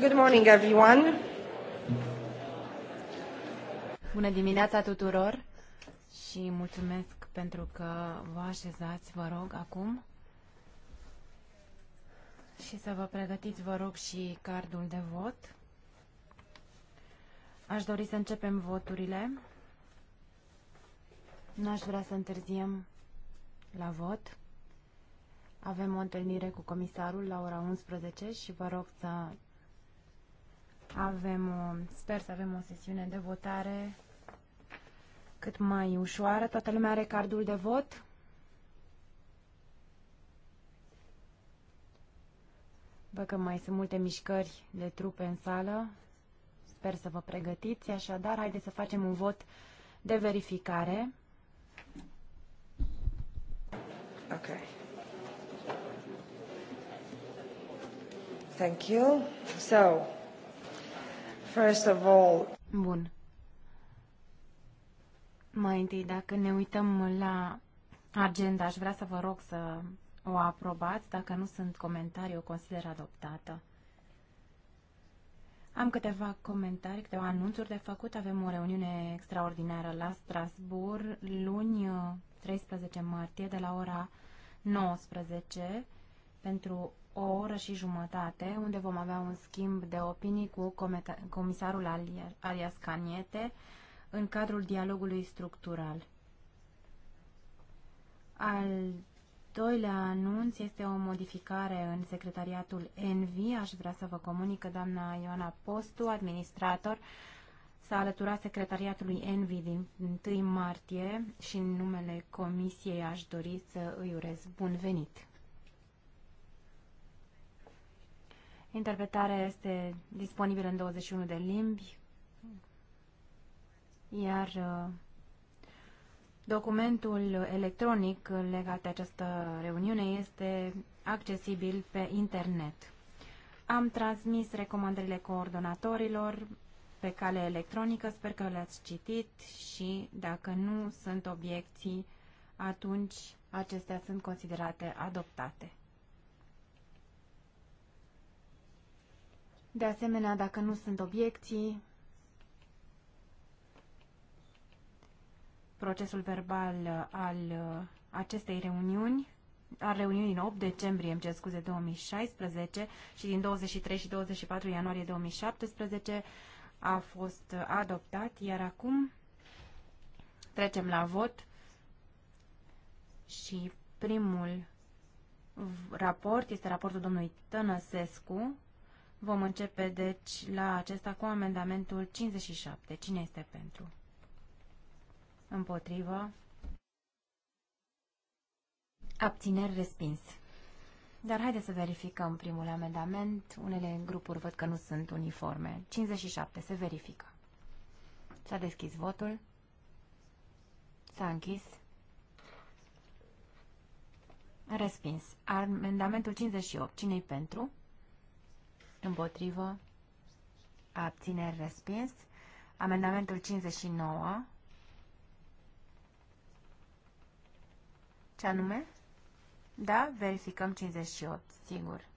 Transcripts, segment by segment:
Good morning, everyone. Bună dimineața tuturor și mulțumesc pentru că vă așezați, vă rog, acum. Și să vă pregătiți, vă rog, și cardul de vot. Aș dori să începem voturile. N-aș vrea să întârziem la vot. Avem o întâlnire cu comisarul la ora 11 și vă rog să avem o, sper să avem o sesiune de votare cât mai ușoară. Toată lumea are cardul de vot? Văd că mai sunt multe mișcări de trupe în sală. Sper să vă pregătiți, așadar haideți să facem un vot de verificare. Ok. Thank you. So, First of all... Bun. Mai întâi, dacă ne uităm la agenda, aș vrea să vă rog să o aprobați. Dacă nu sunt comentarii, o consider adoptată. Am câteva comentarii, câteva anunțuri de făcut. Avem o reuniune extraordinară la Strasbourg, luni 13 martie, de la ora 19, pentru o oră și jumătate, unde vom avea un schimb de opinii cu comisarul Arias Caniete în cadrul dialogului structural. Al doilea anunț este o modificare în secretariatul ENVI. Aș vrea să vă comunic că doamna Ioana Postu, administrator, s-a alăturat secretariatului ENVI din 1 martie și în numele comisiei aș dori să îi urez bun venit. Interpretarea este disponibilă în 21 de limbi, iar uh, documentul electronic legat de această reuniune este accesibil pe internet. Am transmis recomandările coordonatorilor pe cale electronică, sper că le-ați citit și dacă nu sunt obiecții, atunci acestea sunt considerate adoptate. De asemenea, dacă nu sunt obiecții, procesul verbal al acestei reuniuni, a reuniunii din 8 decembrie, îmi cer scuze, 2016 și din 23 și 24 ianuarie 2017 a fost adoptat, iar acum trecem la vot și primul raport este raportul domnului Tănăsescu, Vom începe, deci, la acesta cu amendamentul 57. Cine este pentru? Împotrivă. Abțineri respins. Dar haideți să verificăm primul amendament. Unele grupuri văd că nu sunt uniforme. 57. Se verifică. S-a deschis votul. S-a închis. Respins. Amendamentul 58. Cine-i pentru? împotrivă, abțineri respins. Amendamentul 59, ce anume? Da, verificăm 58, sigur.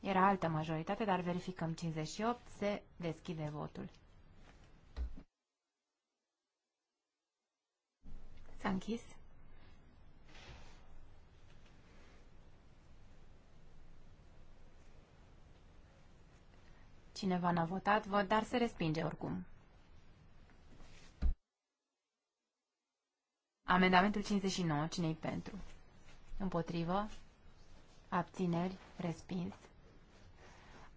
Era altă majoritate, dar verificăm 58, se deschide votul. S-a închis. cineva n-a votat, vot, dar se respinge oricum. Amendamentul 59, cine-i pentru? Împotrivă? Abțineri? Respins.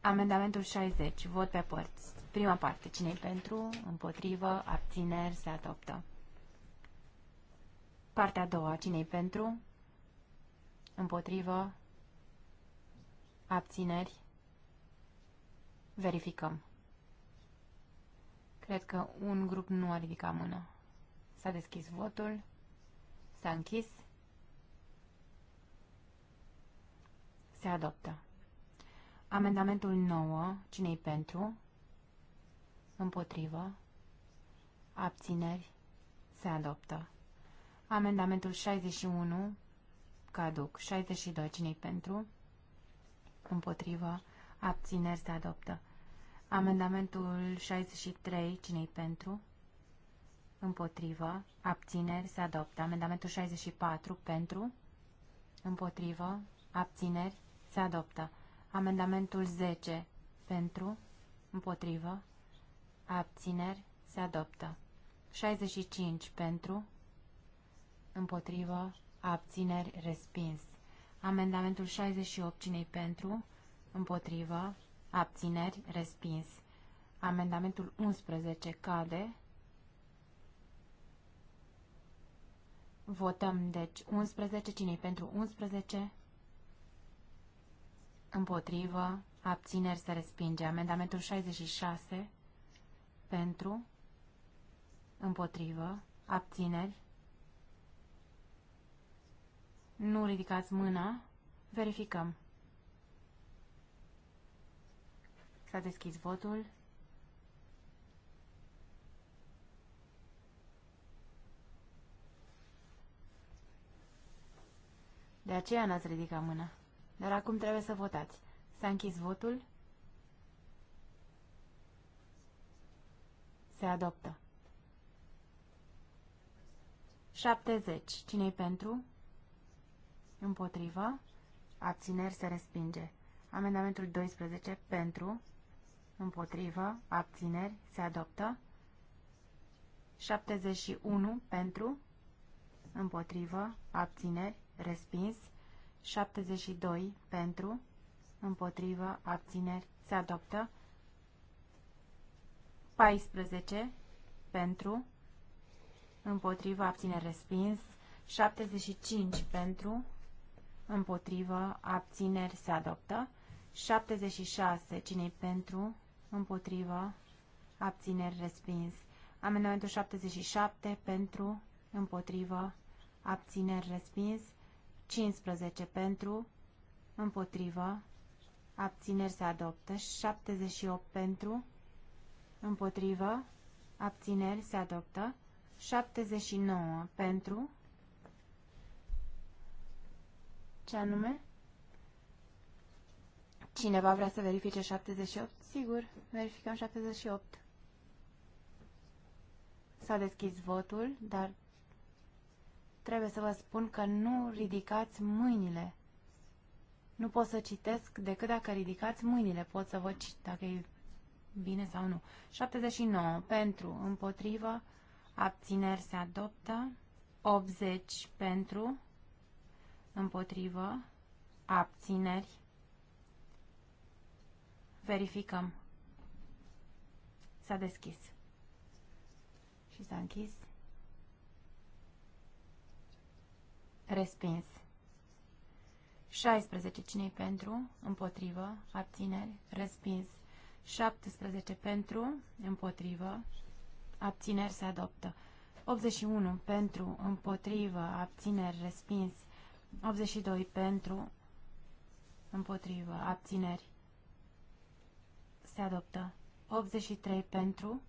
Amendamentul 60, vot pe părți. Prima parte, cine-i pentru? Împotrivă? Abțineri? Se adoptă. Partea a doua, cine-i pentru? Împotrivă? Abțineri? Verificăm. Cred că un grup nu a ridicat mână. S-a deschis votul. S-a închis. Se adoptă. Amendamentul 9. Cine-i pentru? Împotrivă. Abțineri. Se adoptă. Amendamentul 61. Caduc. 62. Cine-i pentru? Împotrivă. Abțineri se adoptă. Amendamentul 63, cine pentru? Împotrivă. Abțineri se adoptă. Amendamentul 64, pentru? Împotrivă. Abțineri se adoptă. Amendamentul 10, pentru? Împotrivă. Abțineri se adoptă. 65, pentru? Împotrivă. Abțineri respins. Amendamentul 68, cine pentru? împotrivă, abțineri, respins. Amendamentul 11 cade. Votăm, deci, 11. cine pentru 11? Împotrivă, abțineri, se respinge. Amendamentul 66 pentru, împotrivă, abțineri. Nu ridicați mâna, verificăm. S-a deschis votul. De aceea n-ați ridicat mâna. Dar acum trebuie să votați. S-a închis votul. Se adoptă. 70. Cine-i pentru? Împotriva. Abțineri se respinge. Amendamentul 12. Pentru împotrivă, abțineri, se adoptă. 71 pentru, împotrivă, abțineri, respins. 72 pentru, împotrivă, abțineri, se adoptă. 14 pentru, împotrivă, abțineri, respins. 75 pentru, împotrivă, abțineri, se adoptă. 76, cine pentru, împotrivă, abțineri respins. Amendamentul 77 pentru, împotrivă, abțineri respins. 15 pentru, împotrivă, abțineri se adoptă. 78 pentru, împotrivă, abțineri se adoptă. 79 pentru, ce anume? Cineva vrea să verifice 78? Sigur, verificăm 78. S-a deschis votul, dar trebuie să vă spun că nu ridicați mâinile. Nu pot să citesc decât dacă ridicați mâinile. Pot să vă cit dacă e bine sau nu. 79 pentru, împotrivă, abțineri se adoptă. 80 pentru, împotrivă, abțineri Verificăm. S-a deschis. Și s-a închis. Respins. 16. cine pentru? Împotrivă. Abțineri. Respins. 17 pentru, împotrivă, abțineri se adoptă. 81 pentru, împotrivă, abțineri, respins. 82 pentru, împotrivă, abțineri, se adoptă. 83 pentru,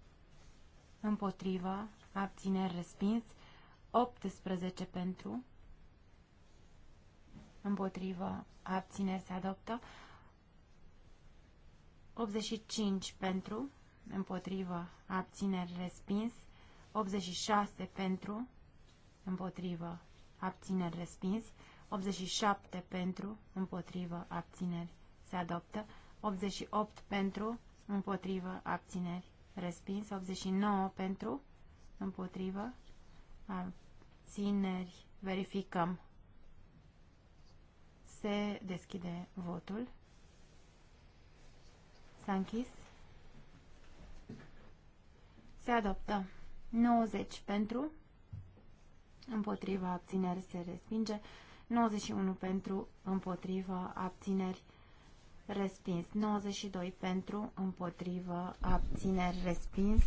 împotriva, abțineri respins. 18 pentru, împotriva, abțineri se adoptă. 85 pentru, împotriva, abțineri respins. 86 pentru, împotrivă, abțineri respins, 87 pentru, împotrivă, abțineri se adoptă, 88 pentru, împotrivă, abțineri, respins. 89 pentru, împotrivă, abțineri, verificăm. Se deschide votul. S-a închis. Se adoptă. 90 pentru, împotriva abțineri se respinge, 91 pentru, împotriva abțineri respins. 92 pentru, împotrivă, abțineri, respins.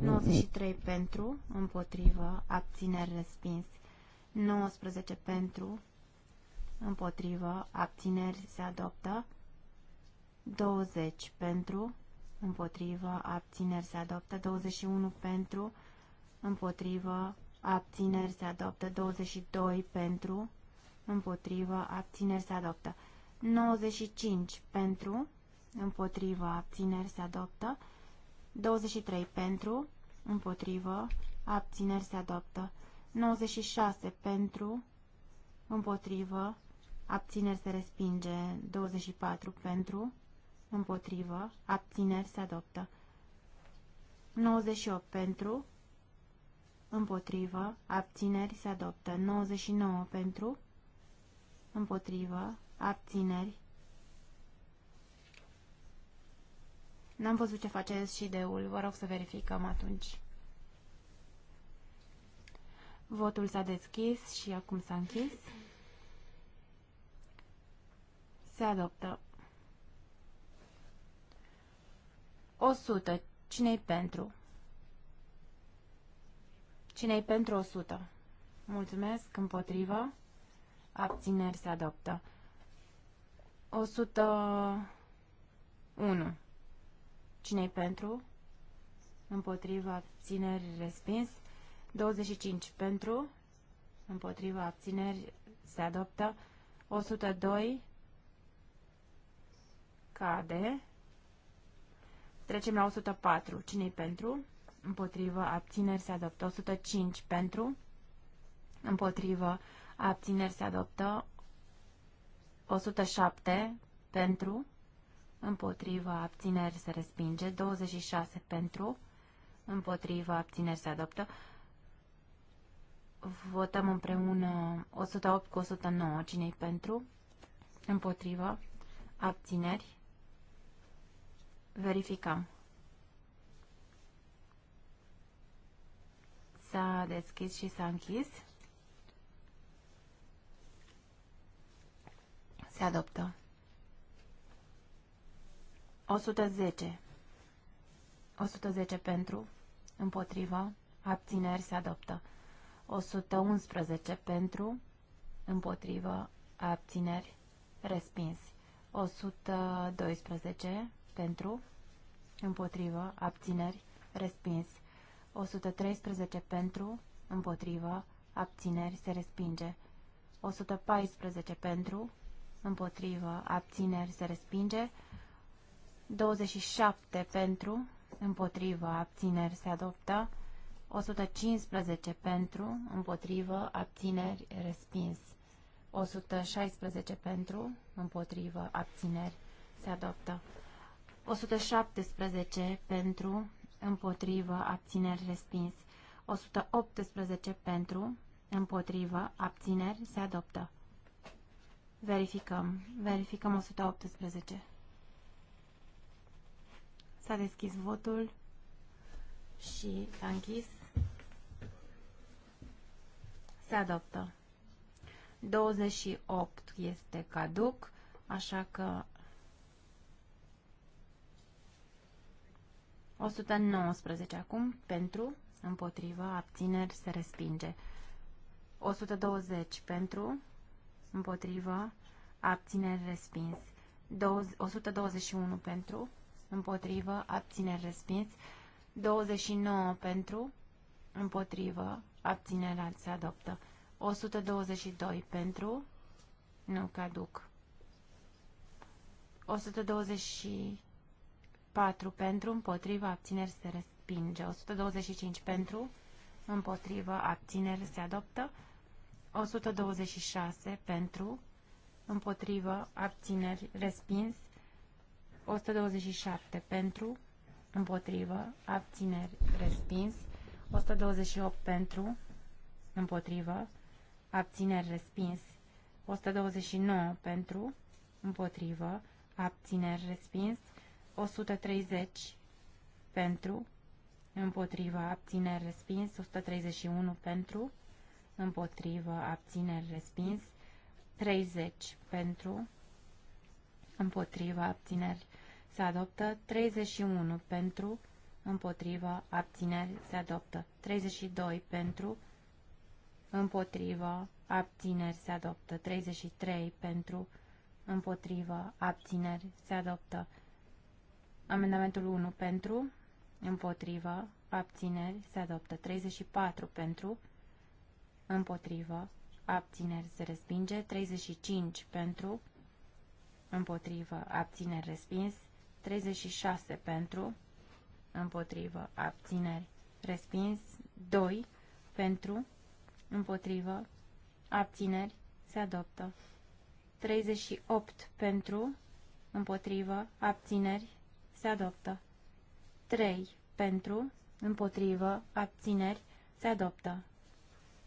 93 pentru, împotrivă, abțineri, respins. 19 pentru, împotrivă, abțineri, se adoptă. 20 pentru, împotrivă, abțineri, se adoptă. 21 pentru, împotrivă, abțineri, se adoptă. 22 pentru, împotrivă, abțineri, se adoptă. 95 pentru, împotrivă, abțineri se adoptă. 23 pentru, împotrivă, abțineri se adoptă. 96 pentru, împotrivă, abțineri se respinge. 24 pentru, împotrivă, abțineri se adoptă. 98 pentru, împotrivă, abțineri se adoptă. 99 pentru, împotrivă, Abțineri. N-am văzut ce face și deul. Vă rog să verificăm atunci. Votul s-a deschis și acum s-a închis. Se adoptă. 100. Cine-i pentru? Cine-i pentru 100? Mulțumesc. Împotrivă. Abțineri se adoptă. 101. Cine-i pentru? Împotriva abțineri respins. 25 pentru. Împotriva abțineri se adoptă. 102 cade. Trecem la 104. Cine-i pentru? Împotriva abțineri se adoptă. 105 pentru. Împotriva abțineri se adoptă. 107 pentru, împotriva abțineri se respinge, 26 pentru, împotriva abțineri se adoptă. Votăm împreună 108 cu 109, cine pentru, împotriva, abțineri, verificăm. S-a deschis și s-a închis. Se adoptă. 110. 110 pentru, împotriva, abțineri se adoptă. 111 pentru, împotrivă, abțineri, respins. 112 pentru, împotrivă, abțineri, respins. 113 pentru, împotrivă, abțineri, se respinge. 114 pentru, împotrivă, abțineri se respinge. 27 pentru, împotrivă, abțineri se adoptă. 115 pentru, împotrivă, abțineri, respins. 116 pentru, împotrivă, abțineri, se adoptă. 117 pentru, împotrivă, abțineri, respins. 118 pentru, împotrivă, abțineri, se adoptă. Verificăm. Verificăm 118. S-a deschis votul și s-a închis. Se adoptă. 28 este caduc, așa că 119 acum pentru, împotriva, abțineri, se respinge. 120 pentru, împotrivă, abțineri respins. 121 pentru, împotrivă, abțineri respins. 29 pentru, împotrivă, abținerea se adoptă. 122 pentru, nu caduc. 124 pentru, împotrivă, abțineri se respinge. 125 pentru, împotrivă, abțineri se adoptă. 126 pentru, împotrivă, abțineri, respins. 127 pentru, împotrivă, abțineri, respins. 128 pentru, împotrivă, abțineri, respins. 129 pentru, împotrivă, abțineri, respins. 130 pentru, împotrivă, abțineri, respins. 131 pentru, împotrivă, abțineri, respins. 30 pentru, împotrivă, abțineri, se adoptă. 31 pentru, împotrivă, abțineri, se adoptă. 32 pentru, împotrivă, abțineri, se adoptă. 33 pentru, împotrivă, abțineri, se adoptă. Amendamentul 1 pentru, împotrivă, abțineri, se adoptă. 34 pentru, împotrivă, abțineri se respinge, 35 pentru, împotrivă, abțineri respins, 36 pentru, împotrivă, abțineri respins, 2 pentru, împotrivă, abțineri se adoptă, 38 pentru, împotrivă, abțineri se adoptă, 3 pentru, împotrivă, abțineri se adoptă.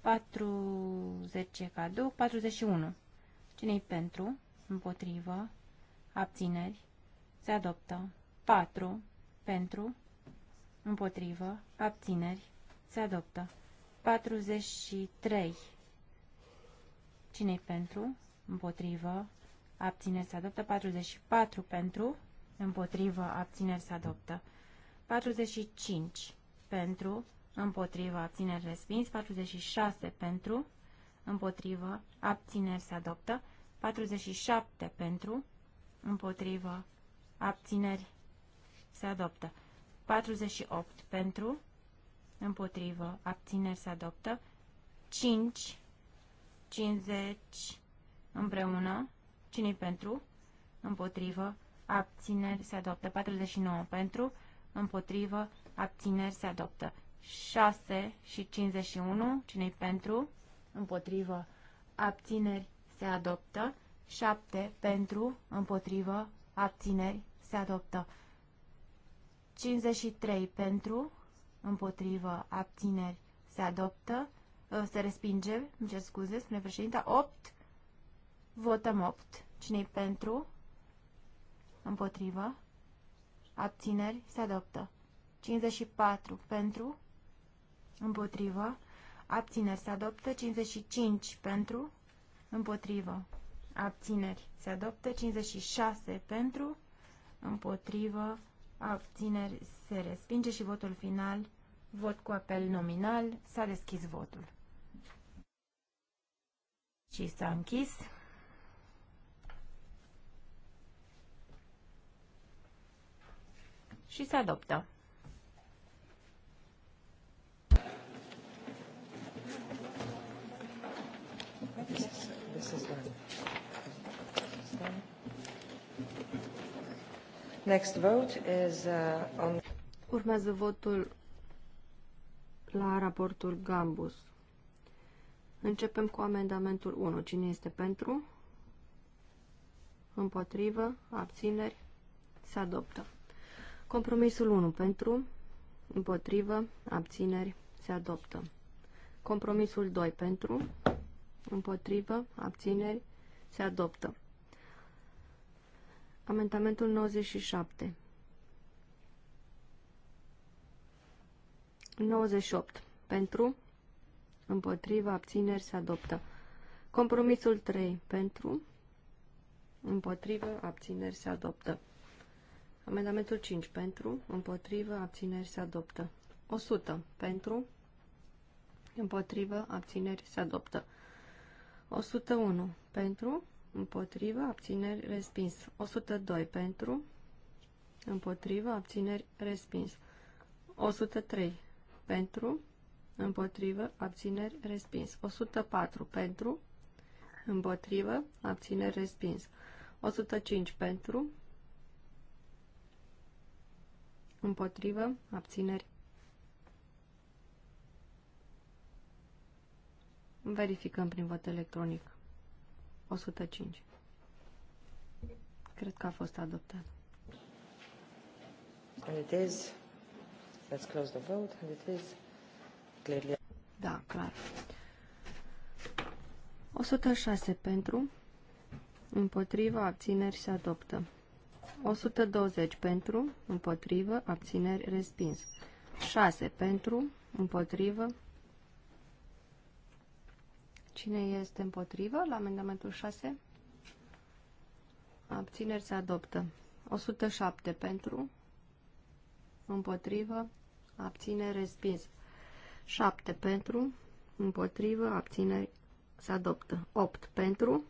40 cadou, 41. Cine-i pentru? Împotrivă. Abțineri. Se adoptă. 4. Pentru. Împotrivă. Abțineri. Se adoptă. 43. Cine-i pentru? Împotrivă. Abțineri se adoptă. 44 pentru. Împotrivă. Abțineri se adoptă. 45 pentru împotrivă, abțineri respins, 46 pentru, împotrivă, abțineri se adoptă, 47 pentru, împotrivă, abțineri se adoptă, 48 pentru, împotrivă, abțineri se adoptă, 5, 50 împreună, cine pentru, împotrivă, abțineri se adoptă, 49 pentru, împotrivă, abțineri se adoptă. 6 și 51, cine i pentru, împotrivă, abțineri, se adoptă. 7 pentru, împotrivă, abțineri, se adoptă. 53 pentru, împotrivă, abțineri, se adoptă. Uh, se respinge, îmi cer scuze, spune președinta. 8, votăm 8. cine pentru? Împotrivă. Abțineri, se adoptă. 54 pentru, împotrivă, abțineri se adoptă, 55 pentru, împotrivă, abțineri se adoptă, 56 pentru, împotrivă, abțineri se respinge și votul final, vot cu apel nominal, s-a deschis votul. Și s-a închis. Și se adoptă. Next vote is uh, on... Urmează votul la raportul Gambus. Începem cu amendamentul 1. Cine este pentru? Împotrivă? Abțineri? Se adoptă. Compromisul 1. Pentru? Împotrivă? Abțineri? Se adoptă. Compromisul 2. Pentru? Împotrivă? Abțineri? Se adoptă. Amendamentul 97. 98. Pentru. Împotriva. Abțineri. Se adoptă. Compromisul 3. Pentru. împotriva, Abțineri. Se adoptă. Amendamentul 5. Pentru. împotriva, Abțineri. Se adoptă. 100. Pentru. împotriva, Abțineri. Se adoptă. 101. Pentru împotrivă, abțineri, respins. 102 pentru, împotrivă, abțineri, respins. 103 pentru, împotrivă, abțineri, respins. 104 pentru, împotrivă, abțineri, respins. 105 pentru, împotrivă, abțineri. Verificăm prin vot electronic. 105. Cred că a fost adoptat. And it is... Let's close the vote and it is clearly... Da, clar. 106 pentru, împotriva, abțineri se adoptă. 120 pentru, împotrivă, abțineri respins. 6 pentru, împotrivă, Cine este împotrivă la amendamentul 6? Abțineri se adoptă. 107 pentru, împotrivă, abține, respins. 7 pentru, împotrivă, abțineri se adoptă. 8 pentru,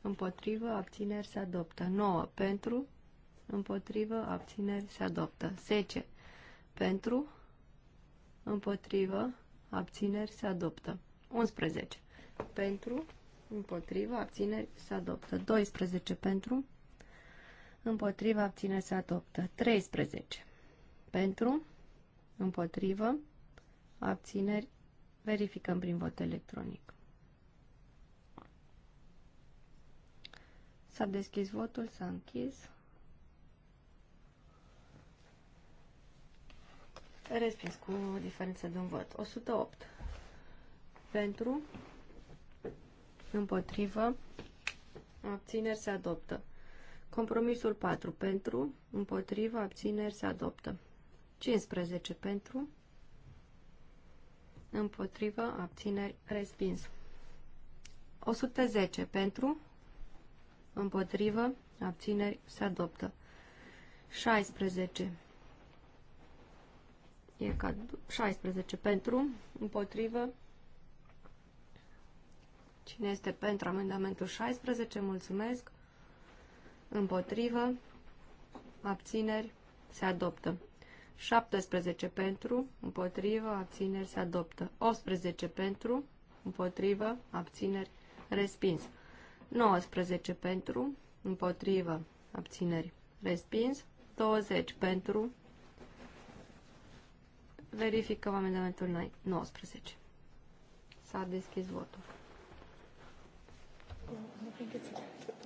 împotrivă, abțineri se adoptă. 9 pentru, împotrivă, abțineri se adoptă. 10 pentru, împotrivă, abțineri se adoptă. 11 pentru, împotriva, abțineri, se adoptă. 12 pentru, împotriva, abțineri, se adoptă. 13 pentru, împotrivă, abțineri, verificăm prin vot electronic. S-a deschis votul, s-a închis. Respins cu diferență de un vot. 108 pentru, împotrivă, abțineri se adoptă. Compromisul 4. Pentru, împotrivă, abțineri se adoptă. 15. Pentru, împotrivă, abțineri, respins. 110. Pentru, împotrivă, abțineri, se adoptă. 16. E ca 16. Pentru, împotrivă, Cine este pentru amendamentul 16? Mulțumesc. Împotrivă. Abțineri. Se adoptă. 17 pentru, împotrivă, abțineri, se adoptă. 18 pentru, împotrivă, abțineri, respins. 19 pentru, împotrivă, abțineri, respins. 20 pentru, verificăm amendamentul 19. S-a deschis votul.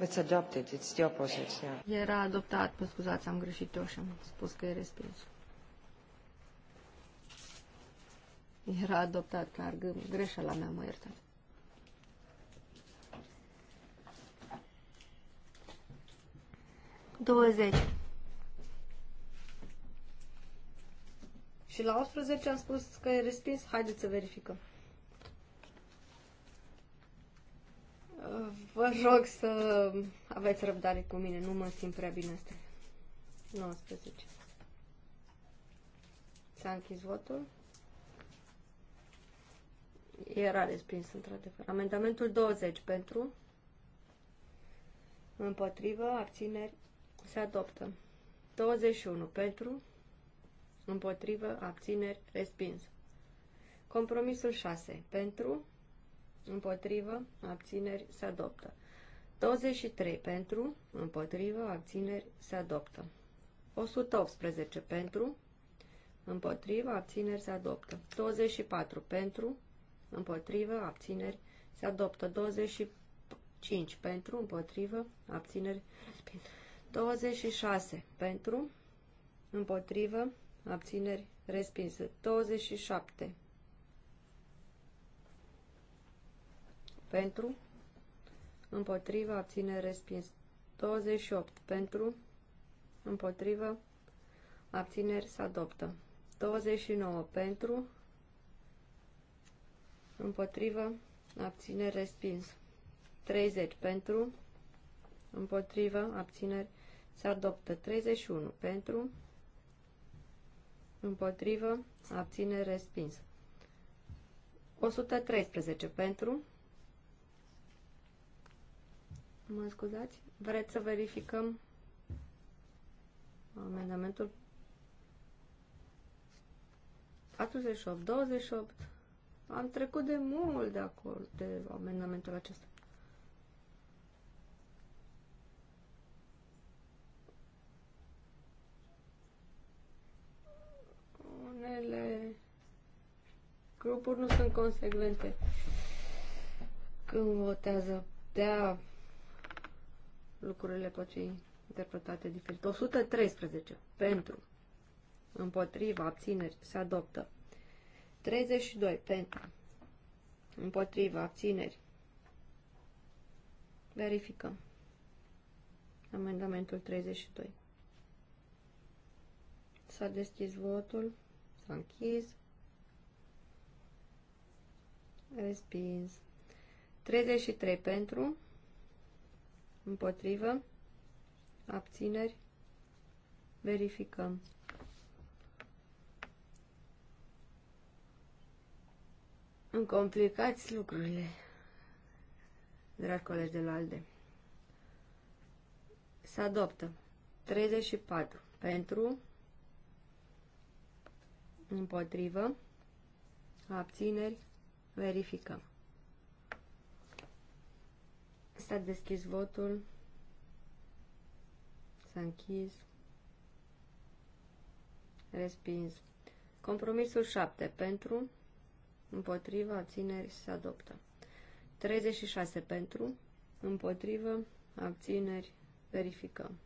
It's adopted. It's the opposite, yeah. Era adoptat, mă scuzați, am greșit eu și am spus că e respins. Era adoptat, clar, greșeala mea, mă iertat. Douăzeci. Și la 11 am spus că e respins, haideți să verificăm. Vă rog să aveți răbdare cu mine, nu mă simt prea bine astăzi. 19. S-a închis votul. Era respins, într-adevăr. Amendamentul 20 pentru. Împotrivă, abțineri, se adoptă. 21 pentru. Împotrivă, abțineri, respins. Compromisul 6 pentru împotrivă, abțineri, se adoptă. 23 pentru, împotrivă, abțineri, se adoptă. 118 pentru, împotrivă, abțineri, se adoptă. 24 pentru, împotrivă, abțineri, se adoptă. 25 pentru, împotrivă, abțineri, respins. 26 pentru, împotrivă, abțineri, respinsă. 27 pentru, împotrivă, abțineri, respins. 28 pentru, împotrivă, abțineri, se adoptă. 29 pentru, împotrivă, abțineri, respins. 30 pentru, împotrivă, abțineri, se adoptă. 31 pentru, împotrivă, abțineri, respins. 113 pentru, Mă scuzați? Vreți să verificăm amendamentul 48, 28. Am trecut de mult de acord de amendamentul acesta. Unele grupuri nu sunt consecvente când votează. De -a lucrurile pot fi interpretate diferit. 113 pentru, împotriva, abțineri, se adoptă. 32 pentru, împotriva, abțineri. Verificăm. Amendamentul 32. S-a deschis votul, s-a închis. Respins. 33 pentru, Împotrivă. Abțineri. Verificăm. Îmi complicați lucrurile, dragi colegi de la ALDE. Se adoptă. 34. Pentru. Împotrivă. Abțineri. Verificăm. S-a deschis votul. S-a închis. Respins. Compromisul 7 pentru, împotriva, abțineri, se adoptă. 36 pentru, împotrivă, abțineri, verificăm.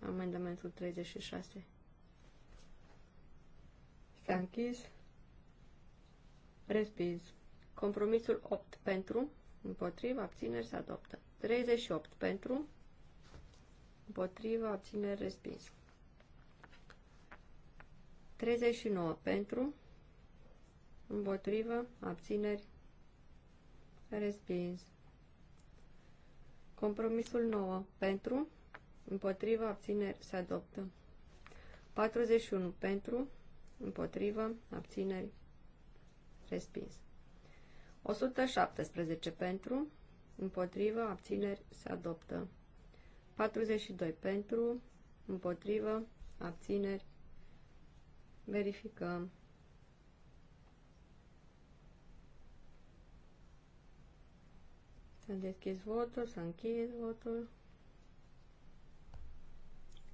Amendamentul 36. S-a închis. Respins. Compromisul 8 pentru, Împotrivă, abțineri, se adoptă. 38 pentru. Împotrivă, abțineri, respins. 39 pentru. Împotrivă, abțineri, respins. Compromisul 9 pentru. Împotrivă, abțineri, se adoptă. 41 pentru. Împotrivă, abțineri, respins. 117 pentru, împotrivă, abțineri, se adoptă. 42 pentru, împotrivă, abțineri, verificăm. S-a deschis votul, s-a închis votul.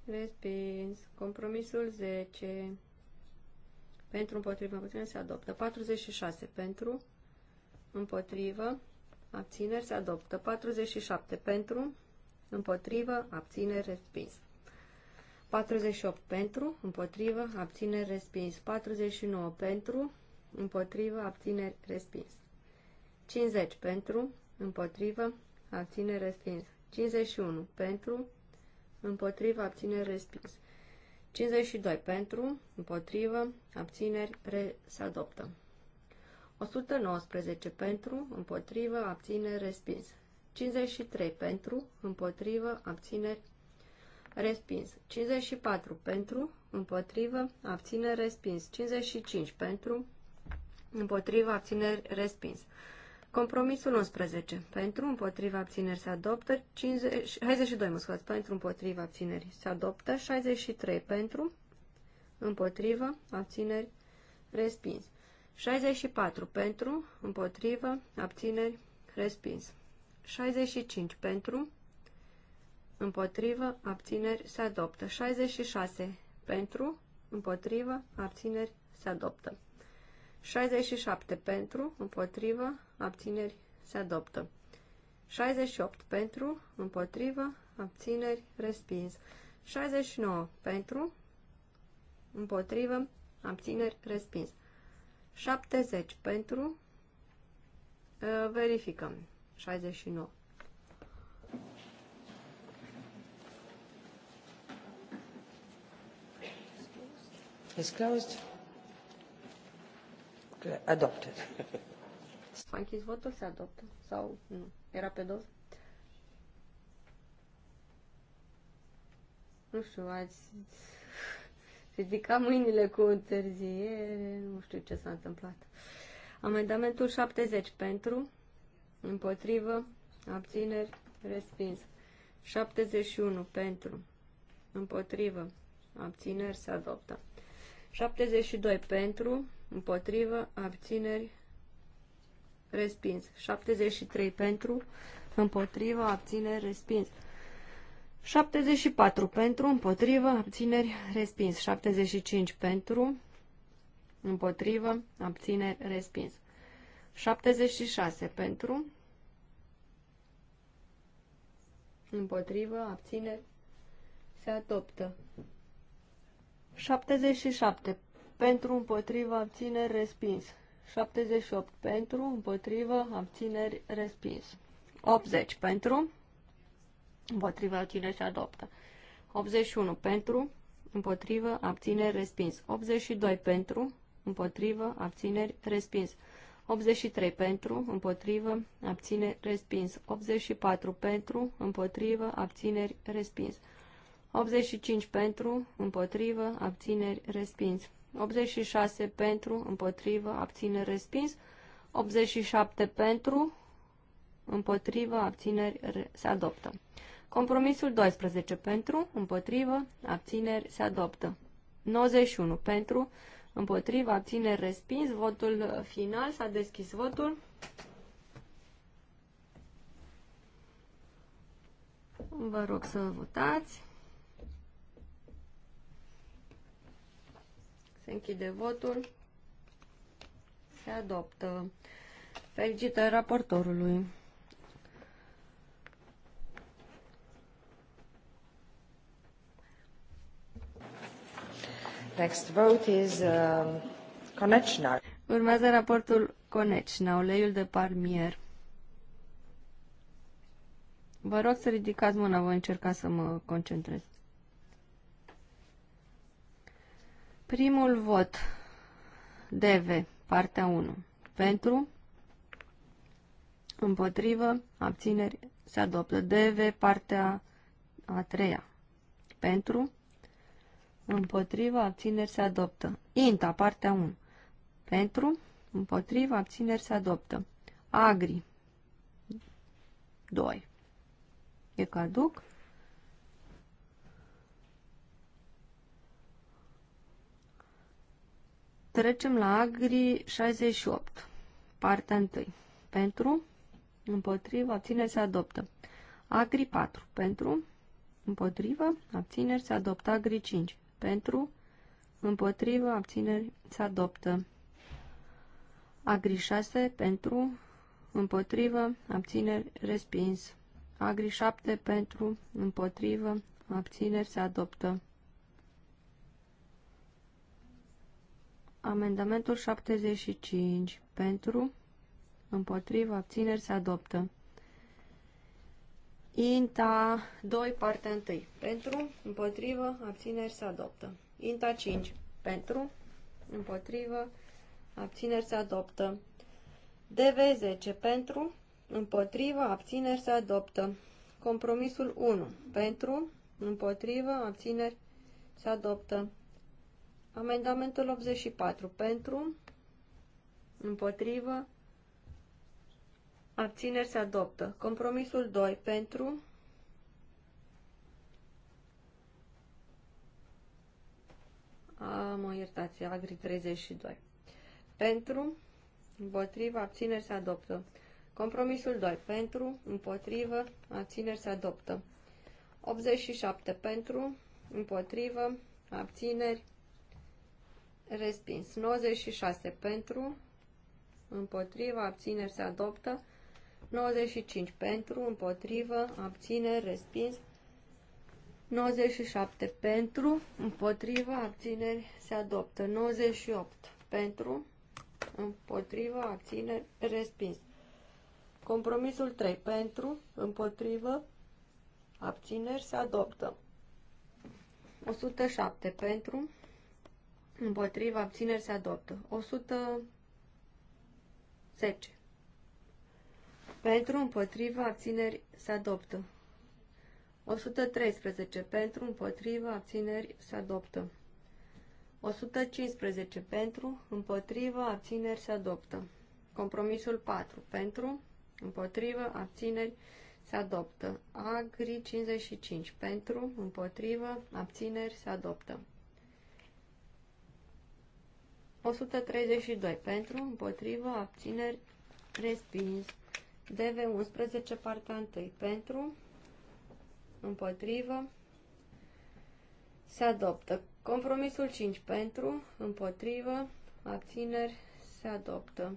Respins. Compromisul 10. Pentru împotriva puțin se adoptă. 46 pentru împotrivă, abțineri se adoptă. 47 pentru, împotrivă, abțineri respins. 48 pentru, împotrivă, abțineri respins. 49 pentru, împotrivă, abțineri respins. 50 pentru, împotrivă, abțineri respins. 51 pentru, împotrivă, abțineri respins. 52 pentru, împotrivă, abțineri re, se adoptă. 119 pentru, împotrivă, abține, respins. 53 pentru, împotrivă, abține, respins. 54 pentru, împotrivă, abține, respins. 55 pentru, împotrivă, abține, respins. Compromisul 11. Pentru, împotriva abțineri se adoptă. 50, 62, mă scuzați, pentru, împotriva abțineri se adoptă. 63 pentru, împotriva abțineri respins. 64 pentru, împotrivă, abțineri, respins. 65 pentru, împotrivă, abțineri, se adoptă. 66 pentru, împotrivă, abțineri, se adoptă. 67 pentru, împotrivă, abțineri, se adoptă. 68 pentru, împotrivă, abțineri, respins. 69 pentru, împotrivă, abțineri, respins. 70 pentru. Ă, verificăm. 69. Is closed. Adopted. S-a închis votul, se adoptă. Sau nu. Era pe dos? Nu știu, ați ridica mâinile cu întârziere, nu știu ce s-a întâmplat. Amendamentul 70 pentru, împotrivă, abțineri, respins. 71 pentru, împotrivă, abțineri, se adoptă. 72 pentru, împotrivă, abțineri, respins. 73 pentru, împotrivă, abțineri, respins. 74 pentru, împotrivă, abțineri, respins. 75 pentru, împotrivă, abțineri, respins. 76 pentru, împotrivă, abțineri, se adoptă. 77 pentru, împotrivă, abțineri, respins. 78 pentru, împotrivă, abțineri, respins. 80 pentru, Împotrivă, cine se adoptă. 81 pentru, împotrivă, abțineri, respins. 82 pentru, împotrivă, abțineri, respins. 83 pentru, împotrivă, abțineri, respins. 84 pentru, împotrivă, abțineri, respins. 85 pentru, împotrivă, abțineri, respins. 86 pentru, împotrivă, abțineri, respins. 87 pentru, împotrivă, abțineri, se adoptă. Compromisul 12 pentru, împotrivă, abțineri, se adoptă. 91 pentru, împotrivă, abțineri, respins. Votul final, s-a deschis votul. Vă rog să votați. Se închide votul. Se adoptă. Felicitări raportorului. Next vote is um, Urmează raportul Conecna, uleiul de palmier. Vă rog să ridicați mâna, voi încerca să mă concentrez. Primul vot. DV, partea 1. Pentru, împotrivă, abțineri, se adoptă. DV, partea a treia. Pentru, împotriva, abțineri se adoptă. INTA, partea 1. Pentru, împotriva, abțineri se adoptă. AGRI, 2. E caduc. Trecem la Agri 68, partea 1. Pentru, împotriva, abțineri se adoptă. Agri 4. Pentru, împotriva, abțineri se adoptă. Agri 5 pentru, împotrivă, abțineri, se adoptă. Agri 6 pentru, împotrivă, abțineri, respins. Agri 7 pentru, împotrivă, abțineri, se adoptă. Amendamentul 75 pentru, împotrivă, abțineri, se adoptă. Inta 2, partea 1. Pentru, împotrivă, abțineri se adoptă. Inta 5. Pentru, împotrivă, abțineri se adoptă. DV10. Pentru, împotrivă, abțineri se adoptă. Compromisul 1. Pentru, împotrivă, abțineri se adoptă. Amendamentul 84. Pentru, împotrivă, Abțineri se adoptă. Compromisul 2 pentru. A, mă iertați, Agri 32. Pentru, împotrivă, abțineri se adoptă. Compromisul 2. Pentru, împotrivă, abțineri se adoptă. 87. Pentru, împotrivă, abțineri, respins. 96. Pentru, împotrivă, abțineri se adoptă. 95 pentru, împotrivă, abțineri, respins. 97 pentru, împotrivă, abțineri, se adoptă. 98 pentru, împotrivă, abțineri, respins. Compromisul 3 pentru, împotrivă, abțineri, se adoptă. 107 pentru, împotrivă, abțineri, se adoptă. 110 pentru, împotriva, abțineri, se adoptă. 113. Pentru, împotriva, abțineri, se adoptă. 115. Pentru, împotriva, abțineri, se adoptă. Compromisul 4. Pentru, împotriva, abțineri, se adoptă. Agri 55. Pentru, împotriva, abțineri, se adoptă. 132. Pentru, împotriva, abțineri, respins. DV11, partea 1. Pentru, împotrivă, se adoptă. Compromisul 5. Pentru, împotrivă, abțineri, se adoptă.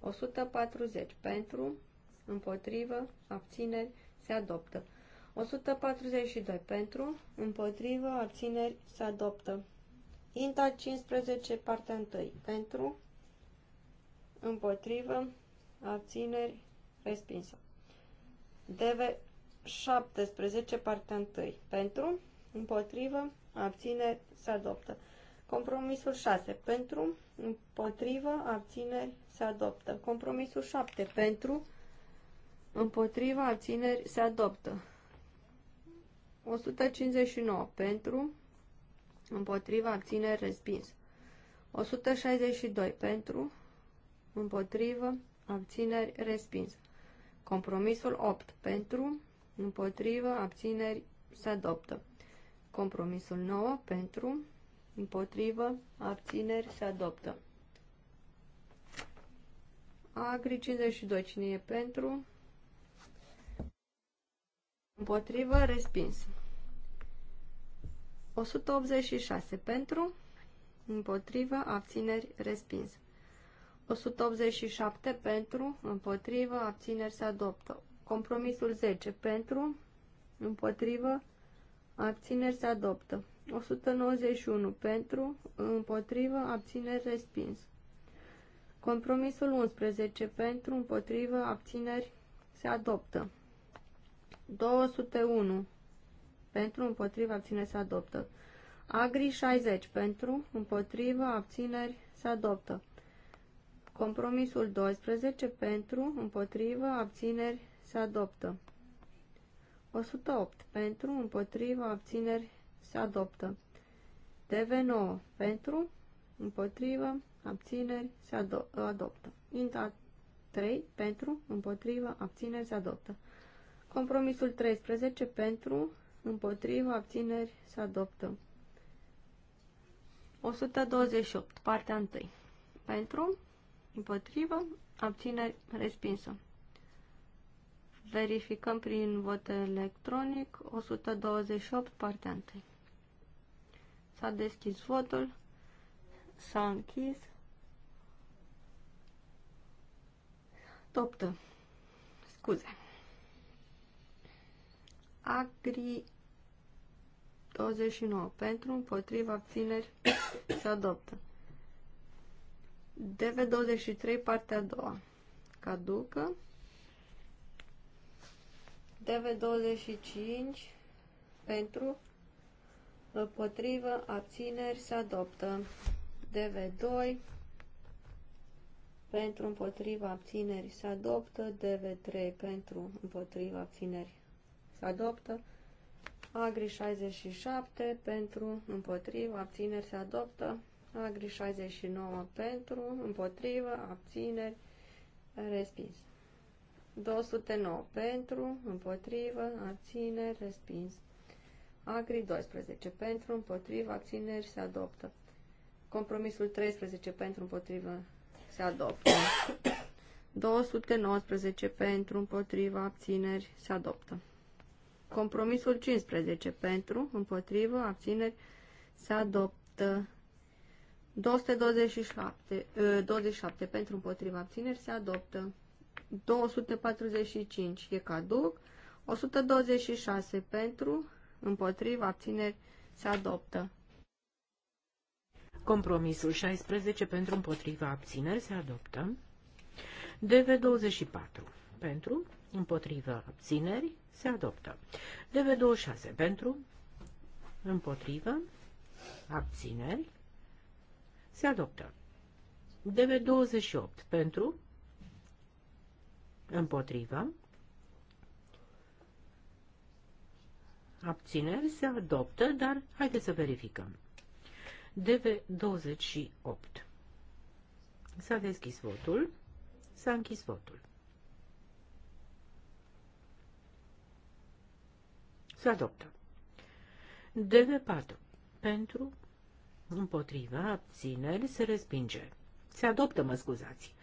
140. Pentru, împotrivă, abțineri, se adoptă. 142. Pentru, împotrivă, abțineri, se adoptă. Inta 15, partea 1. Pentru, împotrivă, abțineri, respinsă. DV 17, partea 1. Pentru, împotrivă, abțineri, se adoptă. Compromisul 6. Pentru, împotrivă, abțineri, se adoptă. Compromisul 7. Pentru, împotrivă, abțineri, se adoptă. 159. Pentru, împotrivă, abțineri, respins. 162. Pentru, împotrivă, abțineri, respins. Compromisul 8 pentru, împotrivă, abțineri, se adoptă. Compromisul 9 pentru, împotrivă, abțineri, se adoptă. Agri 52, cine e pentru? Împotrivă, respins. 186 pentru, împotrivă, abțineri, respins. 187 pentru, împotrivă, abțineri se adoptă. Compromisul 10 pentru, împotrivă, abțineri se adoptă. 191 pentru, împotrivă, abțineri respins. Compromisul 11 pentru, împotrivă, abțineri se adoptă. 201 pentru, împotrivă, abțineri se adoptă. Agri 60 pentru, împotrivă, abțineri se adoptă. Compromisul 12 pentru, împotrivă, abțineri se adoptă. 108 pentru, împotrivă, abțineri se adoptă. TV9 pentru, împotrivă, abțineri se ado adoptă. INTA 3 pentru, împotrivă, abțineri se adoptă. Compromisul 13 pentru, împotrivă, abțineri se adoptă. 128, partea 1. Pentru, Împotrivă. Abțineri. Respinsă. Verificăm prin vot electronic 128 partea 1. S-a deschis votul. S-a închis. Toptă. Scuze. Agri 29. Pentru, împotriva, abțineri, se adoptă. DV23, partea a doua. Caducă. DV25 pentru împotrivă abțineri se adoptă. DV2 pentru împotriva abțineri se adoptă. DV3 pentru împotriva abțineri se adoptă. Agri 67 pentru împotriva abțineri se adoptă. Agri 69 pentru, împotrivă, abțineri, respins. 209 pentru, împotrivă, abțineri, respins. Agri 12 pentru, împotrivă, abțineri, se adoptă. Compromisul 13 pentru, împotrivă, se adoptă. 219 pentru, împotrivă, abțineri, se adoptă. Compromisul 15 pentru, împotrivă, abțineri, se adoptă. 227, 27 ă, pentru împotriva abțineri se adoptă. 245 e caduc. 126 pentru împotriva abțineri se adoptă. Compromisul 16 pentru împotriva abțineri se adoptă. DV24 pentru împotriva abțineri se adoptă. DV26 pentru împotriva abțineri se adoptă. DV28 pentru, împotrivă, abțineri se adoptă, dar haideți să verificăm. DV28. S-a deschis votul, s-a închis votul. Se adoptă. DV4. Pentru, împotriva, abțineri, se respinge. Se adoptă, mă scuzați.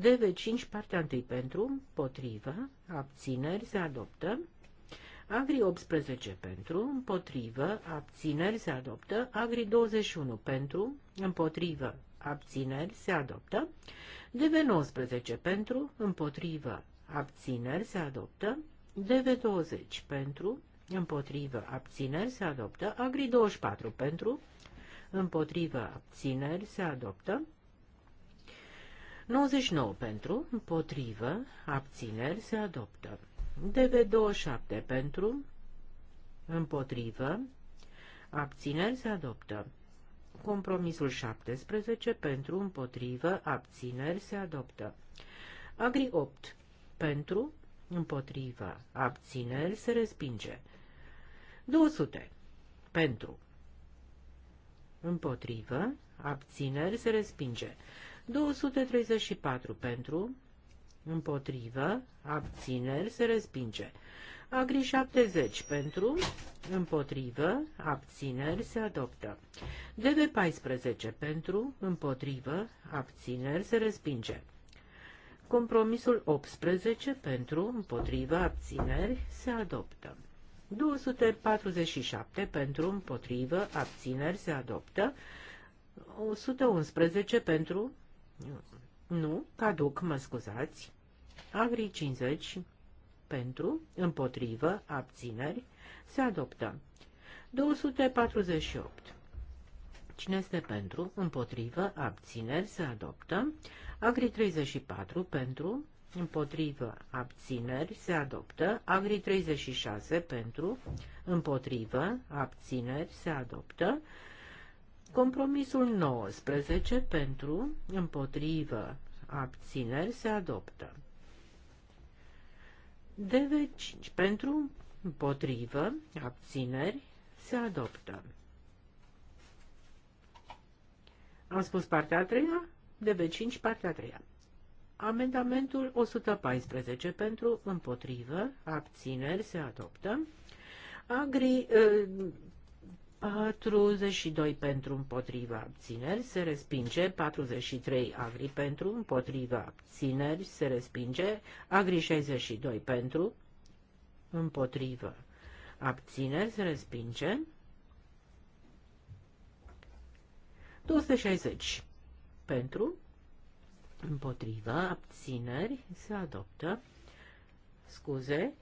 DV5, partea 1 pentru, împotriva, abțineri, se adoptă. Agri 18 pentru, împotrivă, abțineri, se adoptă. Agri 21 pentru, împotrivă, abțineri, se adoptă. DV19 pentru, împotrivă, abțineri, se adoptă. DV20 pentru, împotrivă, abțineri, se adoptă. Agri 24 pentru, împotrivă, abțineri, se adoptă. 99 pentru, împotrivă, abțineri, se adoptă. DV27 pentru, împotrivă, abțineri, se adoptă. Compromisul 17 pentru, împotrivă, abțineri, se adoptă. Agri 8 pentru, împotrivă, abțineri, se respinge. 200 pentru, împotrivă, abțineri, se respinge. 234 pentru, împotrivă, abțineri, se respinge. Agri 70 pentru, împotrivă, abțineri, se adoptă. DB 14 pentru, împotrivă, abțineri, se respinge. Compromisul 18 pentru, împotrivă, abțineri, se adoptă. 247 pentru împotrivă, abțineri se adoptă. 111 pentru, nu, caduc, mă scuzați. Agri 50 pentru, împotrivă, abțineri se adoptă. 248. Cine este pentru, împotrivă, abțineri se adoptă. Agri 34 pentru, împotrivă, abțineri, se adoptă. Agri 36 pentru, împotrivă, abțineri, se adoptă. Compromisul 19 pentru, împotrivă, abțineri, se adoptă. DV5 deci, pentru, împotrivă, abțineri, se adoptă. Am spus partea a treia, DV5, deci, partea a treia. Amendamentul 114 pentru împotrivă, abțineri se adoptă. Agri 42 eh, pentru împotriva abțineri se respinge, 43 agri pentru împotriva abțineri se respinge, agri 62 pentru împotriva abțineri se respinge, 260 pentru Împotrivă, abțineri, se adoptă. Scuze.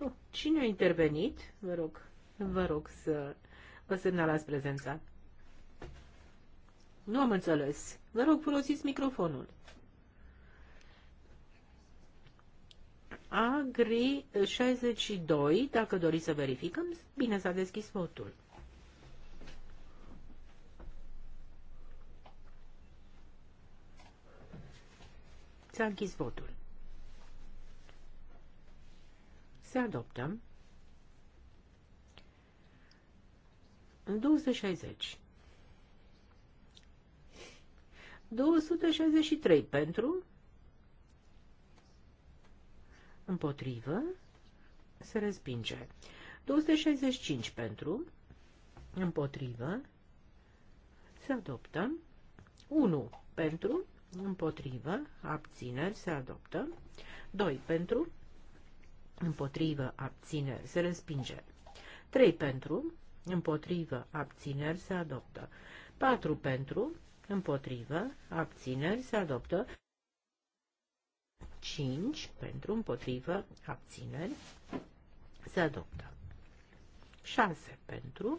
Oh, cine a intervenit? Vă rog, vă rog să vă semnalați prezența. Nu am înțeles. Vă rog, folosiți microfonul. Agri 62, dacă doriți să verificăm, bine s-a deschis votul. S-a închis votul. Se adoptă. 260. 263 pentru, împotrivă, se respinge. 265 pentru, împotrivă, se adoptă. 1 pentru, împotrivă, abțineri, se adoptă. 2 pentru, împotrivă, abțineri, se respinge. 3 pentru, împotrivă, abțineri, se adoptă. 4 pentru, împotrivă, abțineri, se adoptă. 5 pentru, împotrivă, abțineri, se adoptă. 6 pentru,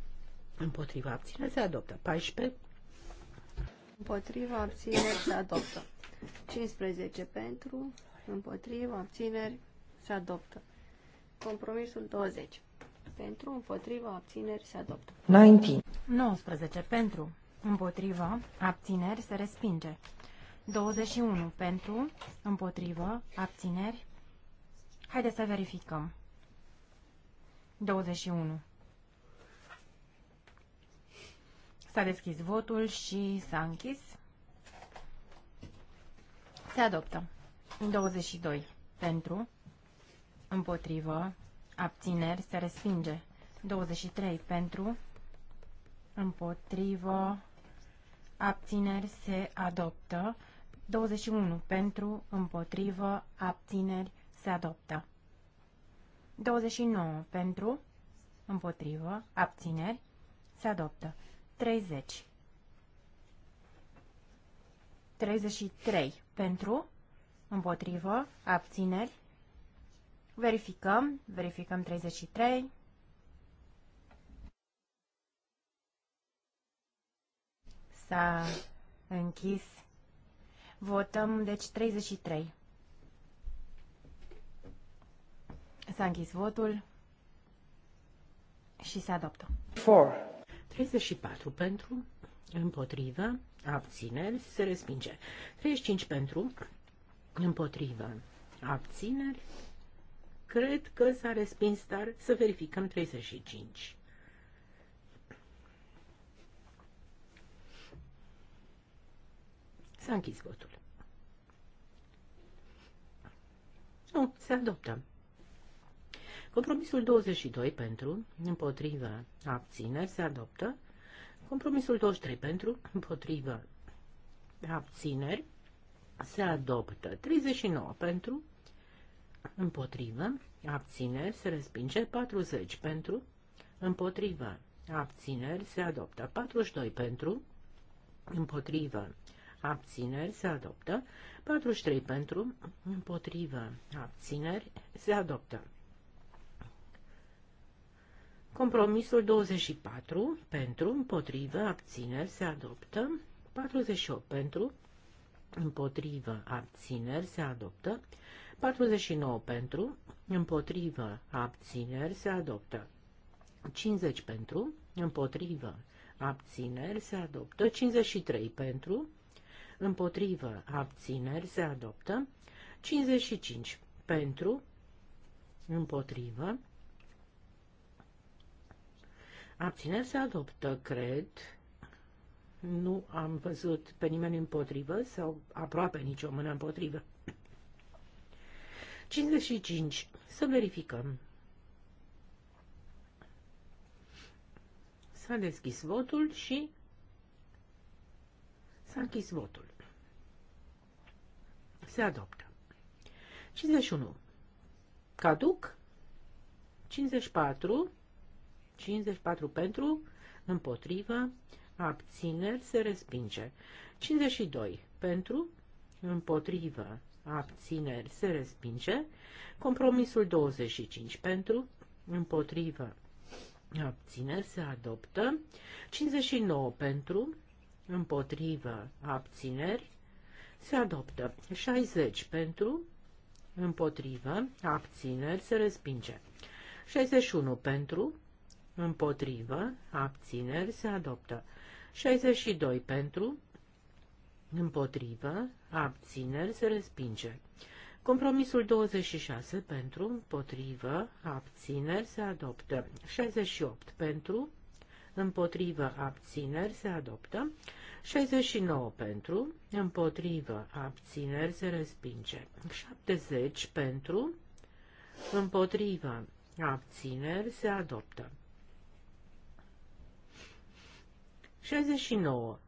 Împotriva abține se adoptă. 14. Împotriva abțineri se adoptă. 15 pentru. Împotriva abțineri se adoptă. Compromisul 20. Pentru, împotriva, abțineri se adoptă. 19. 19 pentru, împotriva, abțineri se respinge. 21 pentru, împotriva abțineri. Haideți să verificăm. 21. S-a deschis votul și s-a închis. Se adoptă. 22. Pentru. Împotrivă. Abțineri. Se respinge. 23. Pentru. Împotrivă. Abțineri. Se adoptă. 21. Pentru. Împotrivă. Abțineri. Se adoptă. 29. Pentru. Împotrivă. Abțineri. Se adoptă. 30. 33 pentru, împotrivă, abțineri. Verificăm, verificăm 33. S-a închis. Votăm, deci 33. S-a închis votul și se adoptă. 4. 34 pentru, împotrivă, abțineri, se respinge. 35 pentru, împotrivă, abțineri, cred că s-a respins, dar să verificăm 35. S-a închis votul. Nu, se adoptă. Compromisul 22 pentru, împotrivă, abțineri, se adoptă. Compromisul 23 pentru, împotrivă, abțineri, se adoptă. 39 pentru, împotrivă, abțineri, se respinge. 40 pentru, împotrivă, abțineri, se adoptă. 42 pentru, împotrivă, abțineri se adoptă, 43 pentru, împotrivă, abțineri se adoptă. Compromisul 24 pentru, împotrivă, abțineri se adoptă. 48 pentru, împotrivă, abțineri se adoptă. 49 pentru, împotrivă, abțineri se adoptă. 50 pentru, împotrivă, abțineri se adoptă. 53 pentru, împotrivă, abțineri se adoptă. 55 pentru, împotrivă, Abține se adoptă, cred. Nu am văzut pe nimeni împotrivă sau aproape nicio mână împotrivă. 55. Să verificăm. S-a deschis votul și s-a închis votul. Se adoptă. 51. Caduc. 54 54 pentru, împotrivă, abțineri, se respinge. 52 pentru, împotrivă, abțineri, se respinge. Compromisul 25 pentru, împotrivă, abțineri, se adoptă. 59 pentru, împotrivă, abțineri, se adoptă. 60 pentru, împotrivă, abțineri, se respinge. 61 pentru, împotrivă, abțineri, se adoptă. 62 pentru, împotrivă, abțineri, se respinge. Compromisul 26 pentru, împotrivă, abțineri, se adoptă. 68 pentru, împotrivă, abțineri, se adoptă. 69 pentru, împotrivă, abțineri, se respinge. 70 pentru, împotrivă, abțineri, se adoptă. 69.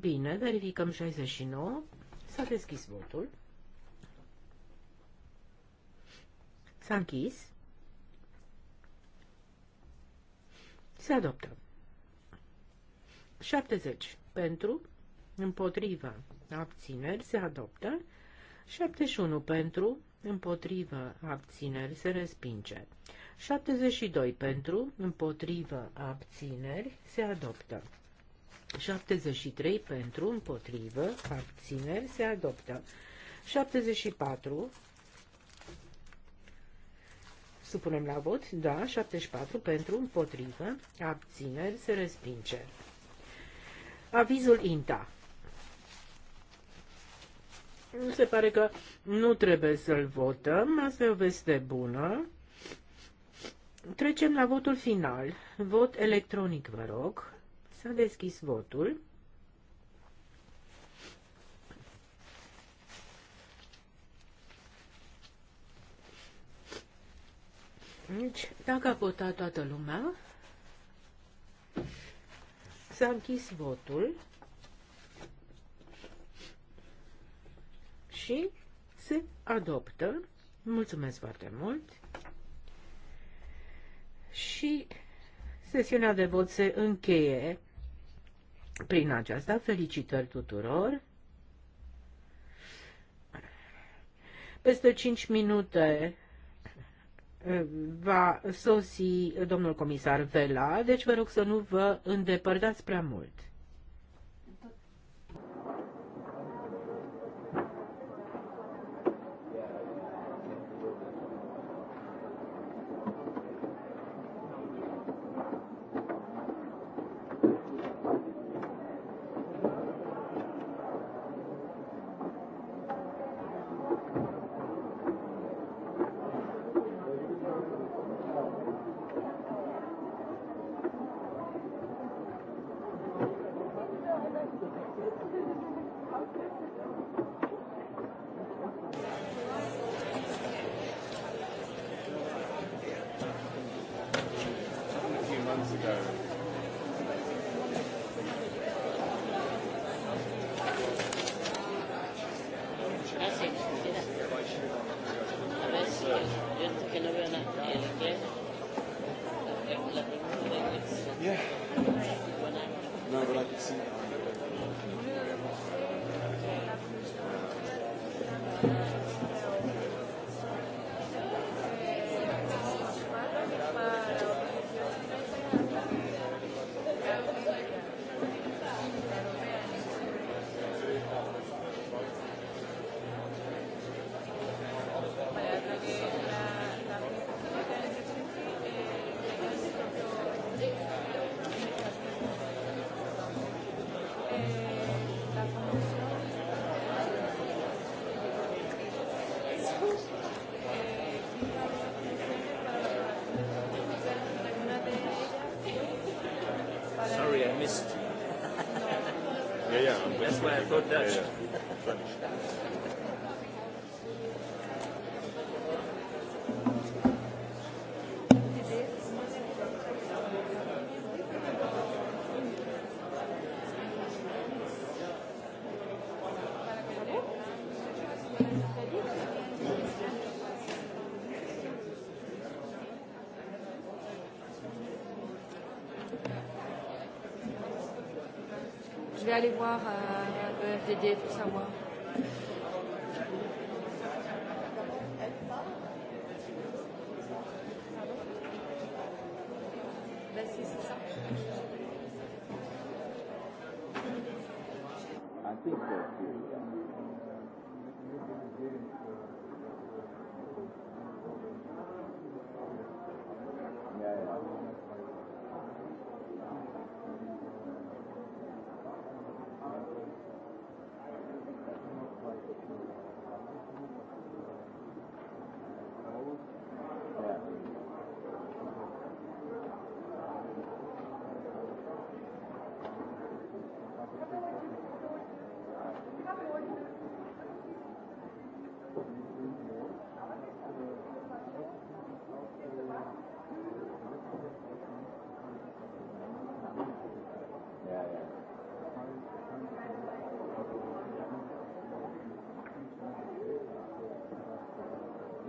Bine, verificăm 69. S-a deschis votul. S-a închis. Se adoptă. 70. Pentru, împotriva, abțineri, se adoptă. 71. Pentru, împotriva, abțineri, se respinge. 72. Pentru, împotriva, abțineri, se adoptă. 73 pentru, împotrivă, abțineri, se adoptă. 74 Supunem la vot, da, 74 pentru, împotrivă, abțineri, se respinge. Avizul INTA. Se pare că nu trebuie să-l votăm, asta e o veste bună. Trecem la votul final. Vot electronic, vă rog. S-a deschis votul. Deci, dacă a votat toată lumea, s-a închis votul și se adoptă. Mulțumesc foarte mult! Și sesiunea de vot se încheie prin aceasta, felicitări tuturor! Peste 5 minute eh, va sosi domnul comisar Vela, deci vă rog să nu vă îndepărtați prea mult. vais aller voir euh, le euh, FDD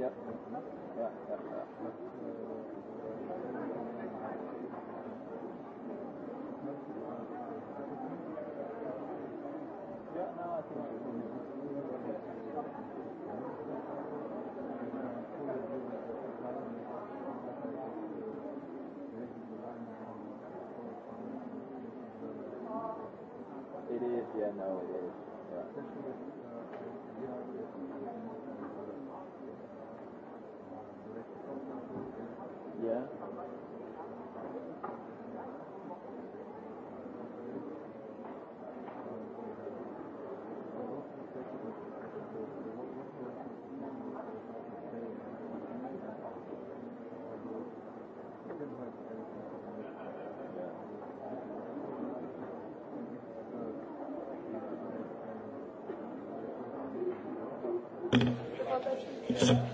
Yeah. Yeah. Yeah. yeah. Thank you.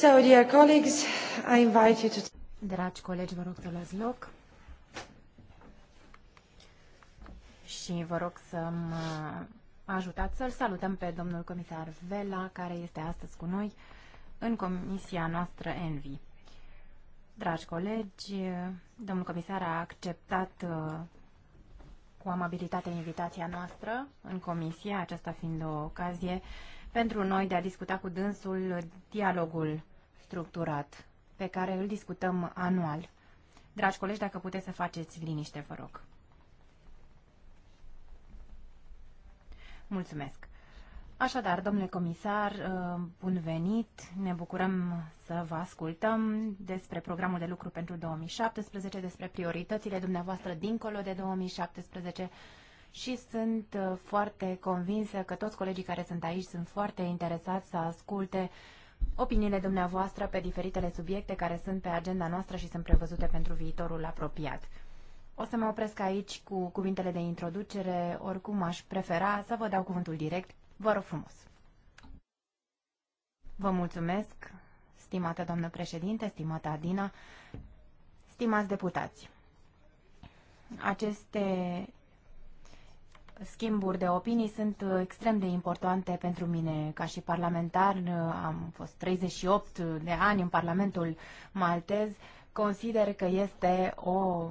So, dear colleagues, I invite you to... Dragi colegi, vă rog să luați loc. Și vă rog să mă uh, ajutați să-l salutăm pe domnul comisar Vela, care este astăzi cu noi în comisia noastră ENVI. Dragi colegi, domnul comisar a acceptat uh, cu amabilitate invitația noastră în comisie, aceasta fiind o ocazie pentru noi de a discuta cu dânsul dialogul structurat pe care îl discutăm anual. Dragi colegi, dacă puteți să faceți liniște, vă rog. Mulțumesc. Așadar, domnule comisar, uh, bun venit! Ne bucurăm să vă ascultăm despre programul de lucru pentru 2017, despre prioritățile dumneavoastră dincolo de 2017 și sunt uh, foarte convinsă că toți colegii care sunt aici sunt foarte interesați să asculte opiniile dumneavoastră pe diferitele subiecte care sunt pe agenda noastră și sunt prevăzute pentru viitorul apropiat. O să mă opresc aici cu cuvintele de introducere, oricum aș prefera să vă dau cuvântul direct. Vă rog frumos! Vă mulțumesc, stimată doamnă președinte, stimată Adina, stimați deputați. Aceste schimburi de opinii sunt uh, extrem de importante pentru mine. Ca și parlamentar uh, am fost 38 de ani în Parlamentul maltez consider că este o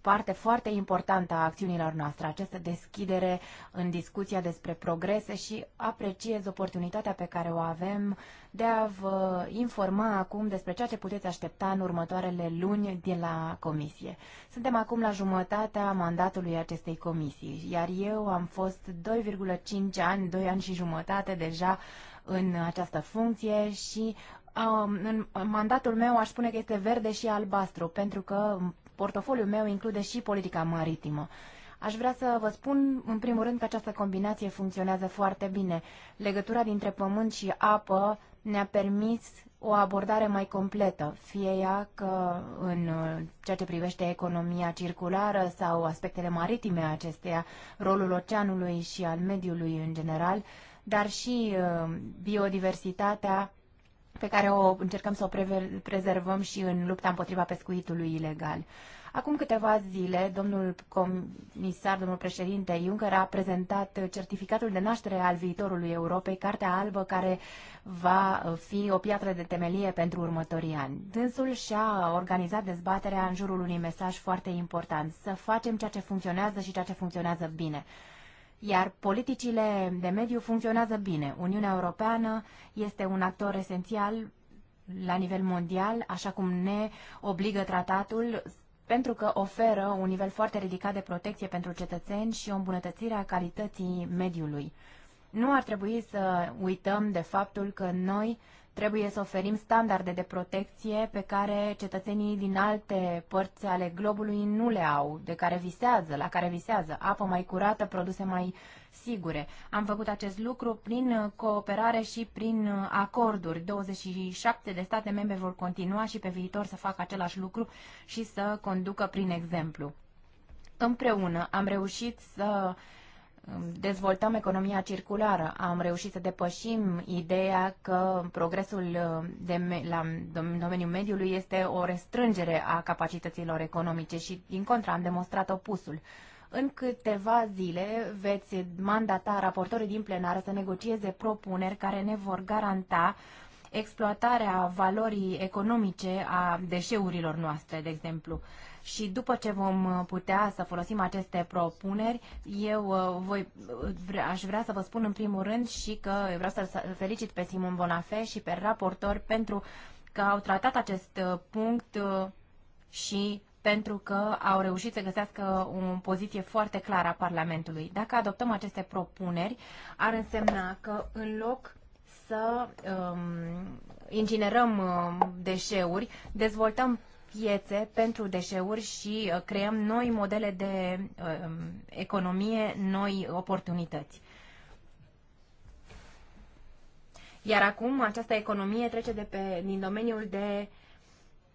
parte foarte importantă a acțiunilor noastre, această deschidere în discuția despre progrese și apreciez oportunitatea pe care o avem de a vă informa acum despre ceea ce puteți aștepta în următoarele luni din la comisie. Suntem acum la jumătatea mandatului acestei comisii, iar eu am fost 2,5 ani, 2 ani și jumătate deja în această funcție și Um, în mandatul meu aș spune că este verde și albastru, pentru că portofoliul meu include și politica maritimă. Aș vrea să vă spun, în primul rând, că această combinație funcționează foarte bine. Legătura dintre pământ și apă ne-a permis o abordare mai completă, fie ea că în uh, ceea ce privește economia circulară sau aspectele maritime acesteia, rolul oceanului și al mediului în general, dar și uh, biodiversitatea pe care o încercăm să o prezervăm și în lupta împotriva pescuitului ilegal. Acum câteva zile, domnul comisar, domnul președinte Juncker a prezentat certificatul de naștere al viitorului Europei, Cartea Albă, care va fi o piatră de temelie pentru următorii ani. Dânsul și-a organizat dezbaterea în jurul unui mesaj foarte important, să facem ceea ce funcționează și ceea ce funcționează bine iar politicile de mediu funcționează bine. Uniunea Europeană este un actor esențial la nivel mondial, așa cum ne obligă tratatul pentru că oferă un nivel foarte ridicat de protecție pentru cetățeni și o îmbunătățire a calității mediului. Nu ar trebui să uităm de faptul că noi Trebuie să oferim standarde de protecție pe care cetățenii din alte părți ale globului nu le au, de care visează, la care visează, apă mai curată, produse mai sigure. Am făcut acest lucru prin cooperare și prin acorduri. 27 de state membre vor continua și pe viitor să facă același lucru și să conducă prin exemplu. Împreună am reușit să uh, dezvoltăm economia circulară. Am reușit să depășim ideea că progresul uh, de me- la domeniul mediului este o restrângere a capacităților economice și, din contra, am demonstrat opusul. În câteva zile veți mandata raportorii din plenară să negocieze propuneri care ne vor garanta exploatarea valorii economice a deșeurilor noastre, de exemplu și după ce vom uh, putea să folosim aceste propuneri, eu uh, voi, uh, aș vrea să vă spun în primul rând și că vreau să felicit pe Simon Bonafé și pe raportor pentru că au tratat acest punct și pentru că au reușit să găsească o poziție foarte clară a Parlamentului. Dacă adoptăm aceste propuneri, ar însemna că în loc să um, incinerăm um, deșeuri, dezvoltăm piețe pentru deșeuri și uh, creăm noi modele de uh, um, economie, noi oportunități. Iar acum această economie trece de pe, din domeniul de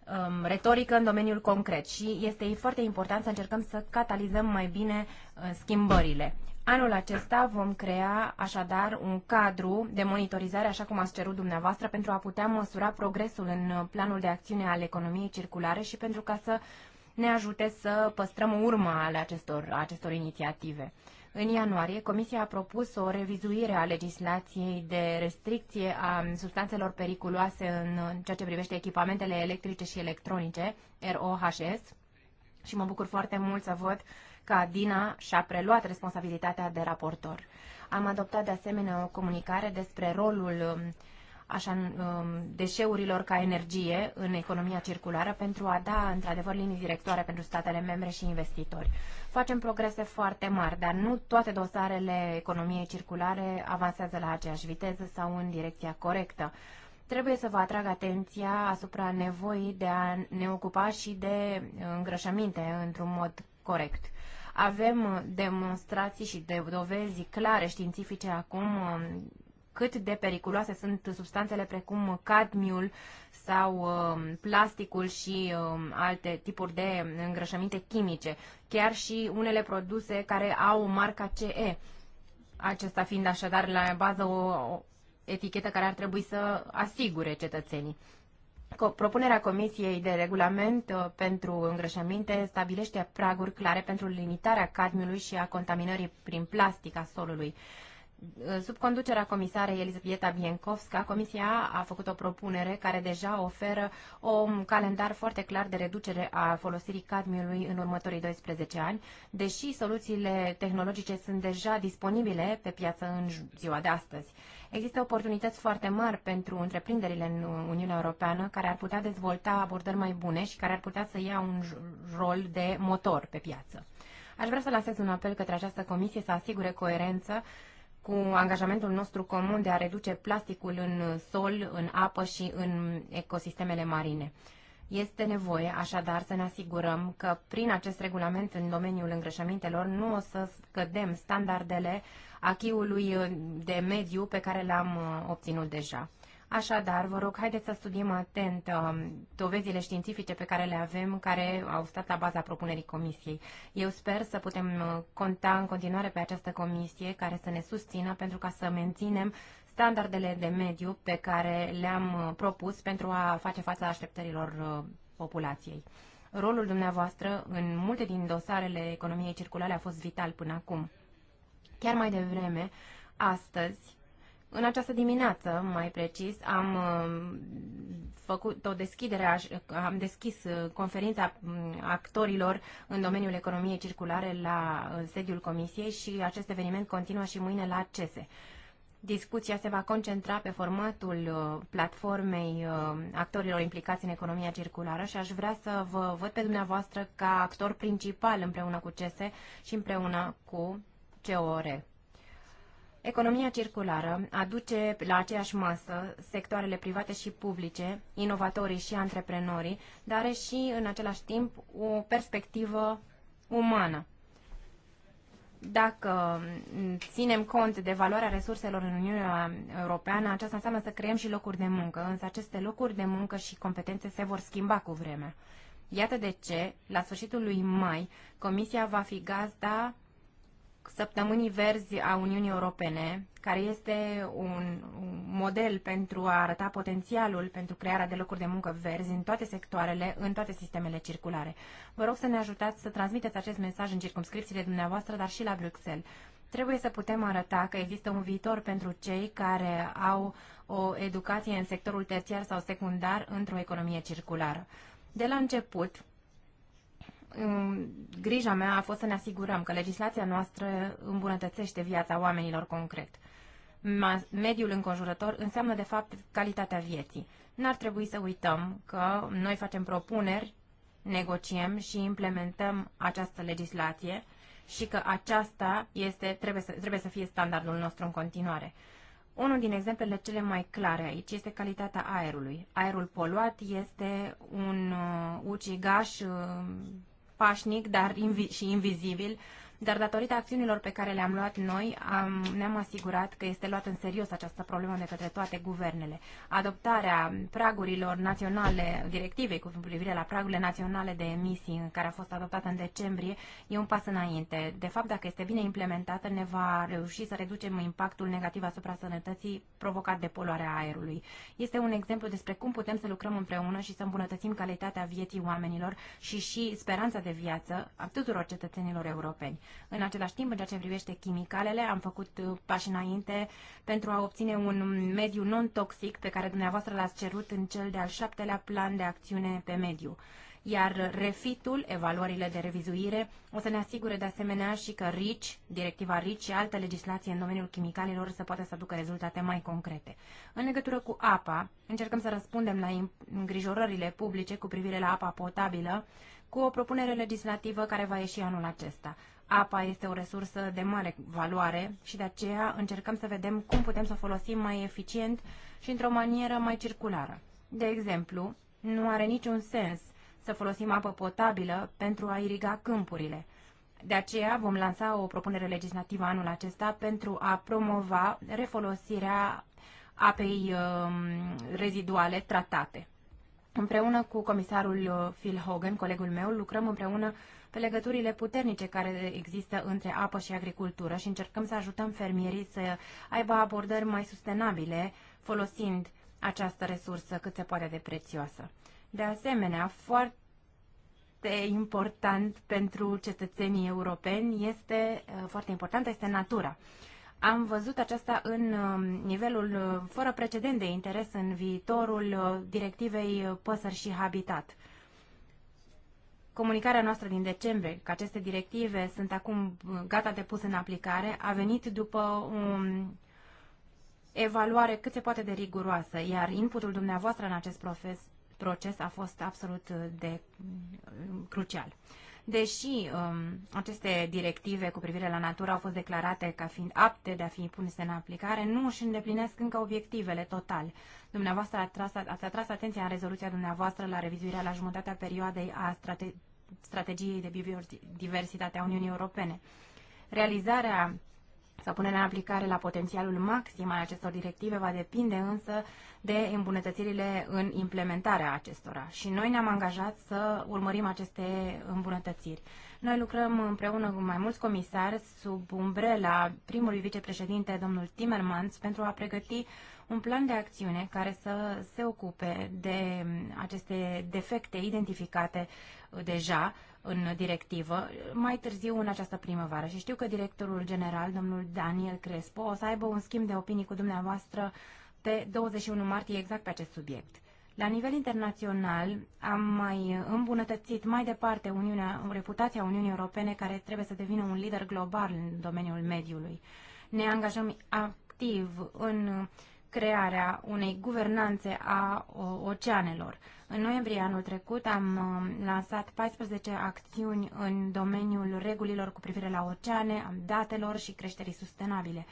um, retorică în domeniul concret și este foarte important să încercăm să catalizăm mai bine uh, schimbările. Anul acesta vom crea așadar un cadru de monitorizare, așa cum ați cerut dumneavoastră, pentru a putea măsura progresul în planul de acțiune al economiei circulare și pentru ca să ne ajute să păstrăm urma ale acestor, acestor inițiative. În ianuarie, Comisia a propus o revizuire a legislației de restricție a substanțelor periculoase în ceea ce privește echipamentele electrice și electronice, ROHS, și mă bucur foarte mult să văd uh, ca Dina și-a preluat responsabilitatea de raportor. Am adoptat de asemenea o comunicare despre rolul um, așa, um, deșeurilor ca energie în economia circulară pentru a da, într-adevăr, linii directoare pentru statele membre și investitori. Facem progrese foarte mari, dar nu toate dosarele economiei circulare avansează la aceeași viteză sau în direcția corectă. Trebuie să vă atrag atenția asupra nevoii de a ne ocupa și de uh, îngrășăminte într-un mod corect. Avem uh, demonstrații și de dovezi clare științifice acum uh, cât de periculoase sunt substanțele precum cadmiul sau uh, plasticul și um, alte tipuri de îngrășăminte chimice, chiar și unele produse care au marca CE, acesta fiind așadar la bază o etichetă care ar trebui să asigure cetățenii. Propunerea Comisiei de regulament uh, pentru îngrășăminte stabilește praguri clare pentru limitarea cadmiului și a contaminării prin plastic a solului. Uh, sub conducerea comisarei Elisabeta Biencovska, Comisia a făcut o propunere care deja oferă un calendar foarte clar de reducere a folosirii cadmiului în următorii 12 ani, deși soluțiile tehnologice sunt deja disponibile pe piață în ziua de astăzi. Există oportunități foarte mari pentru întreprinderile în Uniunea Europeană care ar putea dezvolta abordări mai bune și care ar putea să ia un rol de motor pe piață. Aș vrea să lansez un apel către această comisie să asigure coerență cu angajamentul nostru comun de a reduce plasticul în sol, în apă și în ecosistemele marine. Este nevoie așadar să ne asigurăm că prin acest regulament în domeniul îngrășămintelor nu o să scădem standardele achiului uh, de mediu pe care l-am uh, obținut deja. Așadar, vă rog, haideți să studiem atent um, dovezile științifice pe care le avem, care au stat la baza propunerii comisiei. Eu sper să putem uh, conta în continuare pe această comisie care să ne susțină pentru ca să menținem standardele de mediu pe care le-am propus pentru a face fața așteptărilor populației. Rolul dumneavoastră în multe din dosarele economiei circulare a fost vital până acum. Chiar mai devreme, astăzi, în această dimineață, mai precis, am um, făcut o deschidere, am deschis uh, conferința mm, actorilor în domeniul economiei circulare la uh, sediul Comisiei și acest eveniment continuă și mâine la CESE. Discuția se va concentra pe formatul uh, platformei actorilor implicați în economia circulară și aș vrea să vă văd pe dumneavoastră ca actor principal împreună cu CESE și împreună cu ore. Economia circulară aduce la aceeași masă sectoarele private și publice, inovatorii și antreprenorii, dar are și în același timp o perspectivă umană. Dacă ținem cont de valoarea resurselor în Uniunea Europeană, aceasta înseamnă să creăm și locuri de muncă, însă aceste locuri de muncă și competențe se vor schimba cu vremea. Iată de ce, la sfârșitul lui mai, Comisia va fi gazda Săptămânii Verzi a Uniunii Europene, care este un model pentru a arăta potențialul pentru crearea de locuri de muncă verzi în toate sectoarele, în toate sistemele circulare. Vă rog să ne ajutați să transmiteți acest mesaj în circumscripțiile dumneavoastră, dar și la Bruxelles. Trebuie să putem arăta că există un viitor pentru cei care au o educație în sectorul terțiar sau secundar într-o economie circulară. De la început, grija mea a fost să ne asigurăm că legislația noastră îmbunătățește viața oamenilor concret. Mediul înconjurător înseamnă, de fapt, calitatea vieții. N-ar trebui să uităm că noi facem propuneri, negociem și implementăm această legislație și că aceasta este, trebuie, să, trebuie să fie standardul nostru în continuare. Unul din exemplele cele mai clare aici este calitatea aerului. Aerul poluat este un uh, ucigaș uh, pașnic, dar invi- și invizibil, dar datorită acțiunilor pe care le-am luat noi, am, ne-am asigurat că este luat în serios această problemă de către toate guvernele. Adoptarea pragurilor naționale, directivei cu privire la pragurile naționale de emisii, care a fost adoptată în decembrie, e un pas înainte. De fapt, dacă este bine implementată, ne va reuși să reducem impactul negativ asupra sănătății provocat de poluarea aerului. Este un exemplu despre cum putem să lucrăm împreună și să îmbunătățim calitatea vieții oamenilor și și speranța de viață a tuturor cetățenilor europeni. În același timp, în ceea ce privește chimicalele, am făcut uh, pași înainte pentru a obține un mediu non-toxic pe care dumneavoastră l-ați cerut în cel de-al șaptelea plan de acțiune pe mediu iar refitul, evaluările de revizuire, o să ne asigure de asemenea și că RICI, directiva RICI și altă legislație în domeniul chimicalelor să poată să aducă rezultate mai concrete. În legătură cu apa, încercăm să răspundem la îngrijorările publice cu privire la apa potabilă cu o propunere legislativă care va ieși anul acesta apa este o resursă de mare valoare și de aceea încercăm să vedem cum putem să o folosim mai eficient și într-o manieră mai circulară. De exemplu, nu are niciun sens să folosim apă potabilă pentru a iriga câmpurile. De aceea vom lansa o propunere legislativă anul acesta pentru a promova refolosirea apei um, reziduale tratate. Împreună cu comisarul uh, Phil Hogan, colegul meu, lucrăm împreună pe legăturile puternice care există între apă și agricultură și încercăm să ajutăm fermierii să aibă abordări mai sustenabile folosind această resursă cât se poate de prețioasă. De asemenea, foarte important pentru cetățenii europeni este foarte importantă este natura. Am văzut aceasta în um, nivelul uh, fără precedent de interes în viitorul uh, directivei uh, păsări și habitat comunicarea noastră din decembrie, că aceste directive sunt acum uh, gata de pus în aplicare, a venit după o um, evaluare cât se poate de riguroasă, iar inputul dumneavoastră în acest profes, proces a fost absolut uh, de uh, crucial. Deși um, aceste directive cu privire la natură au fost declarate ca fiind apte de a fi puse în aplicare, nu își îndeplinesc încă obiectivele total. Dumneavoastră ați atras, ați atras atenția în rezoluția dumneavoastră la revizuirea la jumătatea perioadei a strate, strategiei de biodiversitate a Uniunii Europene. Realizarea să Punerea în aplicare la potențialul maxim al acestor directive va depinde însă de îmbunătățirile în implementarea acestora și noi ne-am angajat să urmărim aceste îmbunătățiri. Noi lucrăm împreună cu mai mulți comisari sub umbrela primului vicepreședinte, domnul Timmermans, pentru a pregăti un plan de acțiune care să se ocupe de aceste defecte identificate deja în directivă mai târziu în această primăvară și știu că directorul general, domnul Daniel Crespo, o să aibă un schimb de opinii cu dumneavoastră pe 21 martie exact pe acest subiect. La nivel internațional am mai îmbunătățit mai departe Uniunea, reputația Uniunii Europene care trebuie să devină un lider global în domeniul mediului. Ne angajăm activ în crearea unei guvernanțe a oceanelor. În noiembrie anul trecut am um, lansat 14 acțiuni în domeniul regulilor cu privire la oceane, datelor și creșterii sustenabile,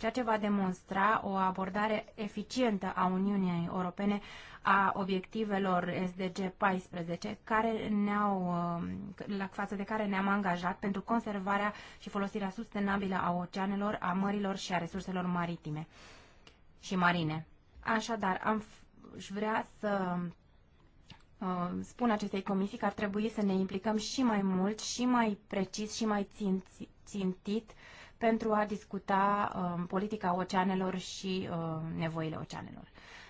ceea ce va demonstra o abordare eficientă a Uniunii Europene a obiectivelor SDG 14, care ne-au, um, la față de care ne-am angajat pentru conservarea și folosirea sustenabilă a oceanelor, a mărilor și a resurselor maritime și marine. Așadar, am și vrea să uh, spun acestei comisii că ar trebui să ne implicăm și mai mult, și mai precis, și mai ținț- țintit pentru a discuta uh, politica oceanelor și uh, nevoile oceanelor.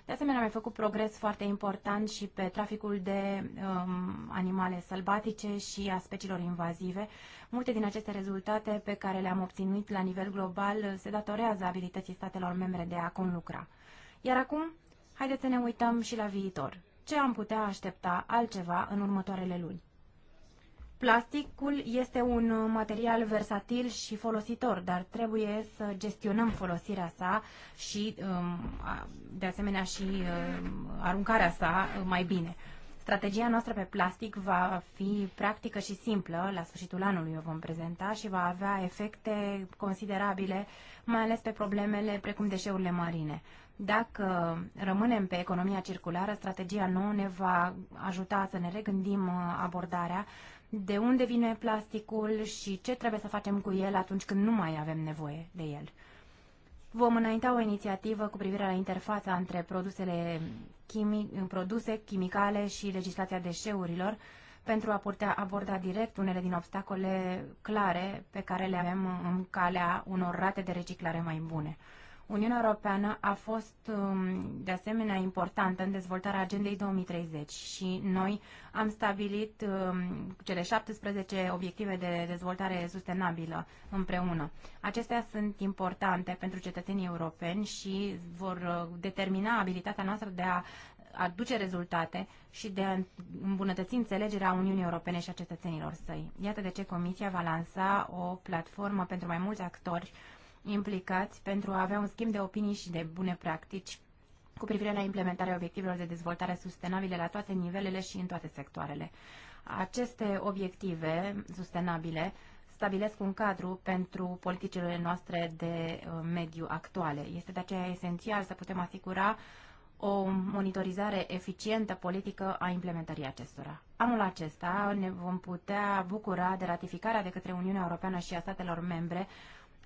De asemenea, am mai făcut progres foarte important și pe traficul de um, animale sălbatice și a speciilor invazive. Multe din aceste rezultate pe care le-am obținut la nivel global se datorează abilității statelor membre de a conlucra. Iar acum, haideți să ne uităm și la viitor. Ce am putea aștepta altceva în următoarele luni? Plasticul este un uh, material versatil și folositor, dar trebuie să gestionăm folosirea sa și, um, de asemenea, și um, aruncarea sa uh, mai bine. Strategia noastră pe plastic va fi practică și simplă, la sfârșitul anului o vom prezenta și va avea efecte considerabile, mai ales pe problemele precum deșeurile marine. Dacă rămânem pe economia circulară, strategia nouă ne va ajuta să ne regândim uh, abordarea de unde vine plasticul și ce trebuie să facem cu el atunci când nu mai avem nevoie de el. Vom înainta o inițiativă cu privire la interfața între produsele chimi- produse chimicale și legislația deșeurilor pentru a putea aborda direct unele din obstacole clare pe care le avem în calea unor rate de reciclare mai bune. Uniunea Europeană a fost um, de asemenea importantă în dezvoltarea agendei 2030 și noi am stabilit um, cele 17 obiective de dezvoltare sustenabilă împreună. Acestea sunt importante pentru cetățenii europeni și vor uh, determina abilitatea noastră de a aduce rezultate și de a îmbunătăți înțelegerea Uniunii Europene și a cetățenilor săi. Iată de ce Comisia va lansa o platformă pentru mai mulți actori implicați pentru a avea un schimb de opinii și de bune practici cu privire la implementarea obiectivelor de dezvoltare sustenabile la toate nivelele și în toate sectoarele. Aceste obiective sustenabile stabilesc un cadru pentru politicile noastre de uh, mediu actuale. Este de aceea esențial să putem asigura o monitorizare eficientă politică a implementării acestora. Anul acesta ne vom putea bucura de ratificarea de către Uniunea Europeană și a statelor membre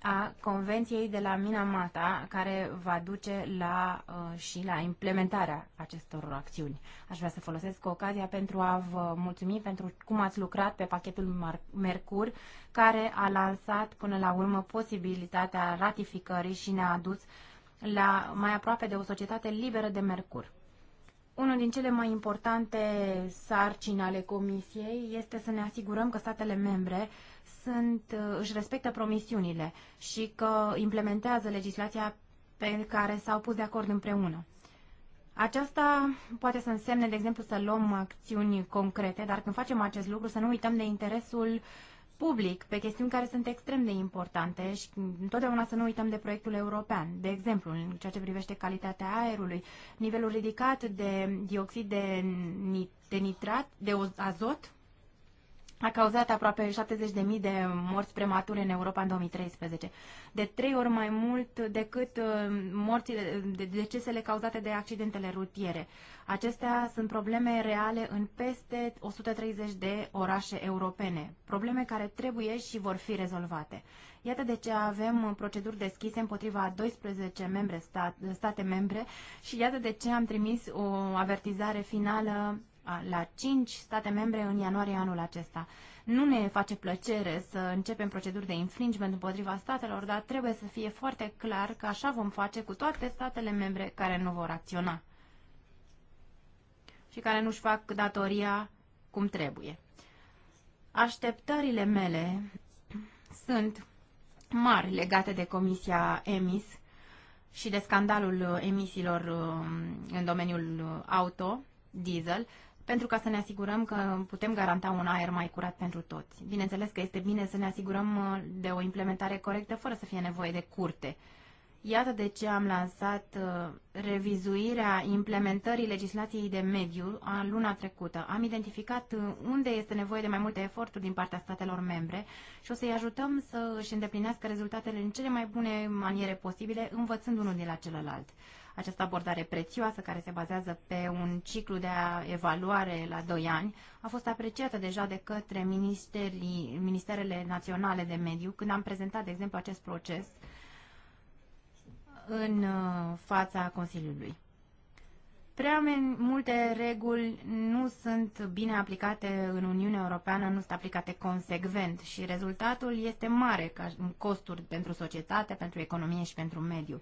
a Convenției de la Minamata, care va duce la, uh, și la implementarea acestor acțiuni. Aș vrea să folosesc ocazia pentru a vă mulțumi pentru cum ați lucrat pe pachetul Mercur, care a lansat până la urmă posibilitatea ratificării și ne-a adus la mai aproape de o societate liberă de Mercur. Unul din cele mai importante sarcini ale Comisiei este să ne asigurăm că statele membre sunt, își respectă promisiunile și că implementează legislația pe care s-au pus de acord împreună. Aceasta poate să însemne, de exemplu, să luăm acțiuni concrete, dar când facem acest lucru să nu uităm de interesul public pe chestiuni care sunt extrem de importante și întotdeauna să nu uităm de proiectul european. De exemplu, în ceea ce privește calitatea aerului, nivelul ridicat de dioxid de, nit, de nitrat, de azot, a cauzat aproape 70.000 de morți premature în Europa în 2013, de trei ori mai mult decât uh, morțile, de decesele cauzate de accidentele rutiere. Acestea sunt probleme reale în peste 130 de orașe europene, probleme care trebuie și vor fi rezolvate. Iată de ce avem proceduri deschise împotriva 12 membre stat, state membre și iată de ce am trimis o avertizare finală la 5 state membre în ianuarie anul acesta. Nu ne face plăcere să începem proceduri de infringement împotriva statelor, dar trebuie să fie foarte clar că așa vom face cu toate statele membre care nu vor acționa și care nu-și fac datoria cum trebuie. Așteptările mele sunt mari legate de Comisia EMIS și de scandalul emisiilor um, în domeniul uh, auto, diesel, pentru ca să ne asigurăm că putem garanta un aer mai curat pentru toți. Bineînțeles că este bine să ne asigurăm uh, de o implementare corectă fără să fie nevoie de curte. Iată de ce am lansat uh, revizuirea implementării legislației de mediu a luna trecută. Am identificat uh, unde este nevoie de mai multe eforturi din partea statelor membre și o să-i ajutăm să își îndeplinească rezultatele în cele mai bune maniere posibile, învățând unul de la celălalt. Această abordare prețioasă, care se bazează pe un ciclu de evaluare la 2 ani, a fost apreciată deja de către ministerele naționale de mediu când am prezentat, de exemplu, acest proces în uh, fața Consiliului. Prea multe reguli nu sunt bine aplicate în Uniunea Europeană, nu sunt aplicate consecvent și rezultatul este mare ca costuri pentru societate, pentru economie și pentru mediu.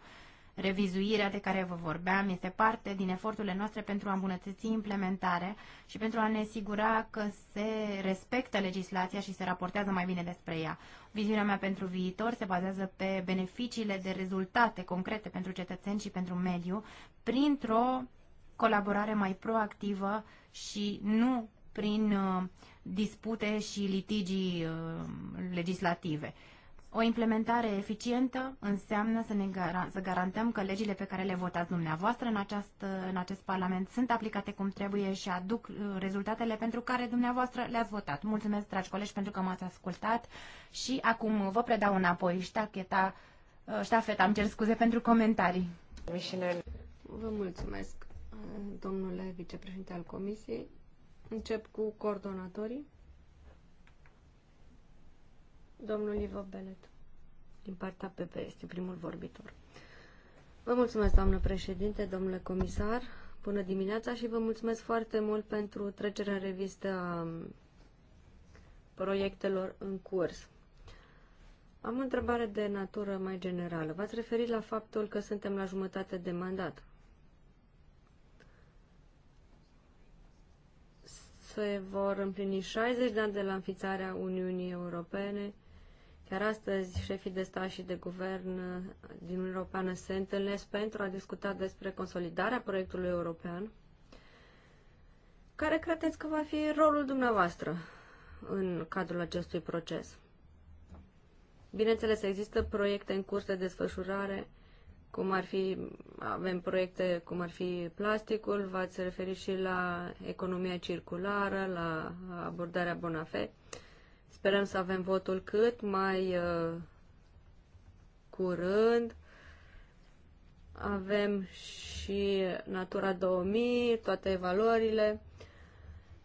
Revizuirea de care vă vorbeam este parte din eforturile noastre pentru a îmbunătăți implementarea și pentru a ne asigura că se respectă legislația și se raportează mai bine despre ea. Viziunea mea pentru viitor se bazează pe beneficiile de rezultate concrete pentru cetățeni și pentru mediu printr-o colaborare mai proactivă și nu prin uh, dispute și litigii uh, legislative. O implementare eficientă înseamnă să, ne gar- să garantăm că legile pe care le votați dumneavoastră în, această, în acest Parlament sunt aplicate cum trebuie și aduc uh, rezultatele pentru care dumneavoastră le-ați votat. Mulțumesc, dragi colegi, pentru că m-ați ascultat și acum vă predau înapoi ștacheta, uh, ștafeta, Am cer scuze pentru comentarii. Vă mulțumesc, domnule vicepreședinte al Comisiei. Încep cu coordonatorii. Domnul Ivo Belet, din partea PP, este primul vorbitor. Vă mulțumesc, doamnă președinte, domnule comisar, bună dimineața și vă mulțumesc foarte mult pentru trecerea în revistă proiectelor în curs. Am o întrebare de natură mai generală. V-ați referit la faptul că suntem la jumătate de mandat. Se vor împlini 60 de ani de la înființarea Uniunii Europene Chiar astăzi, șefii de stat și de guvern din Uniunea Europeană se întâlnesc pentru a discuta despre consolidarea proiectului european. Care credeți că va fi rolul dumneavoastră în cadrul acestui proces? Bineînțeles, există proiecte în curs de desfășurare, cum ar fi, avem proiecte cum ar fi plasticul, v-ați referit și la economia circulară, la abordarea bonafé. Sperăm să avem votul cât mai uh, curând. Avem și Natura 2000, toate evaluările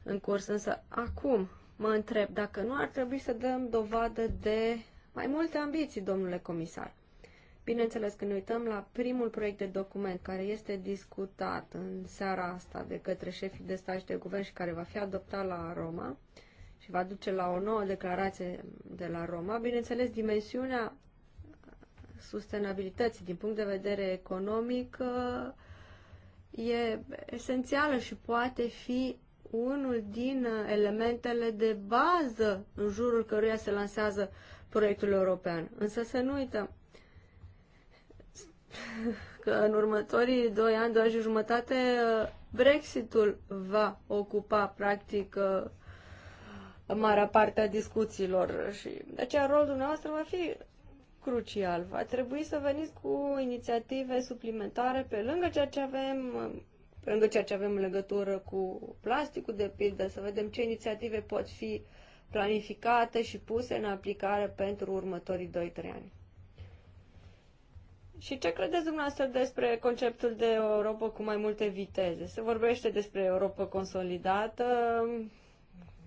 în curs. Însă acum mă întreb dacă nu ar trebui să dăm dovadă de mai multe ambiții, domnule comisar. Bineînțeles, când ne uităm la primul proiect de document care este discutat în seara asta de către șefii de stat și de guvern și care va fi adoptat la Roma, uh, și va duce la o nouă declarație de la Roma. Bineînțeles, dimensiunea sustenabilității din punct de vedere economic uh, e esențială și poate fi unul din elementele de bază în jurul căruia se lansează proiectul european. Însă să nu uităm că în următorii doi ani, doi ani și jumătate, uh, Brexitul va ocupa practic uh, marea parte a discuțiilor și de aceea rolul dumneavoastră va fi crucial. Va trebui să veniți cu inițiative suplimentare pe lângă ceea ce avem pe lângă ceea ce avem în legătură cu plasticul de pildă, să vedem ce inițiative pot fi planificate și puse în aplicare pentru următorii 2-3 ani. Și ce credeți dumneavoastră despre conceptul de Europa cu mai multe viteze? Se vorbește despre Europa consolidată,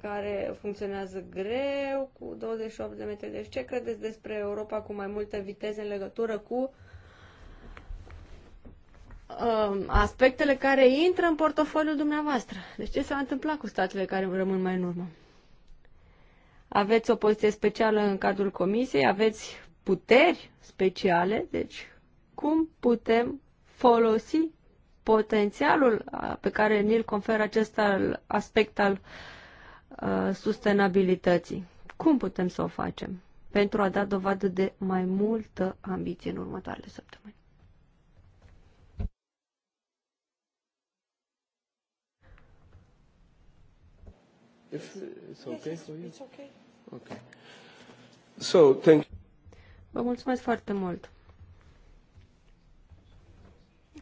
care funcționează greu, cu 28 de metri. Deci ce credeți despre Europa cu mai multă viteză în legătură cu um, aspectele care intră în portofoliul dumneavoastră? Deci ce s-a întâmplat cu statele care rămân mai în urmă? Aveți o poziție specială în cadrul comisiei, aveți puteri speciale, deci cum putem folosi potențialul uh, pe care ni-l conferă acest aspect al uh, Uh, sustenabilității. Cum putem să o facem pentru a da dovadă de mai multă ambiție în următoarele săptămâni? Vă mulțumesc foarte mult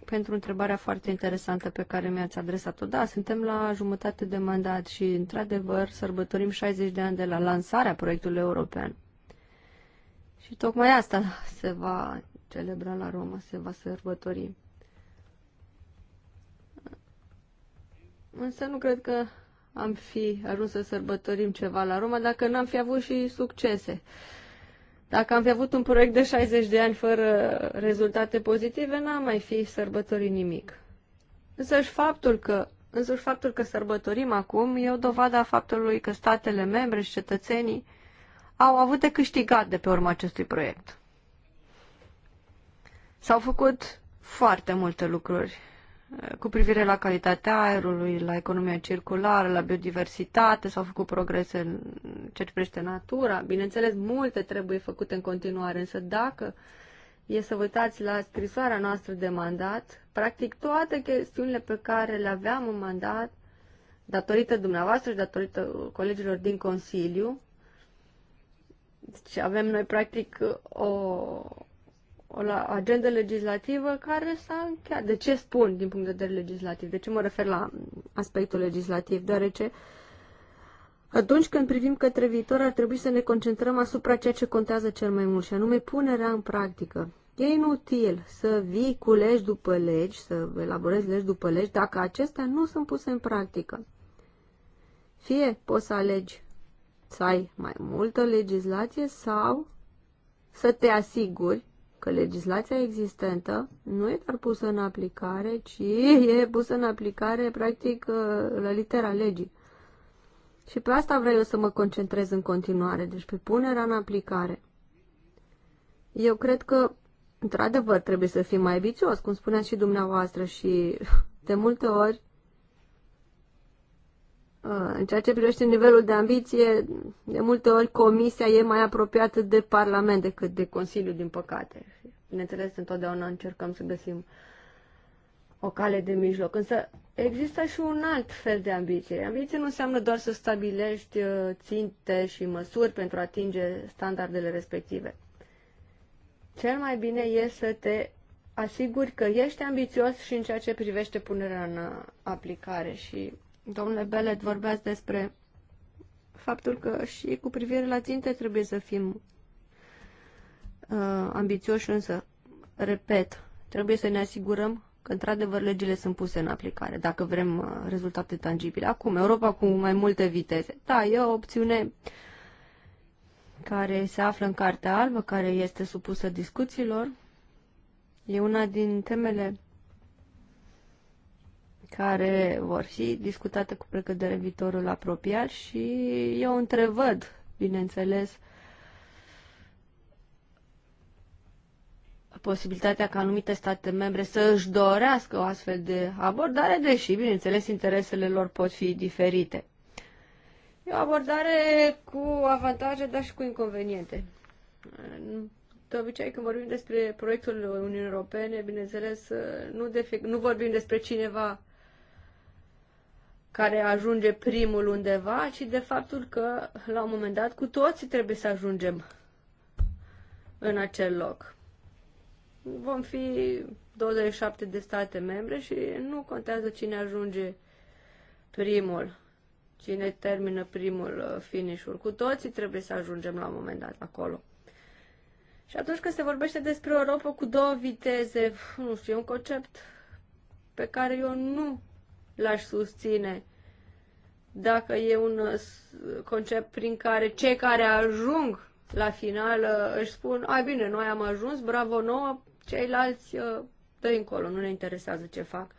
pentru întrebarea foarte interesantă pe care mi-ați adresat-o. Da, suntem la jumătate de mandat și, într-adevăr, sărbătorim 60 de ani de la lansarea proiectului european. Și tocmai asta se va celebra la Roma, se va sărbători. Însă nu cred că am fi ajuns să sărbătorim ceva la Roma dacă n-am fi avut și succese. Uh, dacă am fi avut un proiect de 60 de ani fără rezultate pozitive, n-am mai fi sărbătorit nimic. Însăși faptul că Însuși faptul că sărbătorim acum e o dovadă a faptului că statele membre și cetățenii au avut de câștigat de pe urma acestui proiect. S-au făcut foarte multe lucruri cu privire la calitatea aerului, la economia circulară, la biodiversitate, s-au făcut progrese în ceea ce privește natura. Bineînțeles, multe trebuie făcute în continuare, însă dacă e să vă uitați la scrisoarea noastră de mandat, practic toate chestiunile pe care le aveam în mandat, datorită dumneavoastră și datorită colegilor din Consiliu, deci avem noi practic o, o agenda legislativă care s-a încheiat. De ce spun din punct de vedere legislativ? De ce mă refer la aspectul legislativ? Deoarece atunci când privim către viitor ar trebui să ne concentrăm asupra ceea ce contează cel mai mult și anume punerea în practică. E inutil să vii cu legi după legi, să elaborezi legi după legi, dacă acestea nu sunt puse în practică. Fie poți să alegi să ai mai multă legislație sau să te asiguri că legislația existentă nu e doar pusă în aplicare, ci e pusă în aplicare, practic, uh, la litera legii. Și pe asta vreau eu să mă concentrez în continuare, deci pe punerea în aplicare. Eu cred că, într-adevăr, trebuie să fim mai ambițios, cum spuneați și dumneavoastră, și de multe ori Ah, în ceea ce privește nivelul de ambiție, de multe ori comisia e mai apropiată de Parlament decât de Consiliu, din păcate. Bineînțeles, întotdeauna încercăm să găsim o cale de mijloc. Însă există și un alt fel de ambiție. Ambiție nu înseamnă doar să stabilești uh, ținte și măsuri pentru a atinge standardele respective. Cel mai bine e să te asiguri că ești ambițios și în ceea ce privește punerea în aplicare și Domnule Belet, vorbeați despre faptul că și cu privire la ținte trebuie să fim uh, ambițioși, însă, repet, trebuie să ne asigurăm că, într-adevăr, legile sunt puse în aplicare, dacă vrem uh, rezultate tangibile. Acum, Europa cu mai multe viteze. Da, e o opțiune care se află în Cartea Albă, care este supusă discuțiilor. E una din temele care vor fi discutate cu precădere viitorul apropiat și eu întrevăd, bineînțeles, posibilitatea ca anumite state membre să își dorească o astfel de abordare, deși, bineînțeles, interesele lor pot fi diferite. E o abordare cu avantaje, dar și cu inconveniente. De obicei, când vorbim despre proiectul Uniunii Europene, bineînțeles, nu, nu vorbim despre cineva care ajunge primul undeva, ci de faptul că la un moment dat cu toții trebuie să ajungem în acel loc. Vom fi 27 de state membre și nu contează cine ajunge primul, cine termină primul uh, finish-ul. Cu toții trebuie să ajungem la un moment dat acolo. Și atunci când se vorbește despre Europa cu două viteze, nu știu, e un concept pe care eu nu l-aș susține dacă e un uh, concept prin care cei care ajung la final uh, își spun, ai bine, noi am ajuns, bravo nouă, ceilalți uh, dă încolo, nu ne interesează ce fac.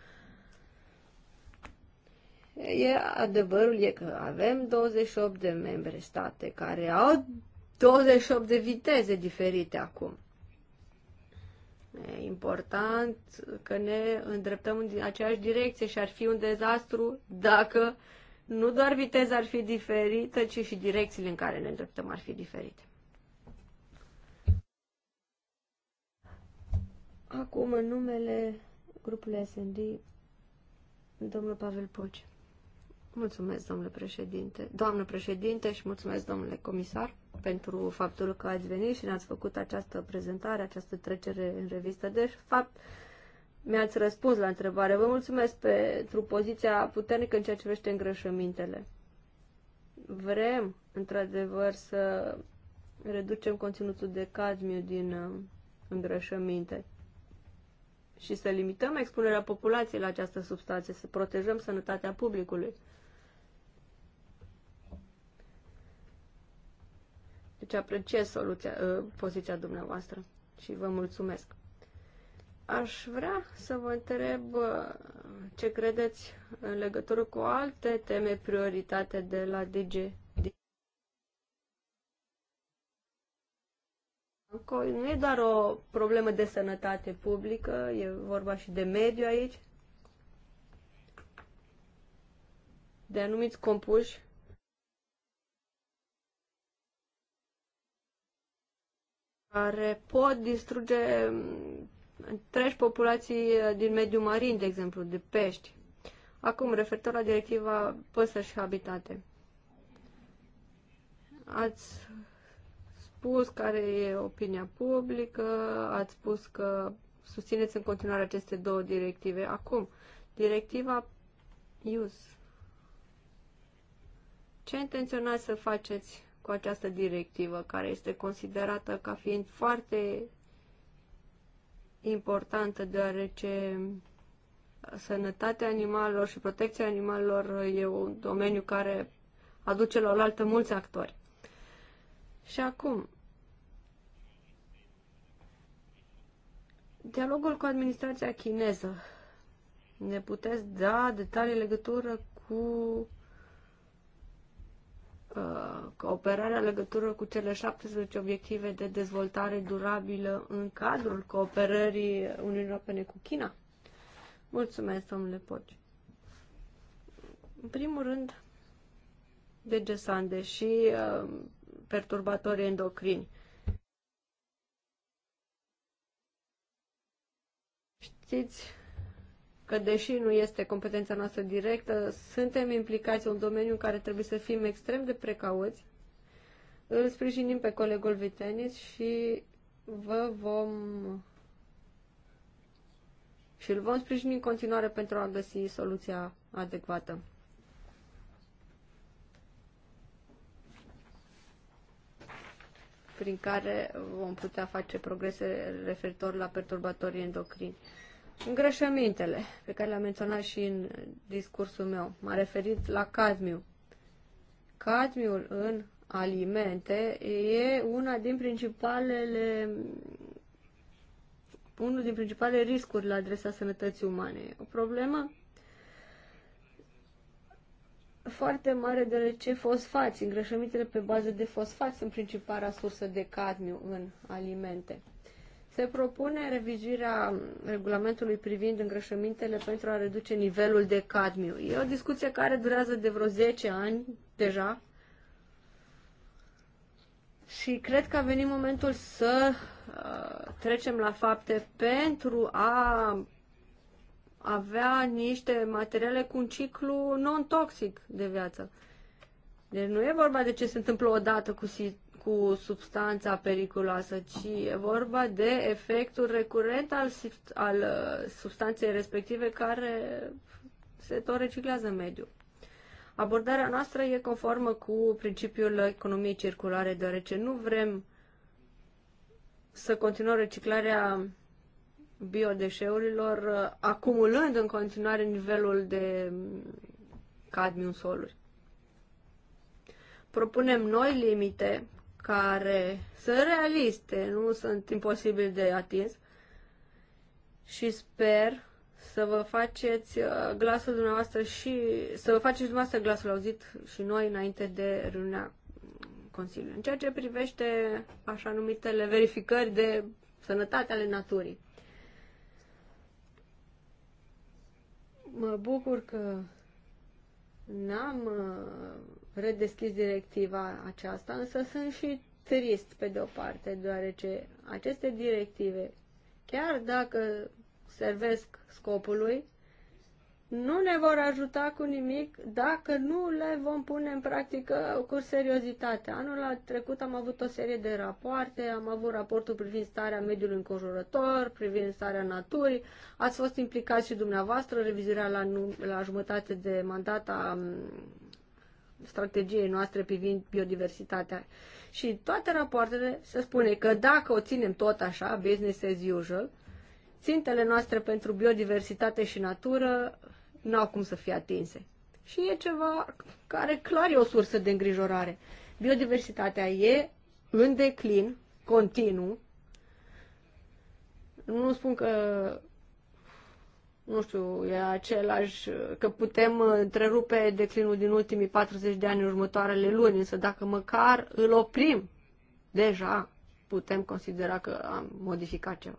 E, adevărul e că avem 28 de membre state care au 28 de viteze diferite acum. E important că ne îndreptăm în aceeași direcție și ar fi un dezastru dacă nu doar viteza ar fi diferită, ci și direcțiile în care ne îndreptăm ar fi diferite. Acum, în numele grupului SND, domnul Pavel Poci. Mulțumesc, domnule președinte. Doamnă președinte și mulțumesc, domnule comisar, pentru faptul că ați venit și ne-ați făcut această prezentare, această trecere în revistă. Deci, fapt, mi-ați răspuns la întrebare. Vă mulțumesc pentru poziția puternică în ceea ce privește îngrășămintele. Vrem, într-adevăr, să reducem conținutul de cadmiu din uh, îngrășăminte și să limităm expunerea populației la această substanță, să protejăm sănătatea publicului. Deci apreciez soluția, ă, poziția dumneavoastră și vă mulțumesc. Aș vrea să vă întreb ă, ce credeți în legătură cu alte teme prioritate de la DG. Nu e doar o problemă de sănătate publică, e vorba și de mediu aici, de anumiți compuși care pot distruge mm, întregi populații uh, din mediul marin, de exemplu, de pești. Acum, referitor la directiva păsări și habitate. Ați spus care e opinia publică, ați spus că susțineți în continuare aceste două directive. Acum, directiva IUS. Ce intenționați să faceți cu această directivă, care este considerată ca fiind foarte importantă, deoarece sănătatea animalelor și protecția animalelor e un domeniu care aduce la oaltă mulți actori. Și acum, dialogul cu administrația chineză. Ne puteți da detalii legătură cu Uh, cooperarea legătură cu cele 17 obiective de dezvoltare durabilă în cadrul cooperării Uniunii Europene cu China? Mulțumesc, domnule Poci. În primul rând, DG și uh, perturbatorii endocrini. Știți că deși nu este competența noastră directă, suntem implicați în un domeniu în care trebuie să fim extrem de precauți. Îl sprijinim pe colegul Vitenis și vă vom și îl vom sprijini în continuare pentru a găsi soluția adecvată. prin care vom putea face progrese referitor la perturbatorii endocrini. Îngrășămintele pe care le-am menționat și în discursul meu, m-a referit la cadmiu. Cadmiul în alimente e una din principalele unul din principalele riscuri la adresa sănătății umane. E o problemă foarte mare deoarece fosfați, îngrășămintele pe bază de fosfați sunt principala sursă de cadmiu în alimente. Se propune revizuirea regulamentului privind îngrășămintele pentru a reduce nivelul de cadmiu. E o discuție care durează de vreo 10 ani deja și cred că a venit momentul să uh, trecem la fapte pentru a avea niște materiale cu un ciclu non-toxic de viață. Deci nu e vorba de ce se întâmplă odată cu cu substanța periculoasă, ci e vorba de efectul recurent al, al uh, substanței respective care se tot reciclează în mediu. Abordarea noastră e conformă cu principiul economiei circulare, deoarece nu vrem să continuăm reciclarea biodeșeurilor, uh, acumulând în continuare nivelul de cadmium soluri. Propunem noi limite care sunt realiste, nu sunt imposibil de atins și sper să vă faceți uh, glasul dumneavoastră și să vă faceți dumneavoastră glasul auzit și noi înainte de reuniunea Consiliului. În ceea ce privește așa numitele verificări de sănătate ale naturii. Mă bucur că n-am uh, redeschis directiva aceasta, însă sunt și trist pe de o parte, deoarece aceste directive, chiar dacă servesc scopului, nu ne vor ajuta cu nimic dacă nu le vom pune în practică cu seriozitate. Anul trecut am avut o serie de rapoarte, am avut raportul privind starea mediului înconjurător, privind starea naturii, ați fost implicați și dumneavoastră, revizuirea la, la jumătate de mandat a strategiei noastre privind biodiversitatea. Și toate rapoartele se spune că dacă o ținem tot așa, business as usual, țintele noastre pentru biodiversitate și natură nu au cum să fie atinse. Și e ceva care clar e o sursă de îngrijorare. Biodiversitatea e în declin continuu. Nu spun că nu știu, e același, că putem întrerupe declinul din ultimii 40 de ani în următoarele luni, însă dacă măcar îl oprim, deja putem considera că am modificat ceva.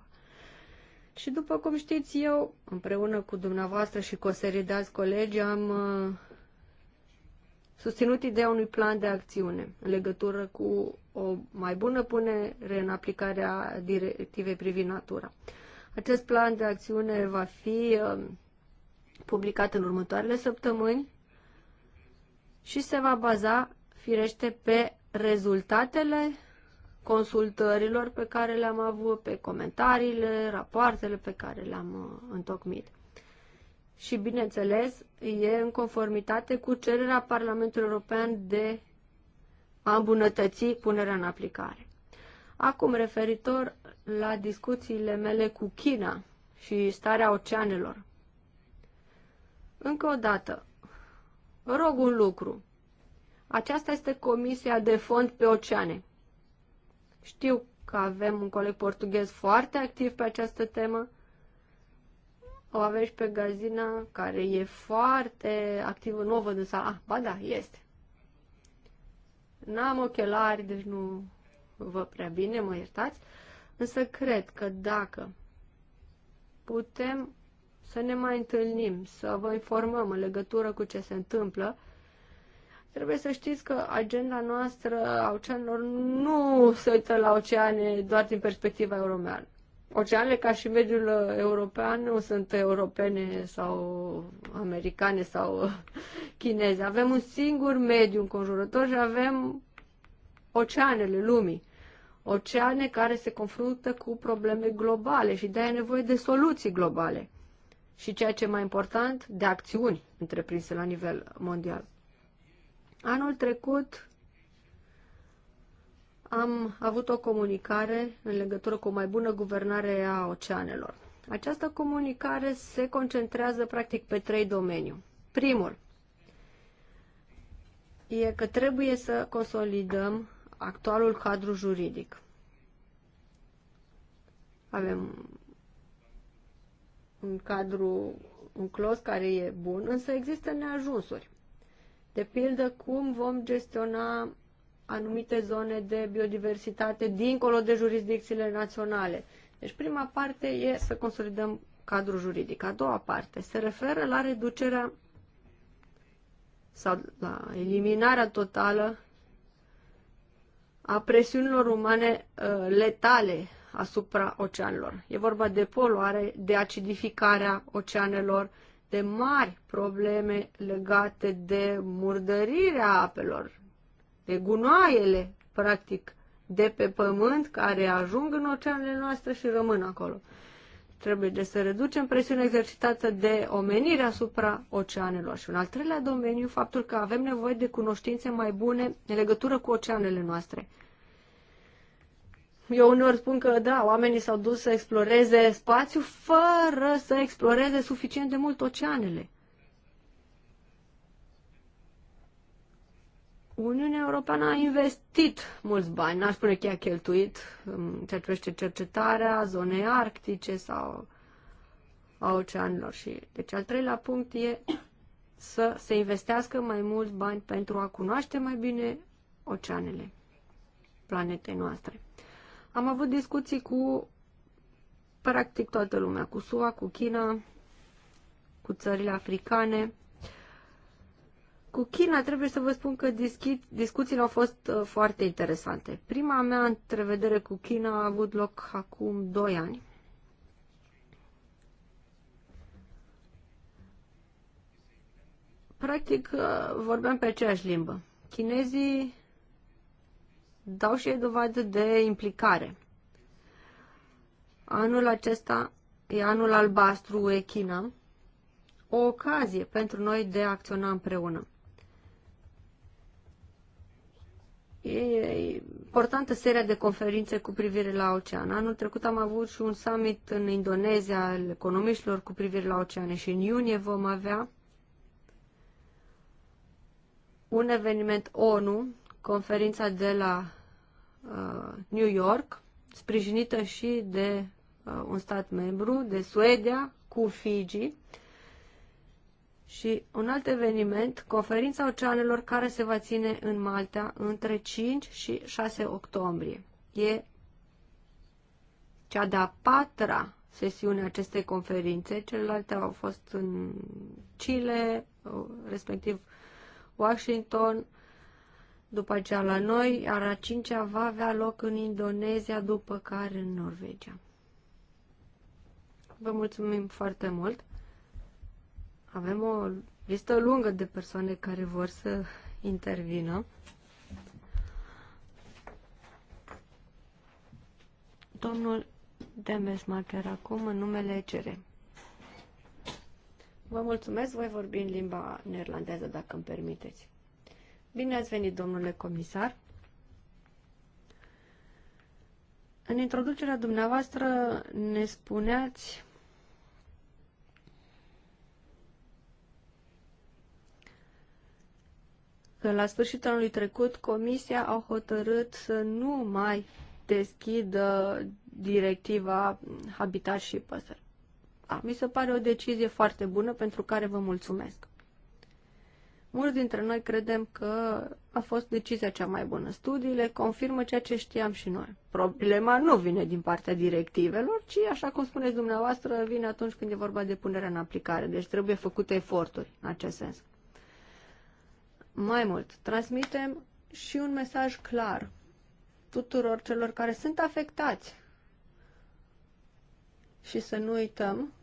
Și după cum știți, eu, împreună cu dumneavoastră și cu o serie de alți colegi, am uh, susținut ideea unui plan de acțiune în legătură cu o mai bună punere în aplicare a directivei privind natura. Acest plan de acțiune va fi um, publicat în următoarele săptămâni și se va baza, firește, pe rezultatele consultărilor pe care le-am avut, pe comentariile, rapoartele pe care le-am uh, întocmit. Și, bineînțeles, e în conformitate cu cererea Parlamentului European de a îmbunătăți punerea în aplicare. Acum, referitor la discuțiile mele cu China și starea oceanelor. Încă o dată, rog un lucru. Aceasta este Comisia de Fond pe Oceane. Știu că avem un coleg portughez foarte activ pe această temă. O avem și pe Gazina, care e foarte activă. Nu o văd în sala. Ah, ba da, este. N-am ochelari, deci nu vă prea bine, mă iertați, însă cred că dacă putem să ne mai întâlnim, să vă informăm în legătură cu ce se întâmplă, trebuie să știți că agenda noastră a oceanelor nu se uită la oceane doar din perspectiva europeană. Oceanele ca și mediul european nu sunt europene sau americane sau chineze. Avem un singur mediu înconjurător și avem oceanele lumii oceane care se confruntă cu probleme globale și de-aia e nevoie de soluții globale. Și ceea ce e mai important, de acțiuni întreprinse la nivel mondial. Anul trecut am avut o comunicare în legătură cu o mai bună guvernare a oceanelor. Această comunicare se concentrează practic pe trei domenii. Primul e că trebuie să consolidăm actualul cadru juridic. Avem un cadru, un clos care e bun, însă există neajunsuri. De pildă, cum vom gestiona anumite zone de biodiversitate dincolo de jurisdicțiile naționale. Deci prima parte e să consolidăm cadrul juridic. A doua parte se referă la reducerea sau la eliminarea totală a presiunilor umane uh, letale asupra oceanelor. E vorba de poluare, de acidificarea oceanelor, de mari probleme legate de murdărirea apelor, de gunoaiele, practic, de pe pământ care ajung în oceanele noastre și rămân acolo. Trebuie de să reducem presiunea exercitată de omenire asupra oceanelor. Și un al treilea domeniu, faptul că avem nevoie de cunoștințe mai bune în legătură cu oceanele noastre. Eu uneori spun că, da, oamenii s-au dus să exploreze spațiu fără să exploreze suficient de mult oceanele. Uniunea Europeană a investit mulți bani, n-aș spune că a cheltuit, ceea ce privește cercetarea zonei arctice sau a oceanilor. Și, deci al treilea punct e să se investească mai mulți bani pentru a cunoaște mai bine oceanele planetei noastre. Am avut discuții cu practic toată lumea, cu SUA, cu China, cu țările africane, cu China trebuie să vă spun că discuțiile au fost uh, foarte interesante. Prima mea întrevedere cu China a avut loc acum 2 ani. Practic uh, vorbeam pe aceeași limbă. Chinezii dau și ei dovadă de implicare. Anul acesta e anul albastru e China, o ocazie pentru noi de a acționa împreună. E importantă seria de conferințe cu privire la ocean. Anul trecut am avut și un summit în Indonezia al economiștilor cu privire la oceane și în iunie vom avea un eveniment ONU, conferința de la uh, New York, sprijinită și de uh, un stat membru, de Suedia, cu Fiji. Uh, și un alt eveniment, conferința oceanelor care se va ține în Malta între 5 și 6 octombrie. E cea de-a patra sesiune acestei conferințe, celelalte au fost în Chile, respectiv Washington, după aceea la noi, iar a cincea va avea loc în Indonezia, după care în Norvegia. Vă mulțumim foarte mult! Avem o listă lungă de persoane care vor să intervină. Domnul Demesmacher acum în numele CR. Vă mulțumesc, voi vorbi în limba neerlandeză, dacă îmi permiteți. Bine ați venit, domnule comisar. În introducerea dumneavoastră ne spuneați că la sfârșitul anului trecut Comisia a hotărât să nu mai deschidă directiva Habitat și Păsări. A, da, mi se pare o decizie foarte bună pentru care vă mulțumesc. Mulți dintre noi credem că a fost decizia cea mai bună. Studiile confirmă ceea ce știam și noi. Problema nu vine din partea directivelor, ci, așa cum spuneți dumneavoastră, vine atunci când e vorba de punerea în aplicare. Deci trebuie făcute eforturi în acest sens. Mai mult, transmitem și un mesaj clar tuturor celor care sunt afectați. Și să nu uităm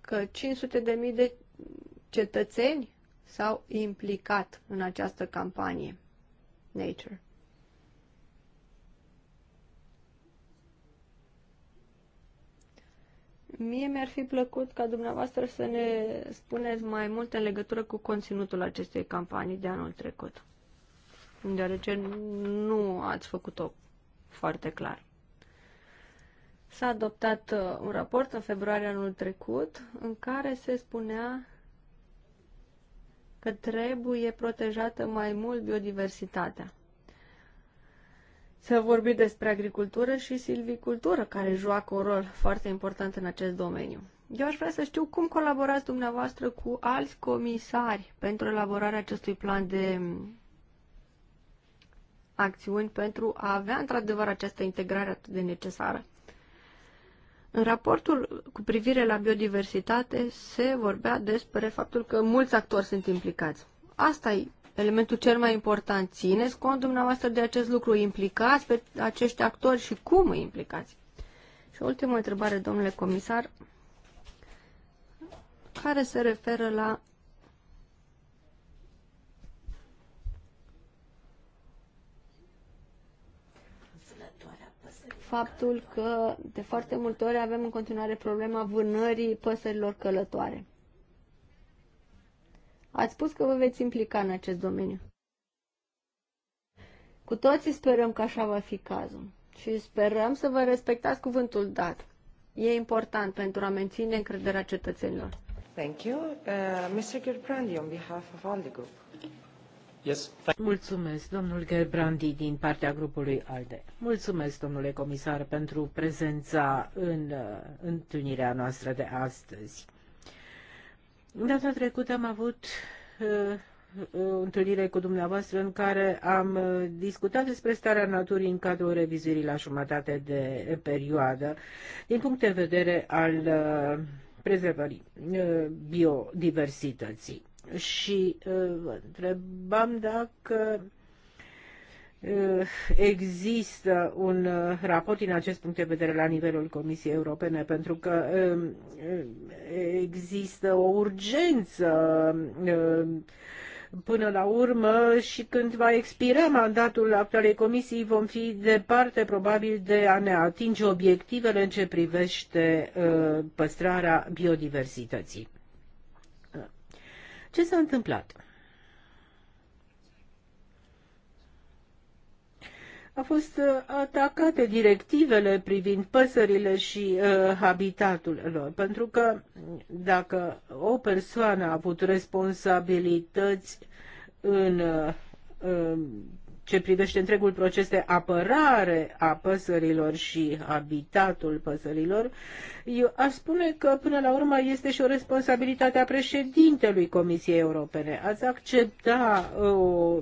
că 500.000 de de cetățeni s-au implicat în această campanie Nature. Mie mi-ar fi plăcut ca dumneavoastră să ne spuneți mai mult în legătură cu conținutul acestei campanii de anul trecut, deoarece nu ați făcut-o foarte clar. S-a adoptat uh, un raport în februarie anul trecut în care se spunea că trebuie protejată mai mult biodiversitatea să vorbim despre agricultură și silvicultură, care joacă un rol foarte important în acest domeniu. Eu aș vrea să știu cum colaborați dumneavoastră cu alți comisari pentru elaborarea acestui plan de acțiuni pentru a avea într-adevăr această integrare atât de necesară. În raportul cu privire la biodiversitate se vorbea despre faptul că mulți actori sunt implicați. Asta e elementul cel mai important. Țineți cont dumneavoastră de acest lucru, implicați pe acești actori și cum îi implicați? Și o ultimă întrebare, domnule comisar, care se referă la faptul că de foarte multe ori avem în continuare problema vânării păsărilor călătoare. Ați spus că vă veți implica în acest domeniu. Cu toții sperăm că așa va fi cazul și sperăm să vă respectați cuvântul dat. E important pentru a menține încrederea cetățenilor. Thank you. Uh, Mr. Gerbrandi, on behalf of Aldi group. Yes. Mulțumesc, domnul Gerbrandi, din partea grupului ALDE. Mulțumesc, domnule comisar, pentru prezența în uh, întâlnirea noastră de astăzi. Data trecută am avut o uh, uh, întâlnire cu dumneavoastră în care am uh, discutat despre starea naturii în cadrul revizuirii la jumătate de perioadă din punct de vedere al prezervării biodiversității. Și întrebam dacă Eh, există un eh, raport din acest punct de vedere la nivelul Comisiei Europene, pentru că eh, există o urgență până la urmă și când va expira mandatul actualei comisii vom fi departe probabil de a ne atinge obiectivele în ce privește păstrarea biodiversității. Ce s-a întâmplat? a fost uh, atacate directivele privind păsările și uh, habitatul lor, pentru că dacă o persoană a avut responsabilități în uh, um, ce privește întregul proces de apărare a păsărilor și habitatul păsărilor, eu aș spune că până la urmă este și o responsabilitate a președintelui Comisiei Europene. Ați accepta o uh,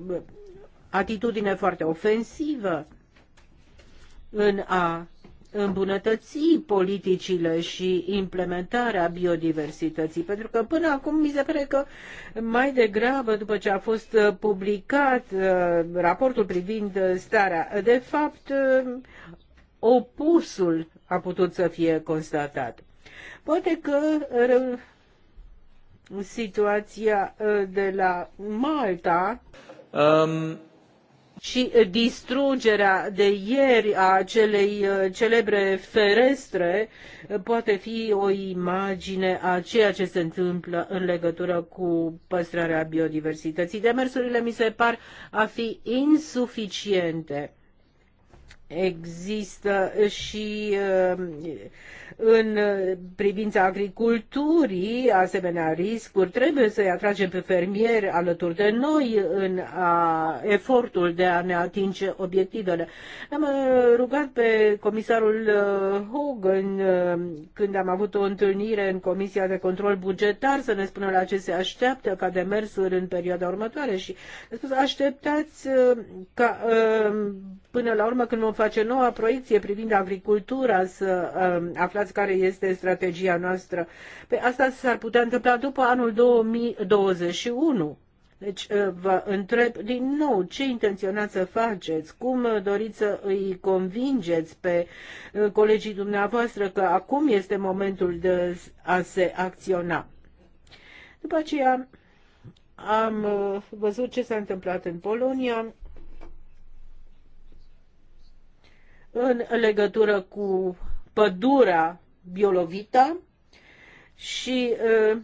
atitudine foarte ofensivă în a îmbunătăți politicile și implementarea biodiversității, pentru că până acum mi se pare că mai degrabă, după ce a fost publicat uh, raportul privind starea, de fapt uh, opusul a putut să fie constatat. Poate că uh, situația de la Malta um și distrugerea de ieri a acelei uh, celebre ferestre poate fi o imagine a ceea ce se întâmplă în legătură cu păstrarea biodiversității. Demersurile mi se par a fi insuficiente există și uh, în privința agriculturii asemenea riscuri. Trebuie să-i atragem pe fermieri alături de noi în a, efortul de a ne atinge obiectivele. Am uh, rugat pe comisarul uh, Hogan când am avut o întâlnire în Comisia de Control Bugetar să ne spună la ce se așteaptă ca demersuri în perioada următoare și a spus așteptați ca până la urmă când vom face noua proiecție privind agricultura, să um, aflați care este strategia noastră. Pe asta s-ar putea întâmpla după anul 2021. Deci uh, vă întreb din nou ce intenționați să faceți, cum doriți să îi convingeți pe uh, colegii dumneavoastră că acum este momentul de a se acționa. După aceea am uh, văzut ce s-a întâmplat în Polonia. în legătură cu pădurea biolovită și uh,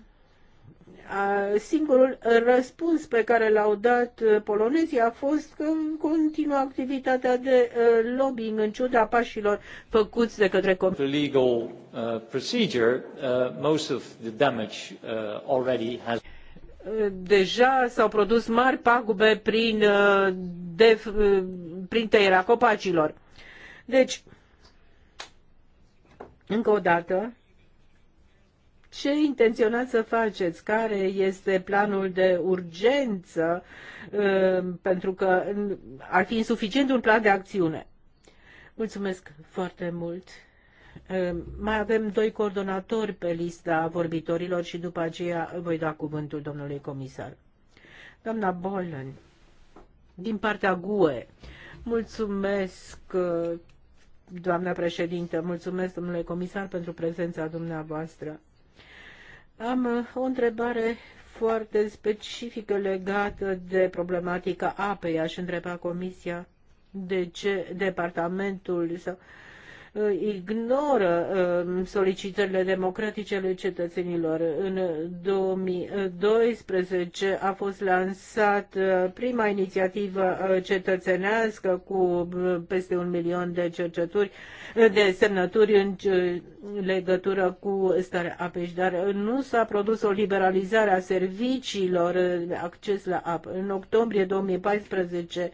singurul răspuns pe care l-au dat polonezii a fost că continuă activitatea de uh, lobbying în ciuda pașilor făcuți de către comisie. legal uh, procedure, uh, most of the damage uh, already has deja s-au produs mari pagube prin, uh, de, prin tăierea copacilor. Deci, încă o dată, ce intenționați să faceți? Care este planul de urgență? Uh, pentru că ar fi insuficient un plan de acțiune. Mulțumesc foarte mult. Uh, mai avem doi coordonatori pe lista vorbitorilor și după aceea voi da cuvântul domnului comisar. Doamna Bolan, din partea GUE, mulțumesc uh, doamna președintă. Mulțumesc, domnule comisar, pentru prezența dumneavoastră. Am uh, o întrebare foarte specifică legată de problematica apei. Aș întreba Comisia de ce departamentul sau uh, Uh, ignoră uh, solicitările democratice ale cetățenilor. În 2012 a fost lansat uh, prima inițiativă cetățenească cu peste un milion de cerceturi, de semnături în legătură cu starea apei, dar nu s-a produs o liberalizare a serviciilor de acces la apă. În octombrie 2014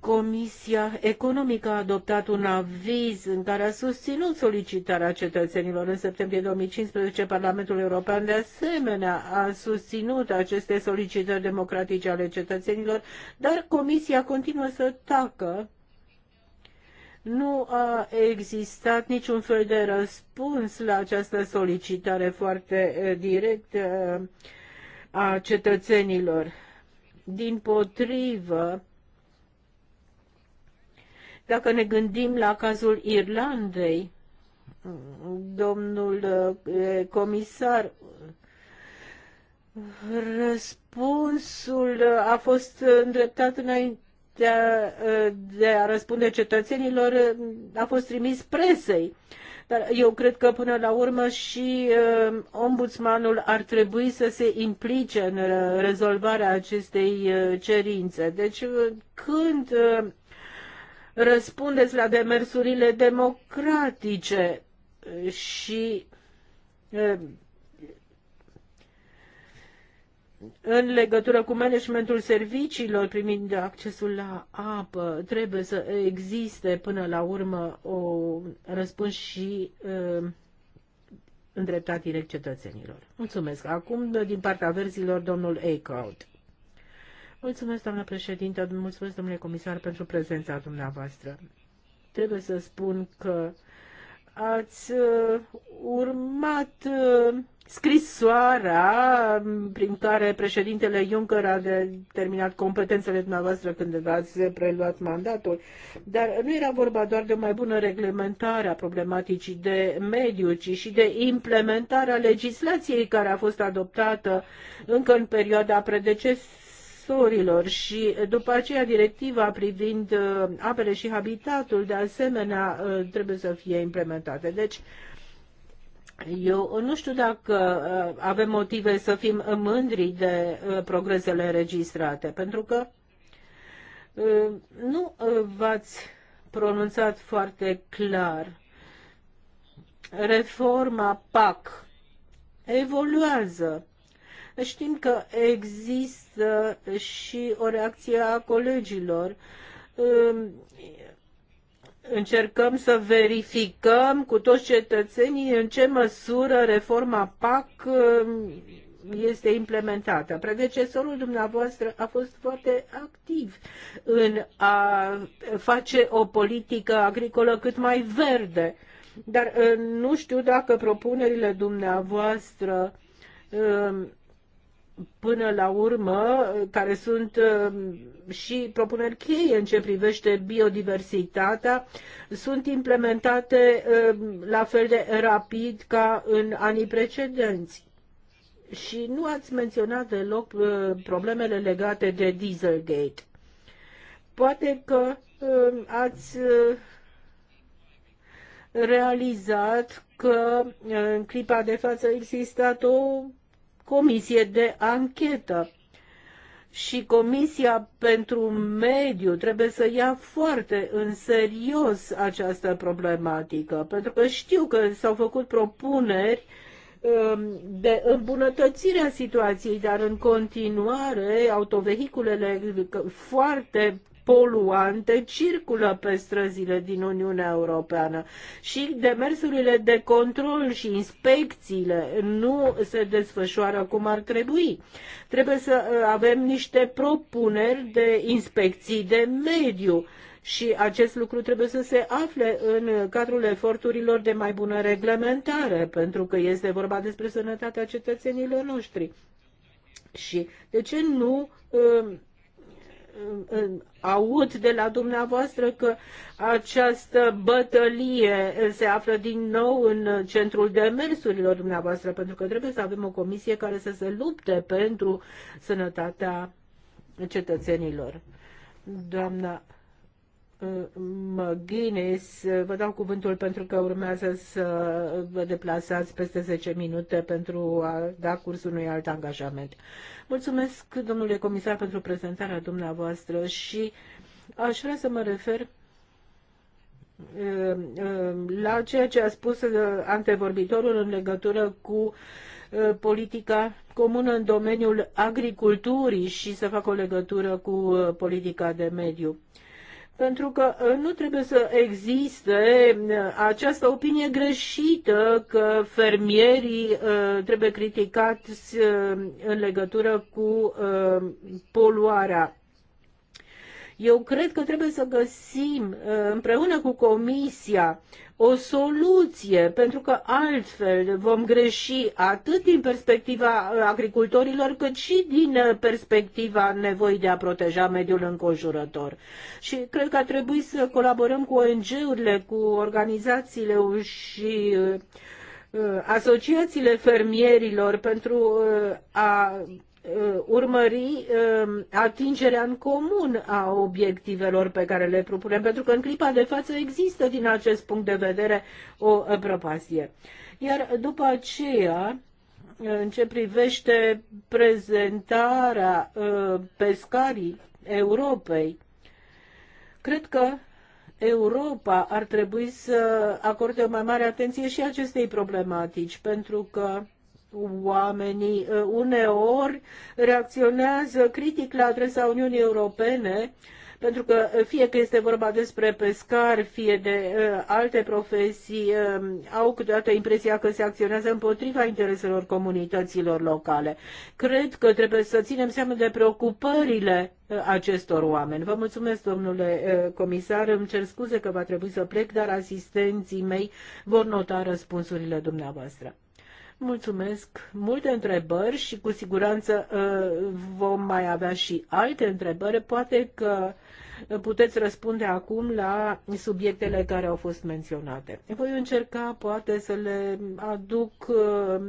Comisia Economică a adoptat un aviz în care a susținut solicitarea cetățenilor. În septembrie 2015, Parlamentul European de asemenea a susținut aceste solicitări democratice ale cetățenilor, dar Comisia continuă să tacă. Nu a existat niciun fel de răspuns la această solicitare foarte eh, direct eh, a cetățenilor. Din potrivă, dacă ne gândim la cazul Irlandei, domnul eh, comisar, răspunsul a fost îndreptat înainte de a, eh, de a răspunde cetățenilor eh, a fost trimis presei. Dar eu cred că până la urmă și uh, ombudsmanul ar trebui să se implice în rezolvarea acestei uh, cerințe. Deci uh, când răspundeți la demersurile democratice și în legătură cu managementul serviciilor primind accesul la apă, trebuie să existe până la urmă o răspuns și îndreptat direct cetățenilor. Mulțumesc. Acum, din partea verzilor, domnul Eichhout. Mulțumesc, doamnă președintă, mulțumesc, domnule comisar, pentru prezența dumneavoastră. Trebuie să spun că ați uh, urmat uh, scrisoarea prin care președintele Juncker a determinat competențele dumneavoastră când ați preluat mandatul, dar nu era vorba doar de o mai bună reglementare a problematicii de mediu, ci și de implementarea legislației care a fost adoptată încă în perioada predecesorilor profesorilor și după aceea directiva privind uh, apele și habitatul de asemenea uh, trebuie să fie implementate. Deci eu nu știu dacă uh, avem motive să fim mândri de progresele înregistrate, pentru că nu v-ați pronunțat foarte clar. Reforma PAC evoluează Știm că există și o reacție a colegilor încercăm să verificăm cu toți cetățenii în ce măsură reforma PAC este implementată. Predecesorul dumneavoastră a fost foarte activ în a face o politică agricolă cât mai verde, dar nu știu dacă propunerile dumneavoastră până la urmă, care sunt um, și propuneri cheie în ce privește biodiversitatea, sunt implementate um, la fel de rapid ca în anii precedenți. Și nu ați menționat deloc uh, problemele legate de Dieselgate. Poate că um, ați uh, realizat că uh, în clipa de față a existat o comisie de anchetă și Comisia pentru Mediu trebuie să ia foarte în serios această problematică, pentru că știu că s-au făcut propuneri um, de îmbunătățirea situației, dar în continuare autovehiculele foarte poluante circulă pe străzile din Uniunea Europeană și demersurile de control și inspecțiile nu se desfășoară cum ar trebui. Trebuie să uh, avem niște propuneri de inspecții de mediu și acest lucru trebuie să se afle în cadrul eforturilor de mai bună reglementare, pentru că este vorba despre sănătatea cetățenilor noștri. Și de ce nu uh, aud de la dumneavoastră că această bătălie se află din nou în centrul demersurilor dumneavoastră, pentru că trebuie să avem o comisie care să se lupte pentru sănătatea cetățenilor. Doamna McGuinness. Vă dau cuvântul pentru că urmează să vă deplasați peste 10 minute pentru a da curs unui alt angajament. Mulțumesc, domnule comisar, pentru prezentarea dumneavoastră și aș vrea să mă refer uh, uh, la ceea ce a spus uh, antevorbitorul în legătură cu politica comună în domeniul agriculturii și să fac o legătură cu politica de mediu pentru că uh, nu trebuie să existe uh, această opinie greșită că fermierii uh, trebuie criticați în legătură cu poluarea eu cred că trebuie să găsim uh, împreună cu Comisia o soluție, pentru că altfel vom greși atât din perspectiva uh, agricultorilor, cât și din uh, perspectiva nevoii de a proteja mediul înconjurător. Și cred că ar trebui să colaborăm cu ONG-urile, cu organizațiile și asociațiile fermierilor pentru a Uh, urmări uh, atingerea în comun a obiectivelor pe care le propunem, pentru că în clipa de față există din acest punct de vedere o uh, prăpastie. Iar după aceea, în ce privește prezentarea pescarii Europei, cred că Europa ar trebui să acorde o mai mare atenție și acestei problematici, pentru că oamenii uh, uneori reacționează critic la adresa Uniunii Europene, pentru că fie că este vorba despre pescari, fie de uh, alte profesii, uh, au câteodată impresia că se acționează împotriva intereselor comunităților locale. Cred că trebuie să ținem seama de preocupările uh, acestor oameni. Vă mulțumesc, domnule uh, comisar, îmi cer scuze că va trebui să plec, dar asistenții mei vor nota răspunsurile dumneavoastră. Mulțumesc. Multe întrebări și cu siguranță uh, vom mai avea și alte întrebări. Poate că puteți răspunde acum la subiectele care au fost menționate. Voi încerca poate să le aduc uh,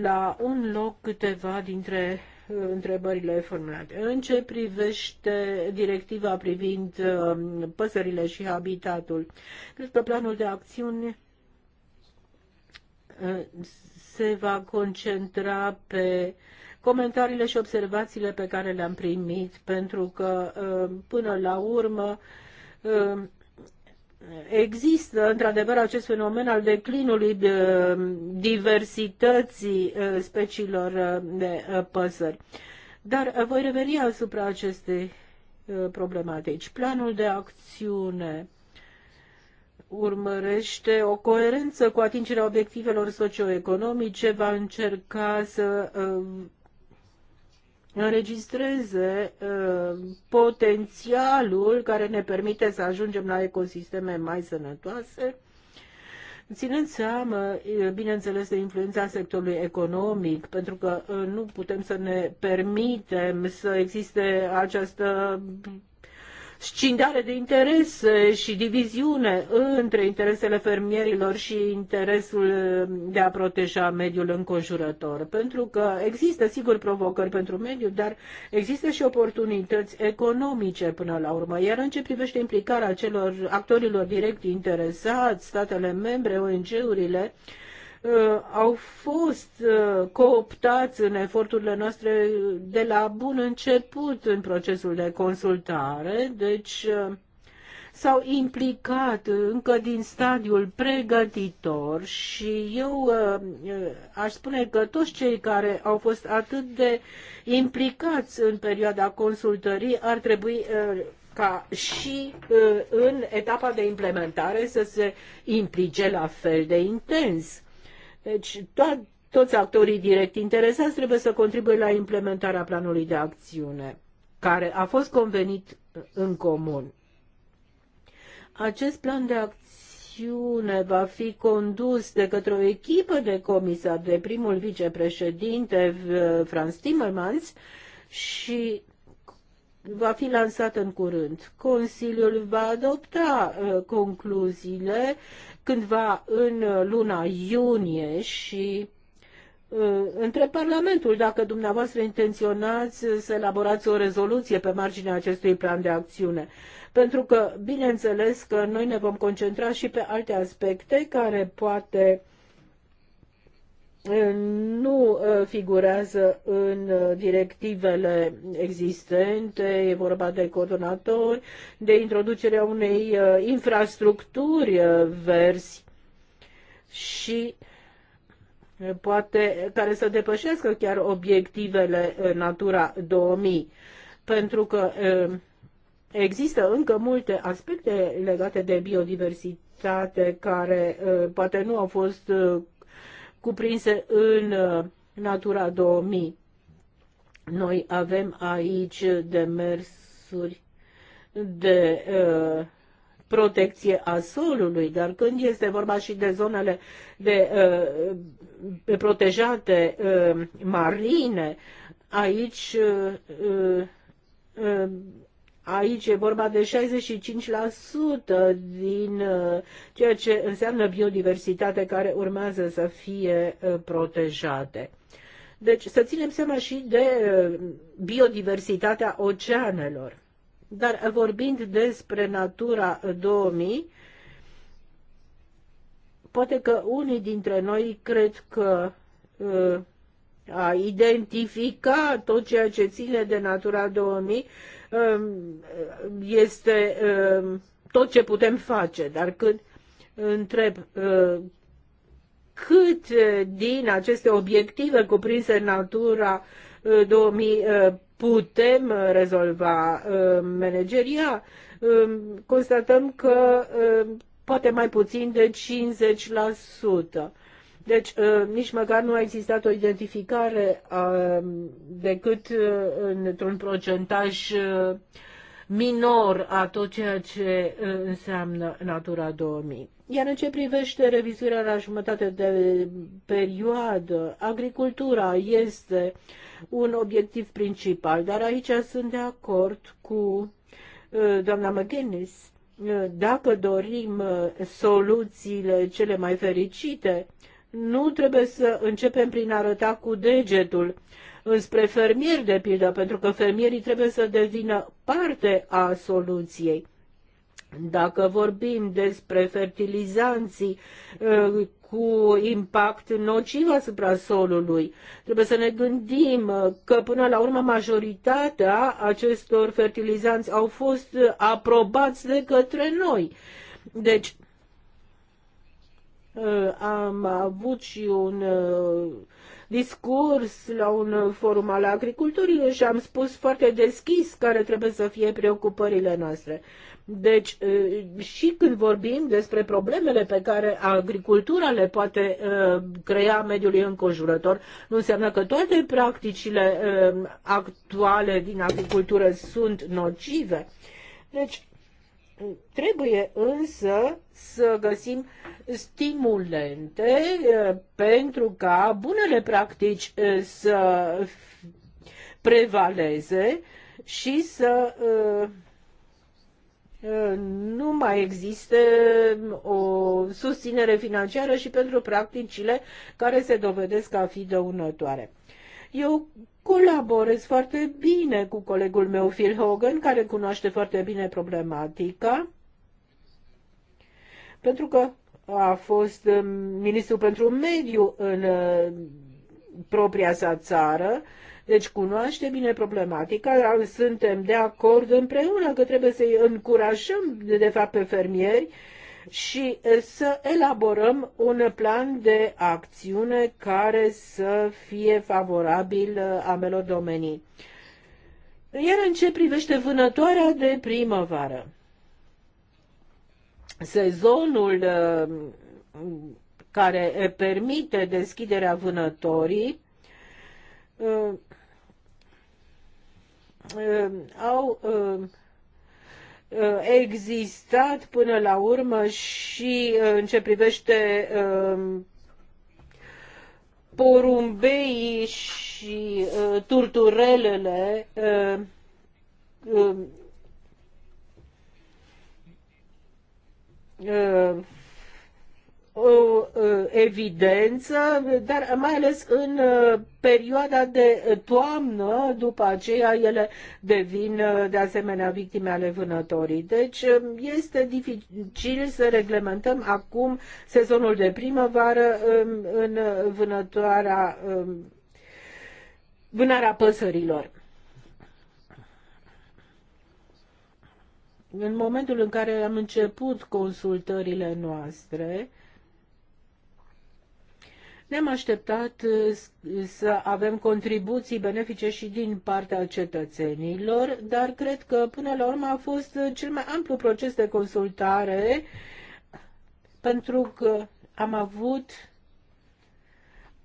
la un loc câteva dintre uh, întrebările formulate. În ce privește directiva privind păsările și habitatul, cred că planul de acțiune se va concentra pe comentariile și observațiile pe care le-am primit, pentru că uh, până la urmă uh, există într-adevăr acest fenomen al declinului uh, diversității speciilor de păsări. Dar voi reveni asupra acestei problematici. Planul de acțiune urmărește o coerență cu atingerea obiectivelor socioeconomice, va încerca să uh, înregistreze uh, potențialul care ne permite să ajungem la ecosisteme mai sănătoase, ținând seama, uh, bineînțeles, de influența sectorului economic, pentru că nu putem să ne permitem să existe această scindare de interese și diviziune între interesele fermierilor și interesul uh, de a proteja mediul înconjurător. Pentru că există, sigur, provocări pentru mediu, dar există și oportunități economice până la urmă. Iar în ce privește implicarea celor actorilor direct interesați, statele membre, ONG-urile, uh, Uh, au fost uh, cooptați în eforturile noastre de la bun început în procesul de consultare, deci uh, s-au implicat încă din stadiul pregătitor și eu aș spune că toți cei care au fost atât de implicați în perioada consultării ar trebui ca și în etapa de implementare să se implice la fel de intens. Deci to- toți actorii direct interesați trebuie să contribuie la implementarea planului de acțiune care a fost convenit în comun. Acest plan de acțiune va fi condus de către o echipă de comisar de primul vicepreședinte Franz Timmermans și va fi lansat în curând. Consiliul va adopta uh, concluziile cândva în uh, luna iunie și uh, între Parlamentul dacă dumneavoastră intenționați să elaborați o rezoluție pe marginea acestui plan de acțiune. Pentru că, bineînțeles, că noi ne vom concentra și pe alte aspecte care poate uh, nu uh, figurează în uh, directivele existente, e vorba de coordonatori, de introducerea unei uh, infrastructuri verzi și poate care să depășească chiar obiectivele Natura 2000, pentru că există încă multe aspecte legate de biodiversitate care poate nu au fost cuprinse în uh, Natura 2000. Noi avem aici demersuri de uh, protecție a solului, dar când este vorba și de zonele de uh, protejate uh, marine, aici uh, uh, Aici e vorba de 65% din uh, ceea ce înseamnă biodiversitate care urmează să fie uh, protejate. Deci să ținem seama și de uh, biodiversitatea oceanelor. Dar vorbind despre Natura 2000, poate că unii dintre noi cred că a identifica tot ceea ce ține de Natura 2000 Ehm, este ehm, tot ce putem face, dar când întreb ehm, cât din aceste obiective cuprinse în natura 2000 putem rezolva manageria, constatăm că poate mai puțin de 50%. Deci uh, nici măcar nu a existat o identificare uh, decât uh, într-un procentaj minor a tot ceea ce înseamnă Natura 2000. Iar în ce privește revizuirea la jumătate de perioadă, agricultura este un obiectiv principal, dar aici sunt de acord cu doamna McGuinness. Dacă dorim soluțiile cele mai fericite, nu trebuie să începem prin a arăta cu degetul înspre fermieri, de pildă, pentru că fermierii trebuie să devină parte a soluției. Dacă vorbim despre fertilizanții uh, cu impact nociv asupra solului, trebuie să ne gândim uh, că până la urmă majoritatea acestor fertilizanți au fost uh, aprobați de către noi. Deci, Uh, am avut și un uh, discurs la un forum al agriculturii și am spus foarte deschis care trebuie să fie preocupările noastre. Deci, uh, și când vorbim despre problemele pe care agricultura le poate crea mediului înconjurător, nu înseamnă că toate practicile actuale din agricultură sunt nocive. Deci, Trebuie însă să găsim stimulente eh, pentru ca bunele practici eh, să prevaleze și să eh, nu mai existe o susținere financiară și pentru practicile care se dovedesc a fi dăunătoare. Eu Colaborez foarte bine cu colegul meu, Phil Hogan, care cunoaște foarte bine problematica, pentru că a fost um, ministru pentru mediu în uh, propria sa țară, deci cunoaște bine problematica, suntem de acord împreună că trebuie să-i încurajăm, de fapt, pe fermieri și să elaborăm un plan de acțiune care să fie favorabil ambelor domenii. Iar în ce privește vânătoarea de primăvară, sezonul care permite deschiderea vânătorii au Uh, existat până la urmă și uh, în ce privește um, porumbeii și uh, turturelele um, o evidență, dar mai ales în uh, perioada de toamnă, după aceea ele devin uh, de asemenea victime ale vânătorii. Deci um, este dificil să reglementăm acum sezonul de primăvară um, în vânătoarea um, vânarea păsărilor. În momentul în care am început consultările noastre, ne-am așteptat uh, să avem contribuții benefice și din partea cetățenilor, dar cred că până la urmă a fost uh, cel mai amplu proces de consultare pentru că am avut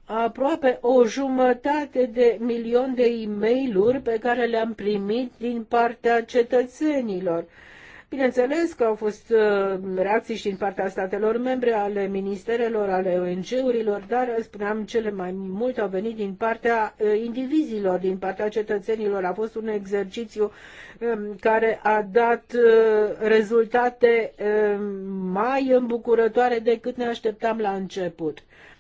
aproape o jumătate de milion de e-mail-uri pe care le-am primit din partea cetățenilor. Bineînțeles că au fost uh, reacții și din partea statelor membre, ale ministerelor, ale ONG-urilor, dar, uh, spuneam, cele mai multe au venit din partea uh, indivizilor, din partea cetățenilor. A fost un exercițiu um, care a dat rezultate um, mai îmbucurătoare decât ne așteptam la început.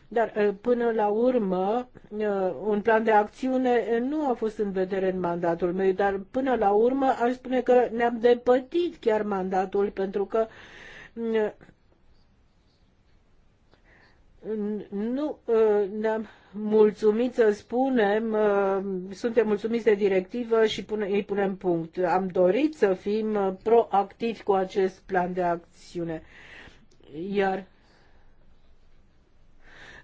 Dar uh, până la urmă, uh, un plan de acțiune nu a fost în vedere în mandatul meu, dar până la urmă aș spune că ne-am depătit chiar mandatul pentru că uh, nu ne-am mulțumit să spunem, suntem mulțumiți de directivă și îi punem punct. Am dorit să fim proactivi cu acest plan de acțiune. Iar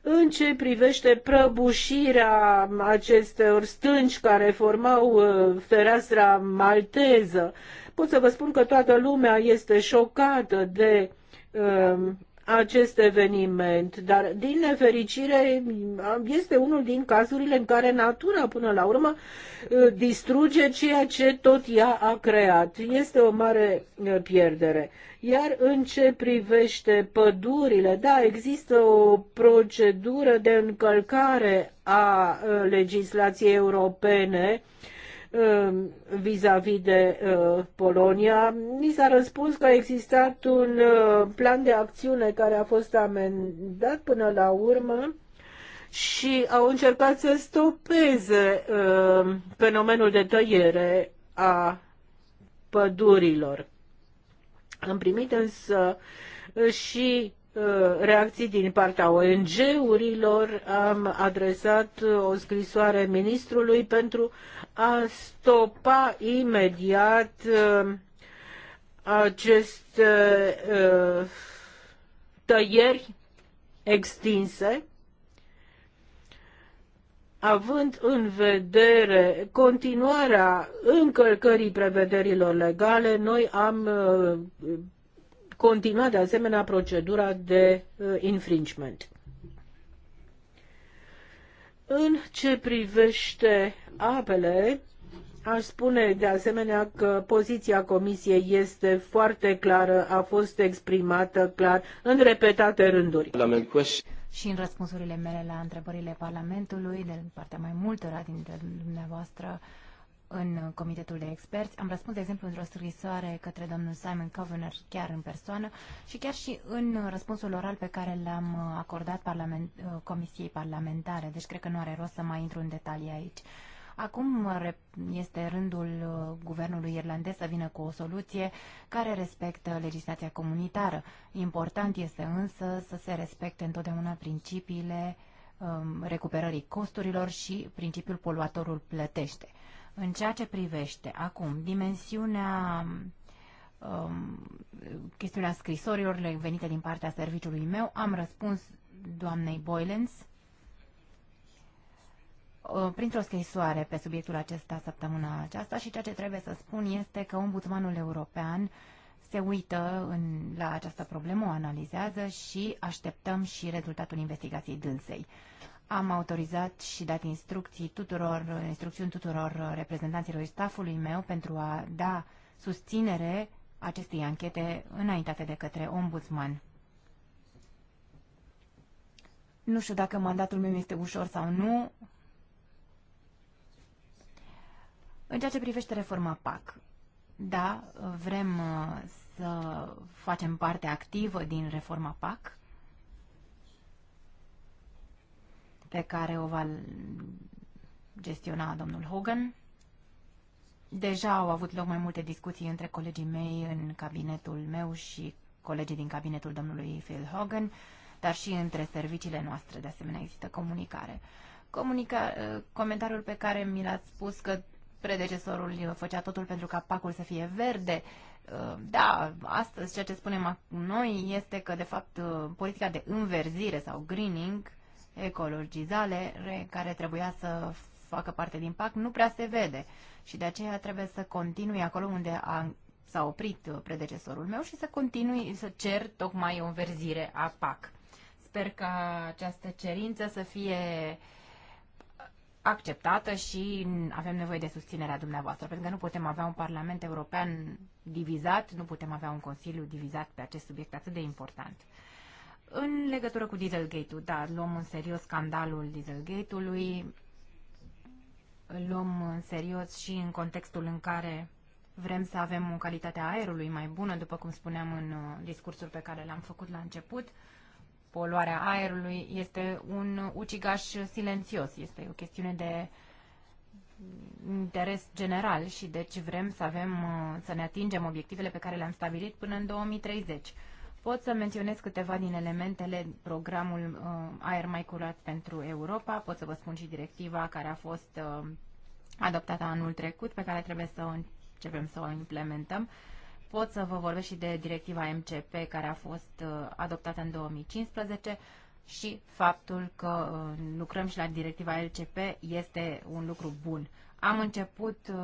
în ce privește prăbușirea acestor stânci care formau uh, fereastra malteză, pot să vă spun că toată lumea este șocată de uh, acest eveniment, dar din nefericire este unul din cazurile în care natura până la urmă distruge ceea ce tot ea a creat. Este o mare pierdere. Iar în ce privește pădurile, da, există o procedură de încălcare a legislației europene uh, Ehm, vis-a-vis -vis de eh, Polonia. Ni s-a răspuns că a existat un eh, plan de acțiune care a fost amendat până la urmă și au încercat să stopeze ehm, fenomenul de tăiere a pădurilor. Am primit însă eh, și reacții din partea ONG-urilor. Am adresat o scrisoare ministrului pentru a stopa imediat uh, aceste uh, uh, tăieri extinse, având în vedere continuarea încălcării prevederilor legale, noi am continuat de asemenea procedura de infringement. În ce privește apele, Aș spune de asemenea că poziția Comisiei este foarte clară, a fost exprimată clar în repetate rânduri. Și în răspunsurile mele la întrebările Parlamentului, de partea mai multora dintre dumneavoastră, în comitetul de experți. Am răspuns, de exemplu, într-o scrisoare către domnul Simon Covener chiar în persoană și chiar și în răspunsul oral pe care l-am acordat parlament, Comisiei Parlamentare. Deci cred că nu are rost să mai intru în detalii aici. Acum este rândul uh, guvernului irlandez să vină cu o soluție care respectă legislația comunitară. Important este însă să se respecte întotdeauna principiile um, recuperării costurilor și principiul poluatorul plătește. În ceea ce privește acum dimensiunea um, chestiunea scrisorilor venite din partea serviciului meu, am răspuns doamnei Boylens Uh, printr-o scrisoare pe subiectul acesta săptămâna aceasta și ceea ce trebuie să spun este că ombudsmanul european se uită în, la această problemă, o analizează și așteptăm și rezultatul investigației dânsei. Am autorizat și dat instrucții tuturor, instrucțiuni tuturor reprezentanților staffului meu pentru a da susținere acestei anchete înaintate de către ombudsman. Nu știu dacă mandatul meu este ușor sau nu, În ceea ce privește reforma PAC, da, vrem uh, să facem parte activă din reforma PAC, pe care o va gestiona domnul Hogan. Deja au avut loc mai multe discuții între colegii mei în cabinetul meu și colegii din cabinetul domnului Phil Hogan, dar și între serviciile noastre, de asemenea, există comunicare. Comunica, uh, comentariul pe care mi l-ați spus că predecesorul uh, făcea totul pentru ca pacul să fie verde. Uh, da, astăzi ceea ce spunem noi este că, de fapt, uh, politica de înverzire sau greening, ecologizare, care trebuia să facă parte din PAC, nu prea se vede. Și de aceea trebuie să continui acolo unde a, s-a oprit predecesorul meu și să continui să cer tocmai o înverzire a PAC. Sper că această cerință să fie uh, acceptată și avem nevoie de susținerea dumneavoastră, pentru că nu putem avea un Parlament European divizat, nu putem avea un Consiliu divizat pe acest subiect atât de important. În legătură cu Dieselgate-ul, da, luăm în serios scandalul Dieselgate-ului, luăm în serios și în contextul în care vrem să avem o calitate a aerului mai bună, după cum spuneam în uh, discursul pe care l-am făcut la început, uh, poluarea aerului este un ucigaș silențios, este o chestiune de interes general și deci vrem să avem, uh, să ne atingem obiectivele pe care le-am stabilit până în 2030. Pot să menționez câteva din elementele programul uh, Aer mai curat pentru Europa, pot să vă spun și directiva care a fost uh, adoptată anul trecut, pe care trebuie să începem să o implementăm Pot să vă vorbesc și de directiva MCP care a fost uh, adoptată în 2015 și faptul că uh, lucrăm și la directiva LCP este un lucru bun. Am început uh,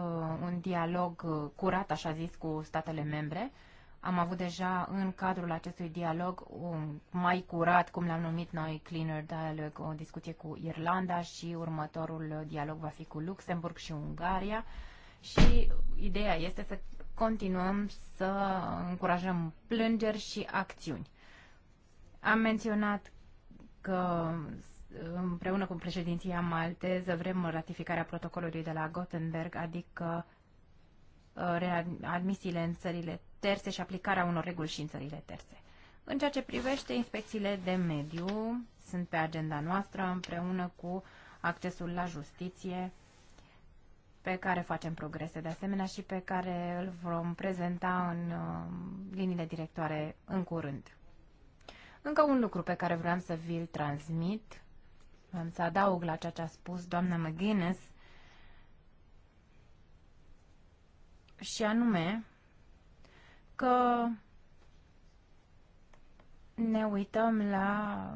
un dialog curat, așa zis, cu statele membre. Am avut deja în cadrul acestui dialog un mai curat, cum l-am numit noi, Cleaner Dialogue, o discuție cu Irlanda și următorul dialog va fi cu Luxemburg și Ungaria. Și ideea este să continuăm să încurajăm plângeri și acțiuni. Am menționat că împreună cu președinția malteză vrem ratificarea protocolului de la Gothenburg, adică uh, admisiile în țările terțe și aplicarea unor reguli și în țările terțe. În ceea ce privește inspecțiile de mediu, sunt pe agenda noastră împreună cu accesul la justiție, pe care facem progrese de asemenea și pe care îl vom prezenta în uh, liniile directoare în curând. Încă un lucru pe care vreau să vi-l transmit, am să adaug la ceea ce a spus doamna McGuinness, și anume că ne uităm la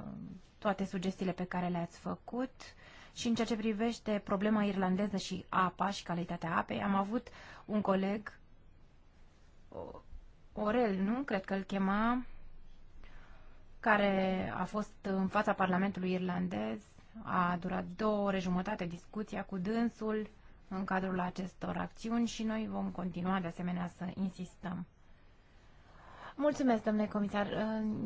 toate sugestiile pe care le-ați făcut și în ceea ce privește problema irlandeză și apa și calitatea apei, am avut un coleg, Orel, nu? Cred că îl chema, care a fost în fața Parlamentului irlandez. A durat două ore jumătate discuția cu dânsul în cadrul acestor acțiuni și noi vom continua de asemenea să insistăm. Mulțumesc, domnule comisar.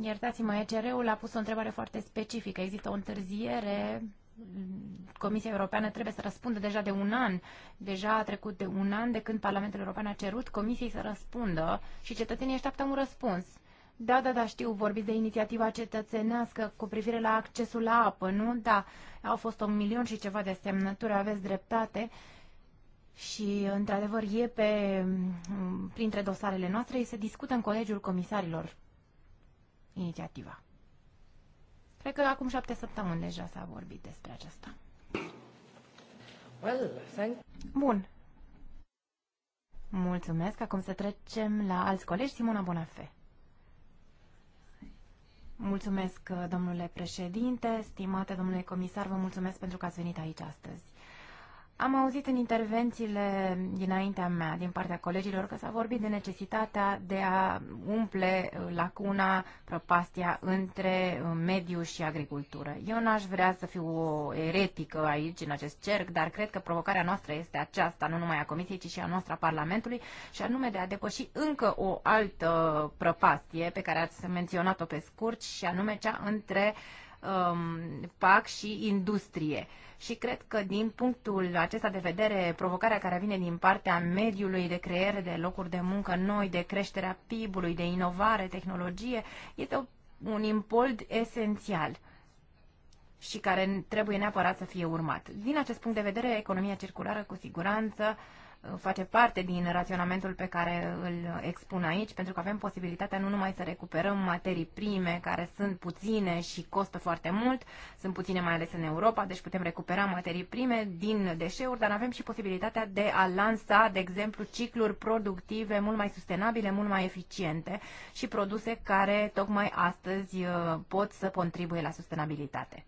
Iertați-mă, ECR-ul a pus o întrebare foarte specifică. Există o întârziere Comisia Europeană trebuie să răspundă deja de un an. Deja a trecut de un an de când Parlamentul European a cerut Comisiei să răspundă și cetățenii așteaptă un răspuns. Da, da, da, știu, vorbiți de inițiativa cetățenească cu privire la accesul la apă, nu? Da, au fost un milion și ceva de semnături, aveți dreptate. Și, într-adevăr, e pe, printre dosarele noastre, se discută în Colegiul Comisarilor inițiativa. Cred că acum șapte săptămâni deja s-a vorbit despre aceasta. Well, thank... Bun. Mulțumesc. Acum să trecem la alți colegi. Simona Bonafe. Mulțumesc, domnule președinte, stimate domnule comisar, vă mulțumesc pentru că ați venit aici astăzi. Am auzit în intervențiile dinaintea mea, din partea colegilor, că s-a vorbit de necesitatea de a umple lacuna, prăpastia între uh, mediu și agricultură. Eu n-aș vrea să fiu o eretică aici, în acest cerc, dar cred că provocarea noastră este aceasta, nu numai a Comisiei, ci și a noastră a Parlamentului, și anume de a depăși încă o altă prăpastie pe care ați menționat-o pe scurt, și anume cea între um, PAC și industrie. Uh, și cred că din punctul acesta de vedere, provocarea care vine din partea mediului de creere de locuri de muncă noi, de creșterea PIB-ului, de inovare, tehnologie, este un impold esențial și care trebuie neapărat să fie urmat. Din acest punct de vedere, economia circulară cu siguranță uh, face parte din raționamentul pe care îl expun aici, pentru că avem posibilitatea nu numai să recuperăm materii prime care sunt puține și costă foarte mult, sunt puține mai ales în Europa, deci putem recupera materii prime din deșeuri, dar avem și posibilitatea de a lansa, de exemplu, cicluri productive mult mai sustenabile, mult mai eficiente și produse care tocmai astăzi uh, pot să contribuie la sustenabilitate.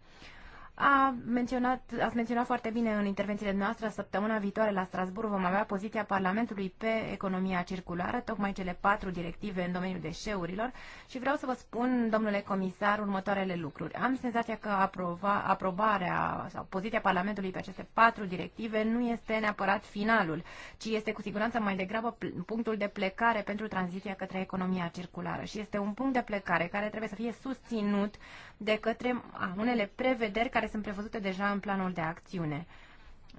A menționat, ați menționat foarte bine în intervențiile noastre, săptămâna viitoare la Strasburg vom avea poziția Parlamentului pe economia circulară, tocmai cele patru directive în domeniul deșeurilor și vreau să vă spun, domnule comisar, următoarele lucruri. Am senzația că aprova, aprobarea sau poziția Parlamentului pe aceste patru directive nu este neapărat finalul, ci este cu siguranță mai degrabă punctul de plecare pentru tranziția către economia circulară și este un punct de plecare care trebuie să fie susținut de către unele prevederi care sunt prevăzute deja în planul de acțiune.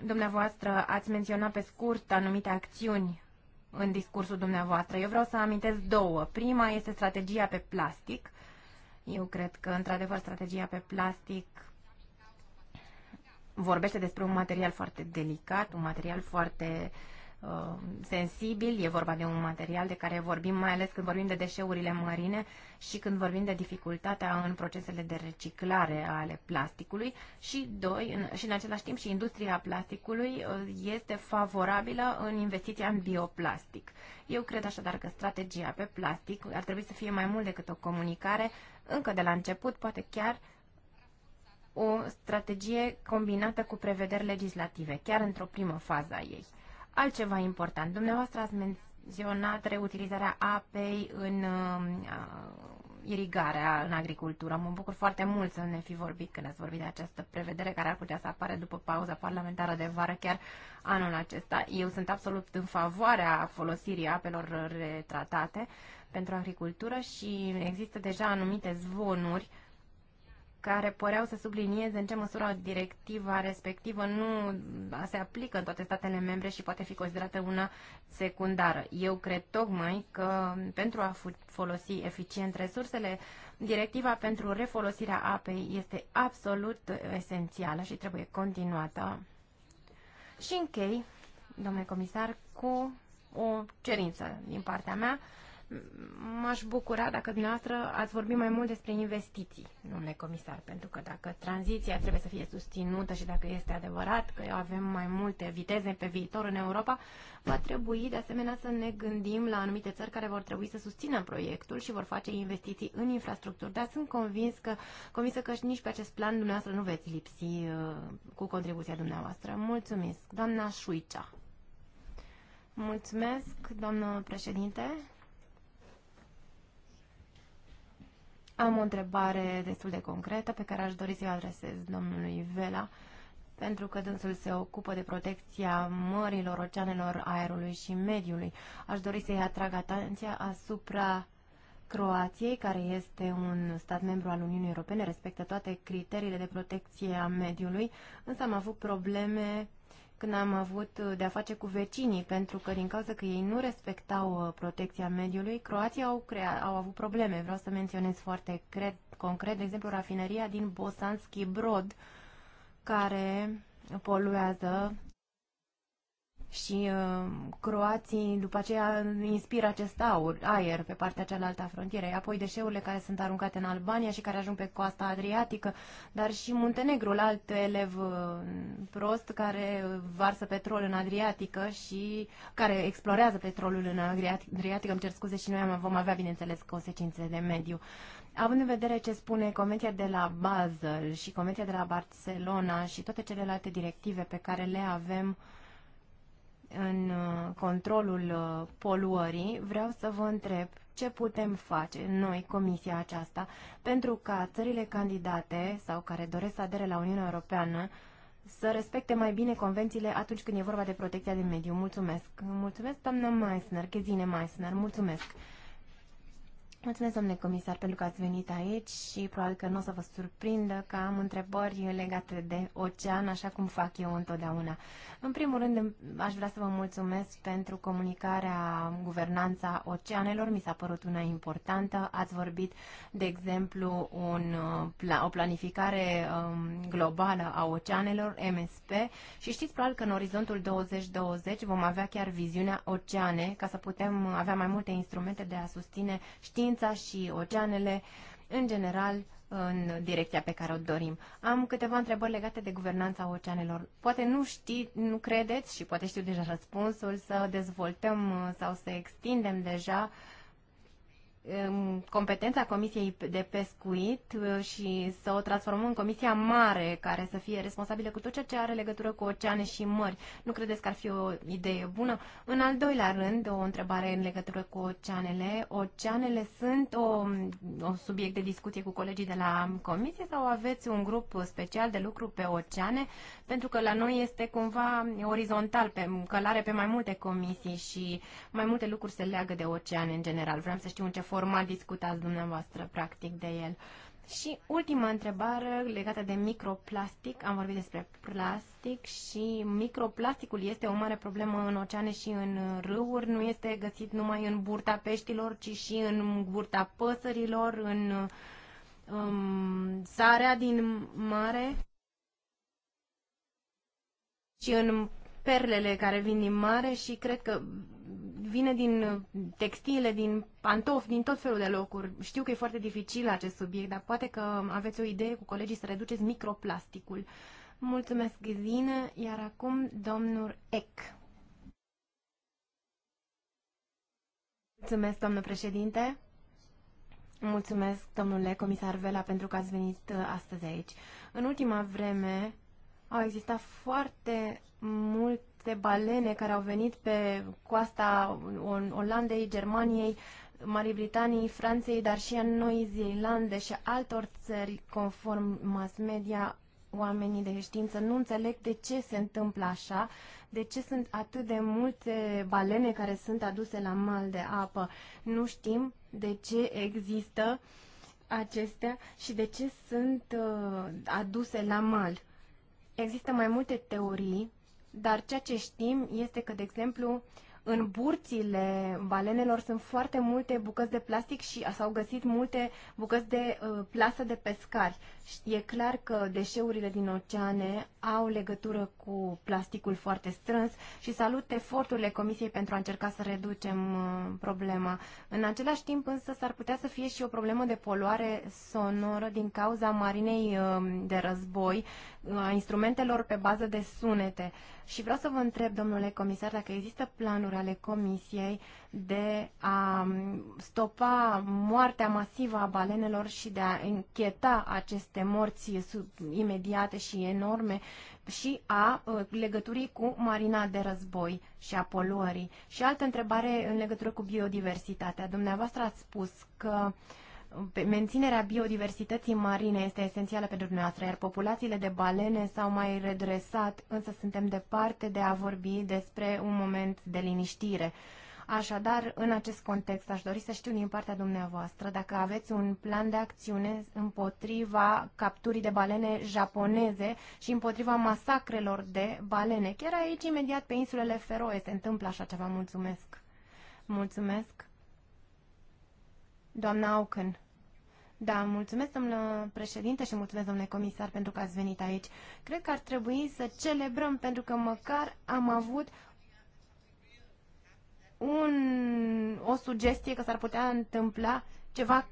Dumneavoastră ați menționat pe scurt anumite acțiuni în discursul dumneavoastră. Eu vreau să amintesc două. Prima este strategia pe plastic. Eu cred că, într-adevăr, strategia pe plastic vorbește despre un material foarte delicat, un material foarte uh, Uh, sensibil, e vorba de un material de care vorbim mai ales când vorbim de deșeurile mărine și când vorbim de dificultatea în procesele de reciclare ale plasticului și, doi, în, și în același timp și industria plasticului uh, este favorabilă în investiția în bioplastic. Eu cred așadar că strategia pe plastic ar trebui să fie mai mult decât o comunicare încă de la început, poate chiar o strategie combinată cu prevederi legislative, chiar într-o primă fază a ei. Altceva important, dumneavoastră ați menționat reutilizarea apei în uh, irigarea în agricultură. Mă bucur foarte mult să ne fi vorbit când ați vorbit de această prevedere care ar putea să apare după pauza parlamentară de vară chiar anul acesta. Eu sunt absolut în favoarea folosirii apelor retratate pentru agricultură și există deja anumite zvonuri uh, care păreau să sublinieze în ce măsură directiva respectivă nu se aplică în toate statele membre și poate fi considerată una secundară. Eu cred tocmai că pentru a folosi eficient resursele, directiva pentru refolosirea apei este absolut esențială și trebuie continuată. Și închei, domnule comisar, cu o cerință din partea mea m-aș bucura dacă dumneavoastră ați vorbit mai mult despre investiții, domnule comisar, pentru că dacă tranziția trebuie să fie susținută și dacă este adevărat că avem mai multe viteze pe viitor în Europa, va trebui de asemenea să ne gândim la anumite țări care vor trebui să susțină proiectul și vor face investiții în infrastructuri, dar sunt convins că, convinsă că nici pe acest plan dumneavoastră nu veți lipsi uh, cu contribuția dumneavoastră. Mulțumesc, doamna Șuicea. Mulțumesc, doamnă președinte. Am o întrebare destul de concretă pe care aș dori să-i adresez domnului Vela, pentru că dânsul se ocupă de protecția mărilor, oceanelor, aerului și mediului. Aș dori să-i atrag atenția asupra Croației, care este un stat membru al Uniunii Europene, respectă toate criteriile de protecție a mediului, însă am avut probleme când am avut uh, de-a face cu vecinii, pentru că din cauza că ei nu respectau uh, protecția mediului, Croația au, crea, au avut probleme. Vreau să menționez foarte cred, concret, de exemplu, rafineria din Bosanski Brod, care poluează și uh, croații după aceea inspiră acest aur, aer pe partea cealaltă a frontierei, apoi deșeurile care sunt aruncate în Albania și care ajung pe coasta adriatică, dar și Muntenegrul, alt elev uh, prost care varsă petrol în Adriatică și care explorează petrolul în Adriatică, îmi cer scuze și noi vom avea, bineînțeles, consecințe de mediu. Având în vedere ce spune Convenția de la Basel și Convenția de la Barcelona și toate celelalte directive pe care le avem uh, în uh, controlul uh, poluării, vreau să vă întreb ce putem face noi, comisia aceasta, pentru ca țările candidate sau care doresc să adere la Uniunea Europeană să respecte mai bine convențiile atunci când e vorba de protecția de mediu. Mulțumesc! Mulțumesc, doamna Meissner, Ghezine Meissner, mulțumesc! Mulțumesc, domnule comisar, pentru că ați venit aici și probabil că nu o să vă surprindă că am întrebări legate de ocean, așa cum fac eu întotdeauna. În primul rând, aș vrea să vă mulțumesc pentru comunicarea, guvernanța oceanelor. Mi s-a părut una importantă. Ați vorbit, de exemplu, un, uh, o planificare um, globală a oceanelor, MSP, și știți probabil că în orizontul 2020 vom avea chiar viziunea oceane, ca să putem avea mai multe instrumente de a susține știința convergența și oceanele, în general, în direcția pe care o dorim. Am câteva întrebări legate de guvernanța oceanelor. Poate nu știți, nu credeți și poate știu deja răspunsul să dezvoltăm uh, sau să extindem deja uh, competența Comisiei de Pescuit uh, și să o transformăm în Comisia Mare, care să fie responsabilă cu tot ceea ce are legătură cu oceane și mări. Nu credeți că ar fi o idee bună? În al doilea rând, o întrebare în legătură cu oceanele. Oceanele sunt o, o subiect de discuție cu colegii de la Comisie sau aveți un grup special de lucru pe oceane? pentru că la noi este cumva orizontal, pe călare pe mai multe comisii și mai multe lucruri se leagă de ocean în general. Vreau să știu în ce format discutați dumneavoastră practic de el. Și ultima întrebare legată de microplastic. Am vorbit despre plastic și microplasticul este o mare problemă în oceane și în râuri. Nu este găsit numai în burta peștilor, ci și în burta păsărilor, în um, sarea din mare ci în perlele care vin din mare și cred că vine din textile, din pantofi, din tot felul de locuri. Știu că e foarte dificil acest subiect, dar poate că aveți o idee cu colegii să reduceți microplasticul. Mulțumesc, Zine, iar acum domnul Eck. Mulțumesc, domnul președinte. Mulțumesc, domnule comisar Vela, pentru că ați venit uh, astăzi aici. În ultima vreme, au existat foarte multe balene care au venit pe coasta Olandei, Germaniei, Marii Britanii, Franței, dar și a Noi Zeelande și altor țări, conform mass media, oamenii de știință nu înțeleg de ce se întâmplă așa, de ce sunt atât de multe balene care sunt aduse la mal de apă. Nu știm de ce există acestea și de ce sunt uh, aduse la mal. Există mai multe teorii, dar ceea ce știm este că, de exemplu, în burțile balenelor sunt foarte multe bucăți de plastic și s-au găsit multe bucăți de uh, plasă de pescari. E clar că deșeurile din oceane au legătură cu plasticul foarte strâns și salut eforturile Comisiei pentru a încerca să reducem uh, problema. În același timp însă s-ar putea să fie și o problemă de poluare sonoră din cauza marinei uh, de război instrumentelor pe bază de sunete. Și vreau să vă întreb, domnule comisar, dacă există planuri ale comisiei de a stopa moartea masivă a balenelor și de a încheta aceste morți imediate și enorme și a ă, legăturii cu marina de război și a poluării. Și altă întrebare în legătură cu biodiversitatea. Dumneavoastră ați spus că uh, menținerea biodiversității marine este esențială pentru dumneavoastră, iar populațiile de balene s-au mai redresat, însă suntem departe de a vorbi despre un moment de liniștire. Așadar, în acest context, aș dori să știu din partea dumneavoastră dacă aveți un plan de acțiune împotriva capturii de balene japoneze și împotriva masacrelor de balene. Chiar aici, imediat pe insulele Feroe, se întâmplă așa ceva. Mulțumesc! Mulțumesc! Doamna Auken. Da, mulțumesc, domnule președinte, și mulțumesc, domnule comisar, pentru că ați venit aici. Cred că ar trebui să celebrăm, pentru că măcar am avut un, o sugestie că s-ar putea întâmpla ceva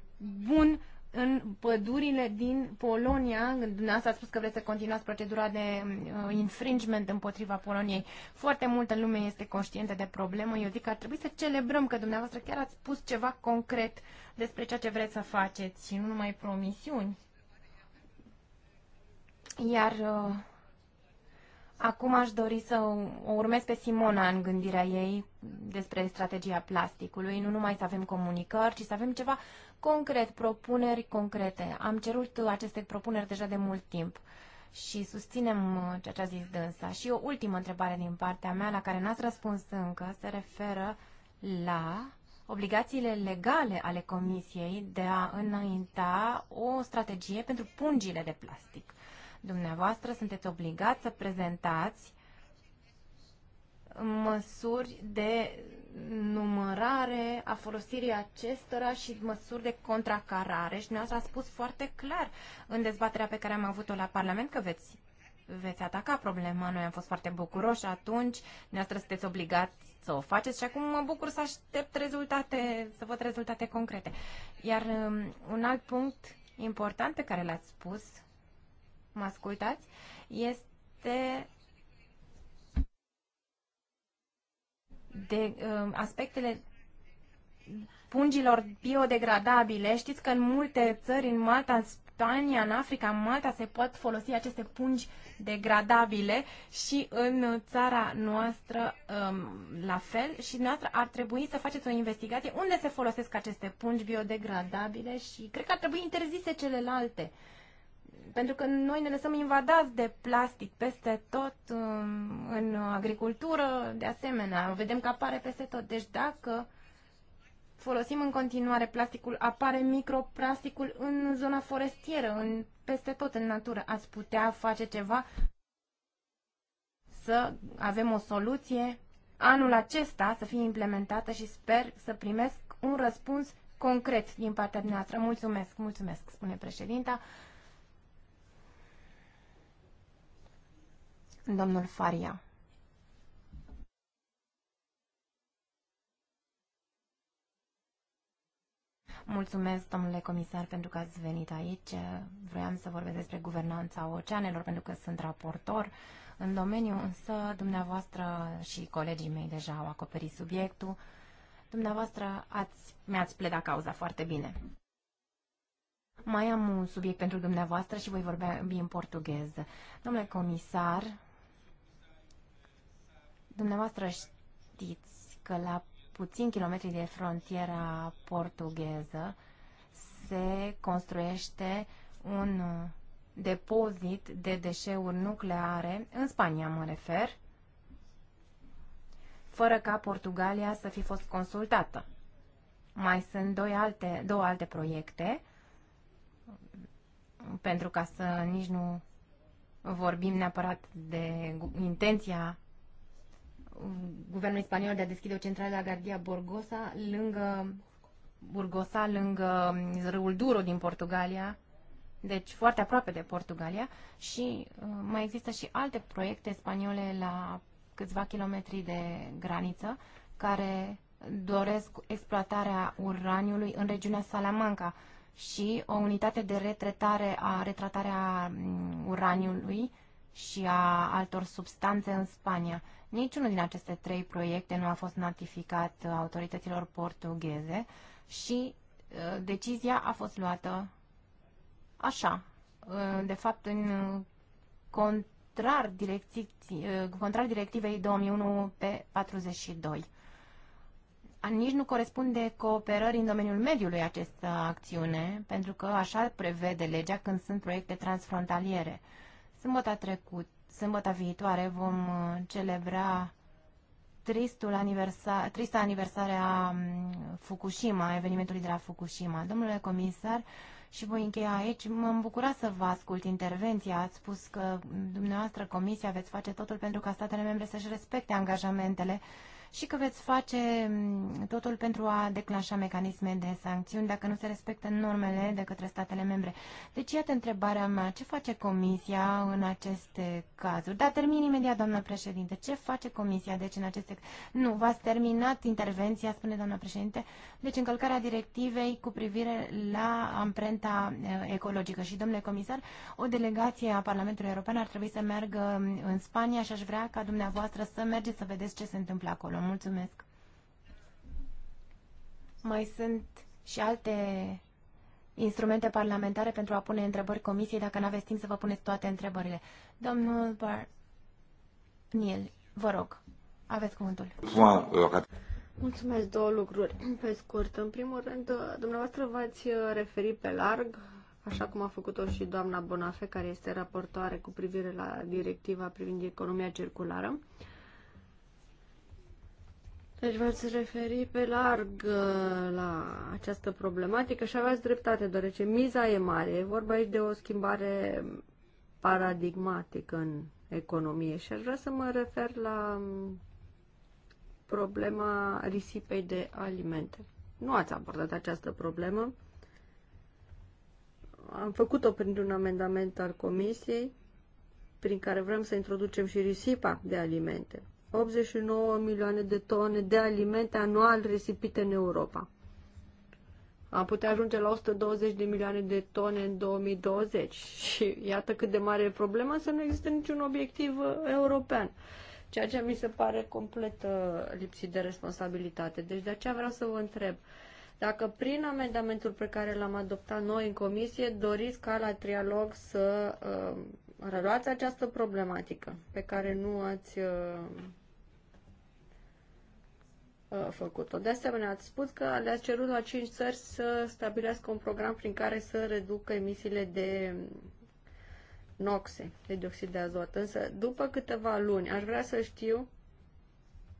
bun în pădurile din Polonia. Dumneavoastră a spus că vreți să continuați procedura de uh, infringement împotriva Poloniei. Foarte multă lume este conștientă de problemă. Eu zic că ar trebui să celebrăm că dumneavoastră chiar ați spus ceva concret despre ceea ce vreți să faceți și nu numai promisiuni. Iar uh, acum aș dori să o urmez pe Simona în gândirea ei despre strategia plasticului, nu numai să avem comunicări, ci să avem ceva concret, propuneri concrete. Am cerut aceste propuneri deja de mult timp și susținem uh, ceea ce a zis dânsa. Și o ultimă întrebare din partea mea, la care n-ați răspuns încă, se referă la obligațiile legale ale Comisiei de a înainta o strategie pentru pungile de plastic. Dumneavoastră sunteți obligați să prezentați măsuri de numărare a folosirii acestora și măsuri de contracarare și dumneavoastră a spus foarte clar în dezbaterea pe care am avut-o la Parlament că veți, veți ataca problema. Noi am fost foarte bucuroși atunci, dumneavoastră sunteți obligați să o faceți și acum mă bucur să aștept rezultate, să văd rezultate concrete. Iar um, un alt punct important pe care l-ați spus, mă ascultați, este de uh, aspectele pungilor biodegradabile. Știți că în multe țări, în Malta, în Spania, în Africa, în Malta, se pot folosi aceste pungi degradabile și în țara noastră um, la fel. Și noastră ar trebui să faceți o investigație unde se folosesc aceste pungi biodegradabile și cred că ar trebui interzise celelalte. Uh, pentru că noi ne lăsăm invadați de plastic peste tot um, în agricultură, de asemenea, vedem că apare peste tot. Deci dacă folosim în continuare plasticul, apare microplasticul în zona forestieră, în, peste tot în natură. Ați putea face ceva să avem o soluție anul acesta să fie implementată și sper să primesc un răspuns concret din partea dumneavoastră. Mulțumesc, mulțumesc, spune președinta. Domnul Faria. Mulțumesc, domnule comisar, pentru că ați venit aici. Vroiam să vorbesc despre guvernanța oceanelor, pentru că sunt raportor în domeniu, însă dumneavoastră și colegii mei deja au acoperit subiectul. Dumneavoastră ați, mi-ați pledat cauza foarte bine. Mai am un subiect pentru dumneavoastră și voi vorbea în portughez. Domnule comisar, Dumneavoastră știți că la puțin kilometri de frontiera portugheză se construiește un depozit de deșeuri nucleare, în Spania mă refer, fără ca Portugalia să fi fost consultată. Mai sunt doi alte, două alte proiecte, pentru ca să nici nu vorbim neapărat de intenția guvernul spaniol de a deschide o centrală la Gardia Borgosa, lângă Burgosa, lângă râul Duro din Portugalia, deci foarte aproape de Portugalia și uh, mai există și alte proiecte spaniole la câțiva kilometri de graniță care doresc exploatarea uraniului în regiunea Salamanca și o unitate de retratare a retratarea mm, uraniului și a altor substanțe în Spania. Niciunul din aceste trei proiecte nu a fost notificat uh, autorităților portugheze și uh, decizia a fost luată așa, uh, de fapt în contrar, direcții, contrar directivei 2001 pe 42. Nici nu corespunde cooperării în domeniul mediului această acțiune, pentru că așa prevede legea când sunt proiecte transfrontaliere. Sâmbăta trecut, sâmbăta viitoare vom uh, celebra tristul aniversa, trista aniversare a mm, Fukushima, evenimentului de la Fukushima. Domnule comisar, și voi încheia aici. M-am bucurat să vă ascult intervenția. Ați spus că dumneavoastră, Comisia, veți face totul pentru ca statele membre să-și respecte angajamentele și că veți face mm, totul pentru a declanșa mecanisme de sancțiuni dacă nu se respectă normele de către statele membre. Deci, iată întrebarea mea, ce face Comisia în aceste cazuri? Da, termin imediat, doamnă președinte. Ce face Comisia, deci, în aceste... Nu, v-ați terminat intervenția, spune doamna președinte. Deci, încălcarea directivei cu privire la amprenta eh, ecologică. Și, domnule comisar, o delegație a Parlamentului European ar trebui să meargă mm, în Spania și aș vrea ca dumneavoastră să mergeți să vedeți ce se întâmplă acolo. Mulțumesc. Mai sunt și alte instrumente parlamentare pentru a pune întrebări comisiei, dacă nu aveți timp să vă puneți toate întrebările. Domnul Bar... Niel, vă rog, aveți cuvântul. Mulțumesc două lucruri, pe scurt. În primul rând, dumneavoastră v-ați referit pe larg, așa cum a făcut-o și doamna Bonafe, care este raportoare cu privire la directiva privind economia circulară. Uh, deci v-ați referi pe larg uh, la această problematică și aveați dreptate, deoarece miza e mare. E vorba aici de o schimbare paradigmatică în economie și aș vrea să mă refer la um, problema risipei de alimente. Nu ați abordat această problemă. Am făcut-o printr-un amendament al Comisiei prin care vrem să introducem și risipa de alimente. 89 milioane de tone de alimente anual risipite în Europa. Am putea ajunge la 120 de milioane de tone în 2020 și iată cât de mare e problema să nu există niciun obiectiv uh, european ceea ce mi se pare complet uh, lipsit de responsabilitate. Deci de aceea vreau să vă întreb dacă prin amendamentul pe care l-am adoptat noi în comisie doriți ca la trialog să uh, reluați această problematică pe care nu ați uh, Uh, făcut-o. De asemenea, ați spus că le-ați cerut la cinci țări să stabilească un program prin care să reducă emisiile de noxe, de dioxid de azot. Însă, după câteva luni, aș vrea să știu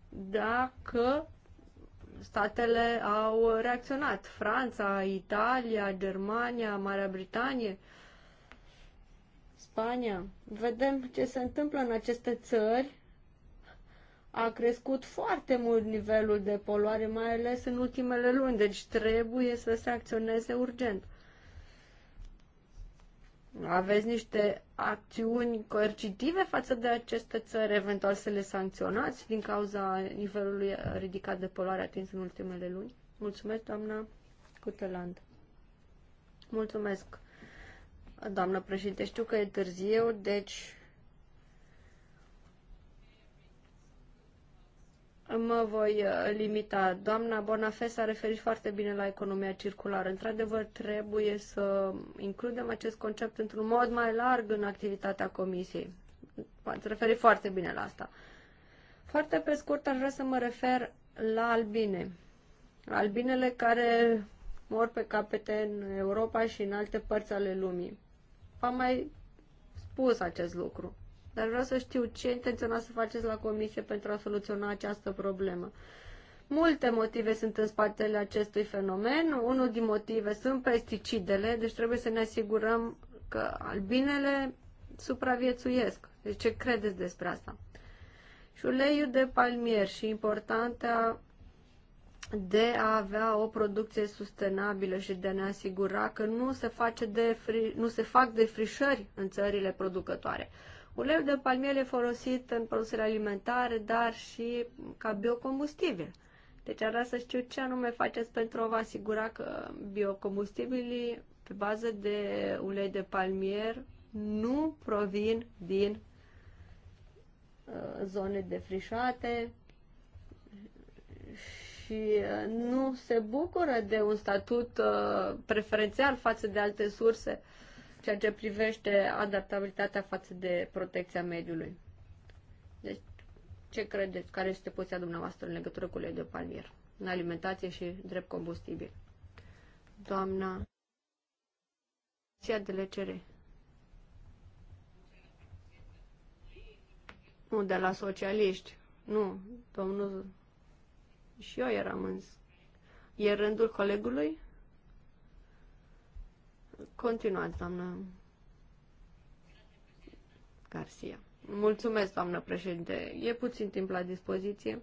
dacă statele au reacționat. Franța, Italia, Germania, Marea Britanie, Spania. Vedem ce se întâmplă în aceste țări a crescut foarte mult nivelul de poluare, mai ales în ultimele luni, deci trebuie să se acționeze urgent. Aveți niște acțiuni coercitive față de aceste țări, eventual să le sancționați din cauza nivelului ridicat de poluare atins în ultimele luni? Mulțumesc, doamna Cuteland. Mulțumesc, doamnă președinte. Știu că e târziu, deci mă voi uh, limita. Doamna Bonafé s-a referit foarte bine la economia circulară. Într-adevăr, trebuie să includem acest concept într-un mod mai larg în activitatea comisiei. V-ați referit foarte bine la asta. Foarte pe scurt, aș vrea să mă refer la albine. Albinele care mor pe capete în Europa și în alte părți ale lumii. V-am mai spus acest lucru. Dar vreau să știu ce intenționați să faceți la comisie pentru a soluționa această problemă. Multe motive sunt în spatele acestui fenomen. Unul din motive sunt pesticidele, deci trebuie să ne asigurăm că albinele supraviețuiesc. Deci ce credeți despre asta? Și uleiul de palmier și importanța de a avea o producție sustenabilă și de a ne asigura că nu se, face de fri, nu se fac defrișări în țările producătoare. Uleiul de palmier e folosit în produsele alimentare, dar și ca biocombustibil. Deci ar vrea să știu ce anume faceți pentru a vă asigura că biocombustibilii pe bază de ulei de palmier nu provin din uh, zone defrișate și uh, nu se bucură de un statut uh, preferențial față de alte surse ceea ce privește adaptabilitatea față de protecția mediului. Deci, ce credeți? Care este poziția dumneavoastră în legătură cu de palmier? În alimentație și drept combustibil. Doamna ția de Lecere. Nu, de la socialiști. Nu, domnul... Și eu eram în... E rândul colegului? Continuați, doamnă Garcia. Mulțumesc, doamnă președinte. E puțin timp la dispoziție.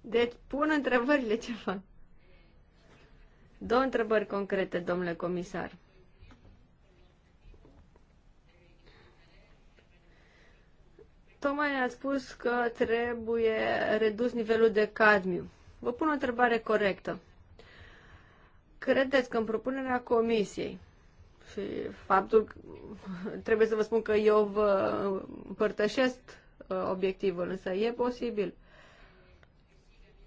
Deci, pun întrebările ce fac. Două întrebări concrete, domnule comisar. Tocmai ne-a spus că trebuie redus nivelul de cadmiu. Vă pun o întrebare corectă. Credeți că în propunerea comisiei și faptul că, trebuie să vă spun că eu vă împărtășesc uh, obiectivul, însă e posibil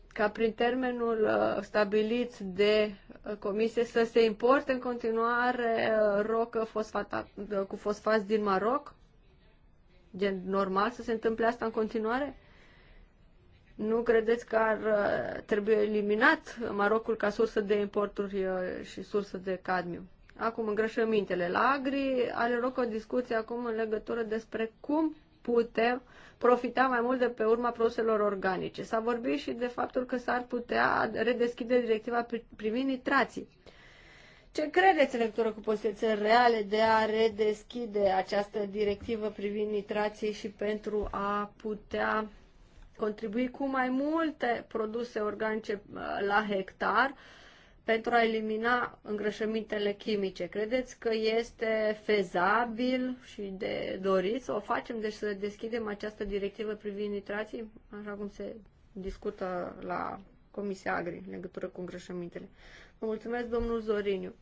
ca prin termenul uh, stabilit de uh, comisie să se importe în continuare rocă fosfata, cu fosfat din Maroc? Gen normal să se întâmple asta în continuare? Nu credeți că ar uh, trebui eliminat Marocul ca sursă de importuri uh, și sursă de cadmiu? Acum, îngrășămintele. La Agri are loc o discuție acum în legătură despre cum putem profita mai mult de pe urma produselor organice. S-a vorbit și de faptul că s-ar putea redeschide directiva privind nitrații. Ce credeți în legătură cu posibilitățile reale de a redeschide această directivă privind nitrații și pentru a putea contribui cu mai multe produse organice uh, la hectar pentru a elimina îngrășămintele chimice. Credeți că este fezabil și de dorit să o facem, deci să deschidem această directivă privind nitrații, așa cum se discută la Comisia Agri în legătură cu îngrășămintele. Vă mulțumesc, domnul Zoriniu.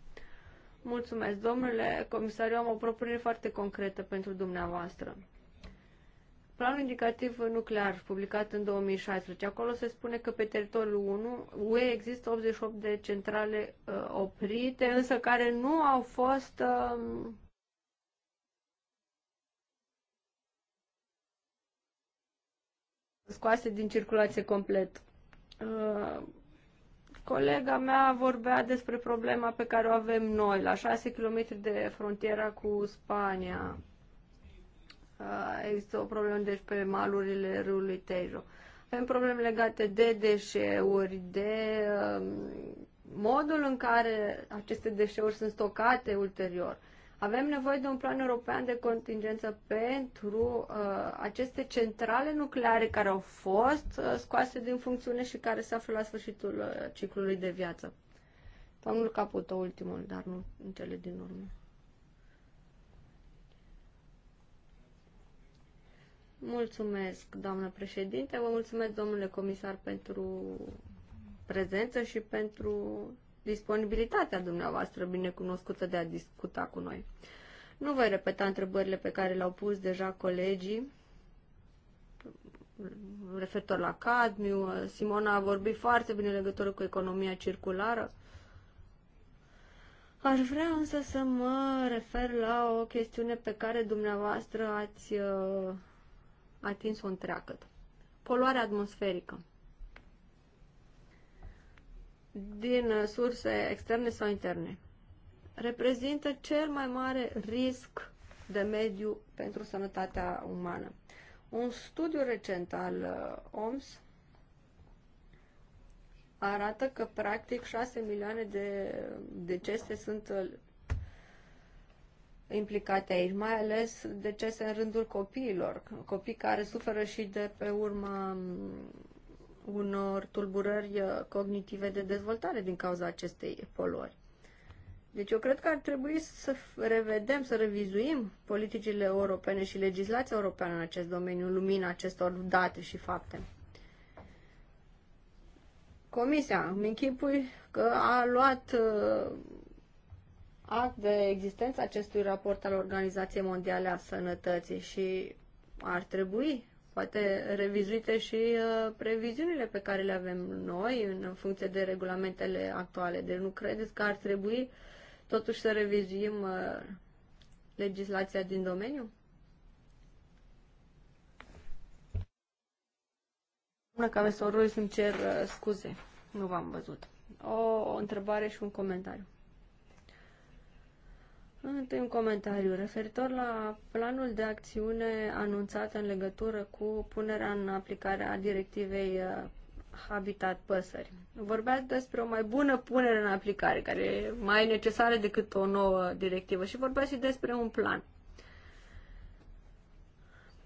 Mulțumesc, domnule eu am o propunere foarte concretă pentru dumneavoastră. Planul indicativ nuclear, publicat în 2016, acolo se spune că pe teritoriul 1 UE există 88 de centrale uh, oprite, însă care nu au fost uh, scoase din circulație complet. Uh, colega mea vorbea despre problema pe care o avem noi, la 6 km de frontiera cu Spania. Ah, există o problemă deci pe malurile râului Tejo. Avem probleme legate de deșeuri, de um, modul în care aceste deșeuri sunt stocate ulterior. Avem nevoie de un plan european de contingență pentru uh, aceste centrale nucleare care au fost uh, scoase din funcțiune și care se află la sfârșitul uh, ciclului de viață. Domnul Caputo, ultimul, dar nu în cele din urmă. Mulțumesc, doamnă președinte, vă mulțumesc, domnule comisar, pentru prezență și pentru disponibilitatea dumneavoastră binecunoscută de a discuta cu noi. Nu voi repeta întrebările pe care le-au pus deja colegii referitor la cadmiu. Simona a vorbit foarte bine legătură cu economia circulară. Aș vrea însă să mă refer la o chestiune pe care dumneavoastră ați uh, atins un treacăt. Poluarea atmosferică. Din uh, surse externe sau interne. Reprezintă cel mai mare risc de mediu pentru sănătatea umană. Un studiu recent al uh, OMS arată că practic 6 milioane de decese sunt uh, implicate aici, mai ales decese în rândul copiilor, copii care suferă și de pe urma mm, unor tulburări uh, cognitive de dezvoltare din cauza acestei poluări. Deci eu cred că ar trebui să revedem, să revizuim politicile europene și legislația europeană în acest domeniu, în lumina acestor date și fapte. Comisia, îmi închipui că a luat uh, act de existența acestui raport al Organizației Mondiale a Sănătății și ar trebui poate revizuite și uh, previziunile pe care le avem noi în funcție de regulamentele actuale. Deci nu credeți că ar trebui totuși să revizuim uh, legislația din domeniu? Bună, Cameson Ruiz, îmi cer uh, scuze. Nu v-am văzut. O, o întrebare și un comentariu. Întâi un comentariu referitor la planul de acțiune anunțat în legătură cu punerea în aplicare a directivei uh, Habitat Păsări. Vorbeați despre o mai bună punere în aplicare, care e mai necesară decât o nouă directivă și vorbeați și despre un plan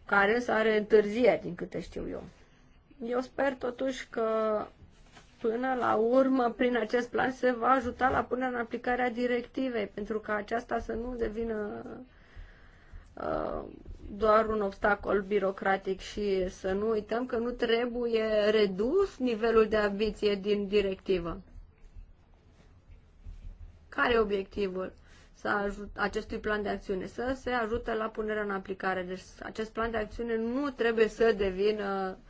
care însă are întârzieri, din câte știu eu. Eu sper totuși că Până la urmă, prin acest plan se va ajuta la punerea în aplicare a directivei, pentru ca aceasta să nu devină uh, doar un obstacol birocratic și să nu uităm că nu trebuie redus nivelul de ambiție din directivă. Care e obiectivul să ajut, acestui plan de acțiune? Să se ajute la punerea în aplicare. Deci acest plan de acțiune nu trebuie să devină uh,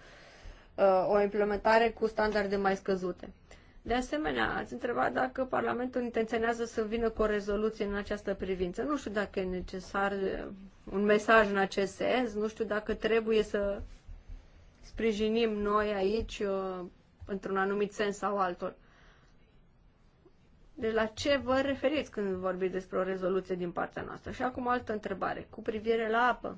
Uh, o implementare cu standarde mai scăzute. De asemenea, ați întrebat dacă Parlamentul intenționează să vină cu o rezoluție în această privință. Nu știu dacă e necesar uh, un mesaj în acest sens, nu știu dacă trebuie să sprijinim noi aici uh, într-un anumit sens sau altul. De deci la ce vă referiți când vorbiți despre o rezoluție din partea noastră? Și acum altă întrebare, cu privire la apă.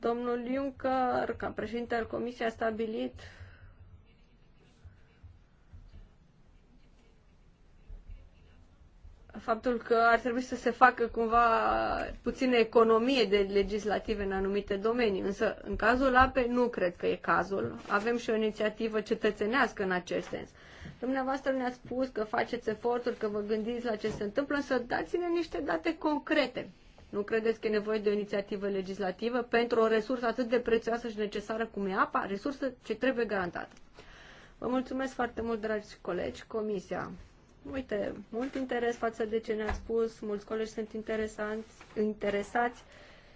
Domnul Juncker, ca președinte al Comisiei, a stabilit faptul că ar trebui să se facă cumva puține economie de legislative în anumite domenii, însă în cazul APE, nu cred că e cazul. Avem și o inițiativă cetățenească în acest sens. Dumneavoastră ne a spus că faceți eforturi, că vă gândiți la ce se întâmplă, însă dați-ne niște date concrete. Nu credeți că e nevoie de o inițiativă legislativă pentru o resursă atât de prețioasă și necesară cum e apa, resursă ce trebuie garantată? Vă mulțumesc foarte mult, dragi colegi, comisia. Uite, mult interes față de ce ne-a spus, mulți colegi sunt interesanți, interesați,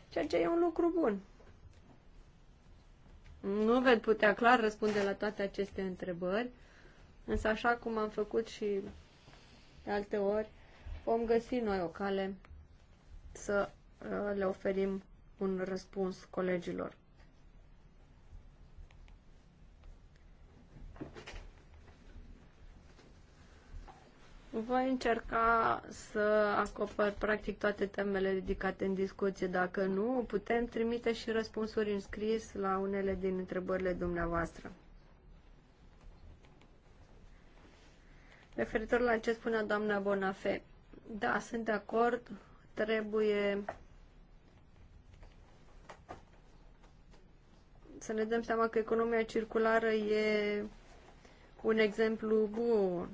ceea ce e un lucru bun. Nu ved putea clar răspunde la toate aceste întrebări, însă așa cum am făcut și de alte ori, vom găsi noi o cale să uh, le oferim un răspuns colegilor. Voi încerca să acopăr practic toate temele ridicate în discuție. Dacă nu, putem trimite și răspunsuri în scris la unele din întrebările dumneavoastră. Referitor la ce spunea doamna Bonafe. da, sunt de acord trebuie să ne dăm seama că economia circulară e un exemplu bun.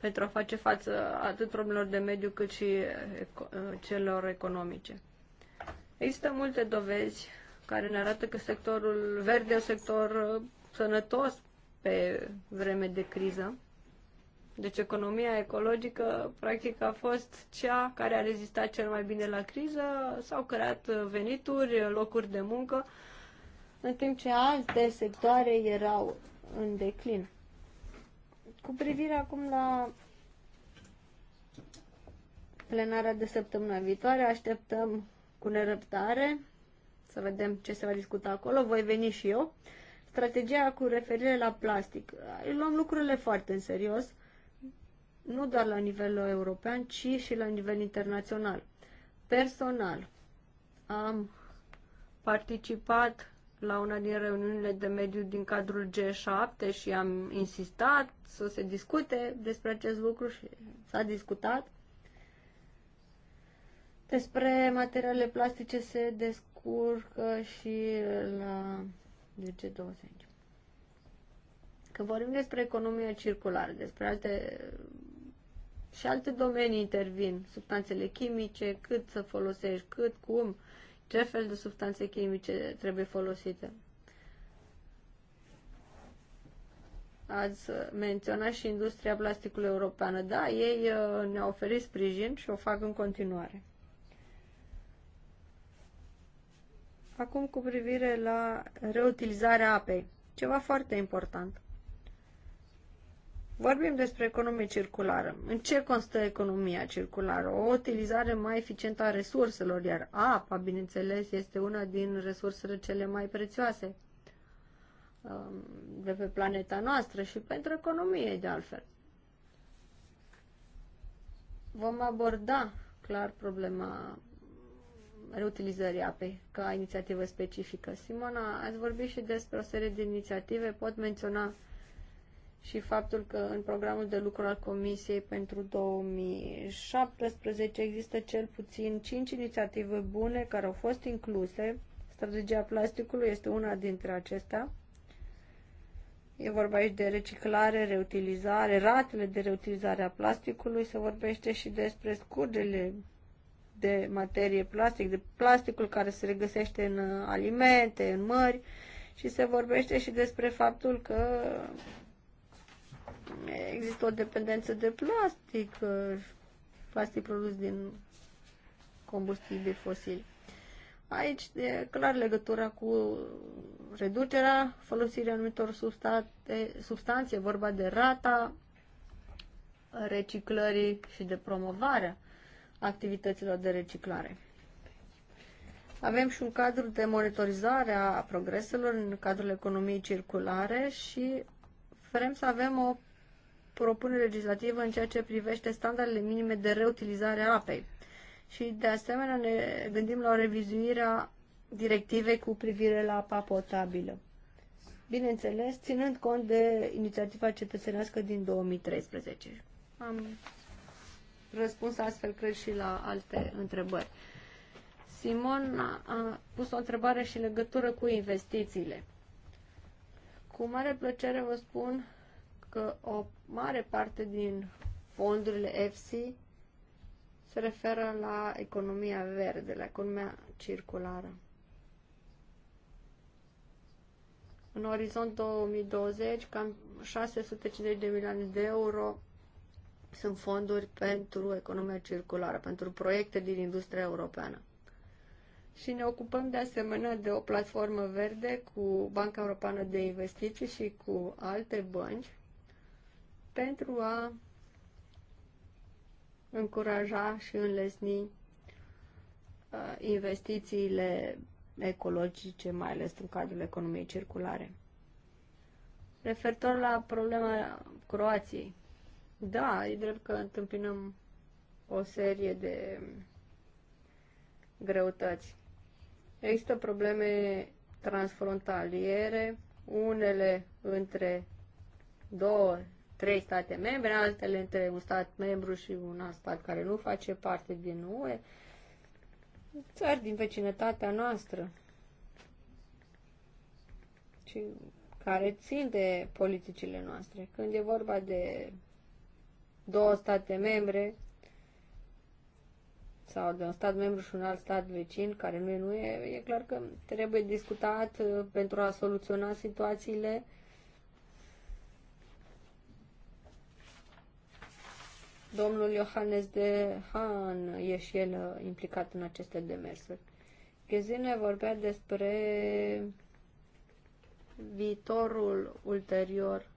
pentru a face față atât problemelor de mediu cât și celor economice. Există multe dovezi care ne arată că sectorul verde e un sector uh, sănătos pe vreme de criză. Deci economia ecologică practic a fost cea care a rezistat cel mai bine la criză, s-au creat venituri, locuri de muncă, în timp ce alte sectoare erau în declin. Cu privire acum la plenarea de săptămâna viitoare, așteptăm cu nerăbdare să vedem ce se va discuta acolo. Voi veni și eu. Strategia cu referire la plastic. Luăm lucrurile foarte în serios. Uh, nu doar la nivel european, ci și la nivel internațional. Personal, am participat la una din reuniunile de mediu din cadrul G7 și am insistat să se discute despre acest lucru și s-a discutat. Despre materiale plastice se descurcă și la g 20 Când vorbim despre economia circulară, despre alte și alte domenii intervin, substanțele chimice, cât să folosești, cât, cum, ce fel de substanțe chimice trebuie folosite. Ați menționat și industria plasticului europeană. Da, ei uh, ne-au oferit sprijin și o fac în continuare. Acum cu privire la reutilizarea apei. Ceva foarte important. Vorbim despre economie circulară. În ce constă economia circulară? O utilizare mai eficientă a resurselor, iar apa, bineînțeles, este una din resursele cele mai prețioase um, de pe planeta noastră și pentru economie, de altfel. Vom aborda clar problema reutilizării apei ca inițiativă specifică. Simona, ați vorbit și despre o serie de inițiative, pot menționa și faptul că în programul de lucru al Comisiei pentru 2017 există cel puțin 5 inițiative bune care au fost incluse. Strategia plasticului este una dintre acestea. E vorba aici de reciclare, reutilizare, ratele de reutilizare a plasticului, se vorbește și despre scurgele de materie plastic, de plasticul care se regăsește în alimente, în mări și se vorbește și despre faptul că există o dependență de plastic, uh, plastic produs din combustibili fosili. Aici e clar legătura cu reducerea folosirii anumitor substate, substanțe, vorba de rata reciclării și de promovarea activităților de reciclare. Avem și un cadru de monitorizare a progreselor în cadrul economiei circulare și vrem să avem o propunere legislativă în ceea ce privește standardele minime de reutilizare a apei. Și de asemenea ne gândim la o revizuire a directivei cu privire la apa potabilă. Bineînțeles, ținând cont de inițiativa cetățenească din 2013. Am răspuns astfel, cred, și la alte întrebări. Simon a pus o întrebare și în legătură cu investițiile. Cu mare plăcere vă spun că o mare parte din fondurile EFSI se referă la economia verde, la economia circulară. În orizont 2020, cam 650 de milioane de euro sunt fonduri pentru economia circulară, pentru proiecte din industria europeană. Și ne ocupăm de asemenea de o platformă verde cu Banca Europeană de Investiții și cu alte bănci pentru a încuraja și înlesni uh, investițiile ecologice, mai ales în cadrul economiei circulare. Referitor la problema Croației, da, e drept că întâmpinăm o serie de greutăți. Există probleme transfrontaliere, unele între două trei state membre, altele între un stat membru și un alt stat care nu face parte din UE, țări din vecinătatea noastră și care țin de politicile noastre. Când e vorba de două state membre sau de un stat membru și un alt stat vecin care nu e, nu e, e clar că trebuie discutat uh, pentru a soluționa situațiile uh, Domnul Iohannes de Han e și el uh, implicat în aceste demersuri. Ghezine vorbea despre viitorul ulterior,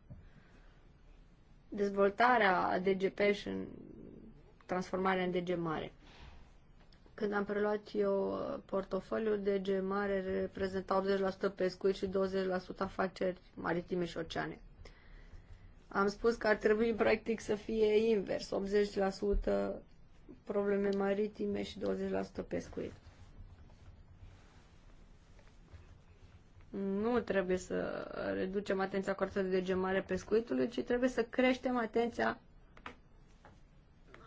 dezvoltarea DGP și în transformarea în DG Mare. Când am preluat eu uh, portofoliul, DG Mare reprezenta 80% pescuit și 20% afaceri maritime și oceane. Am spus că ar trebui practic să fie invers, 80% probleme maritime și 20% pescuit. Nu trebuie să reducem atenția cu de gemare pescuitului, ci trebuie să creștem atenția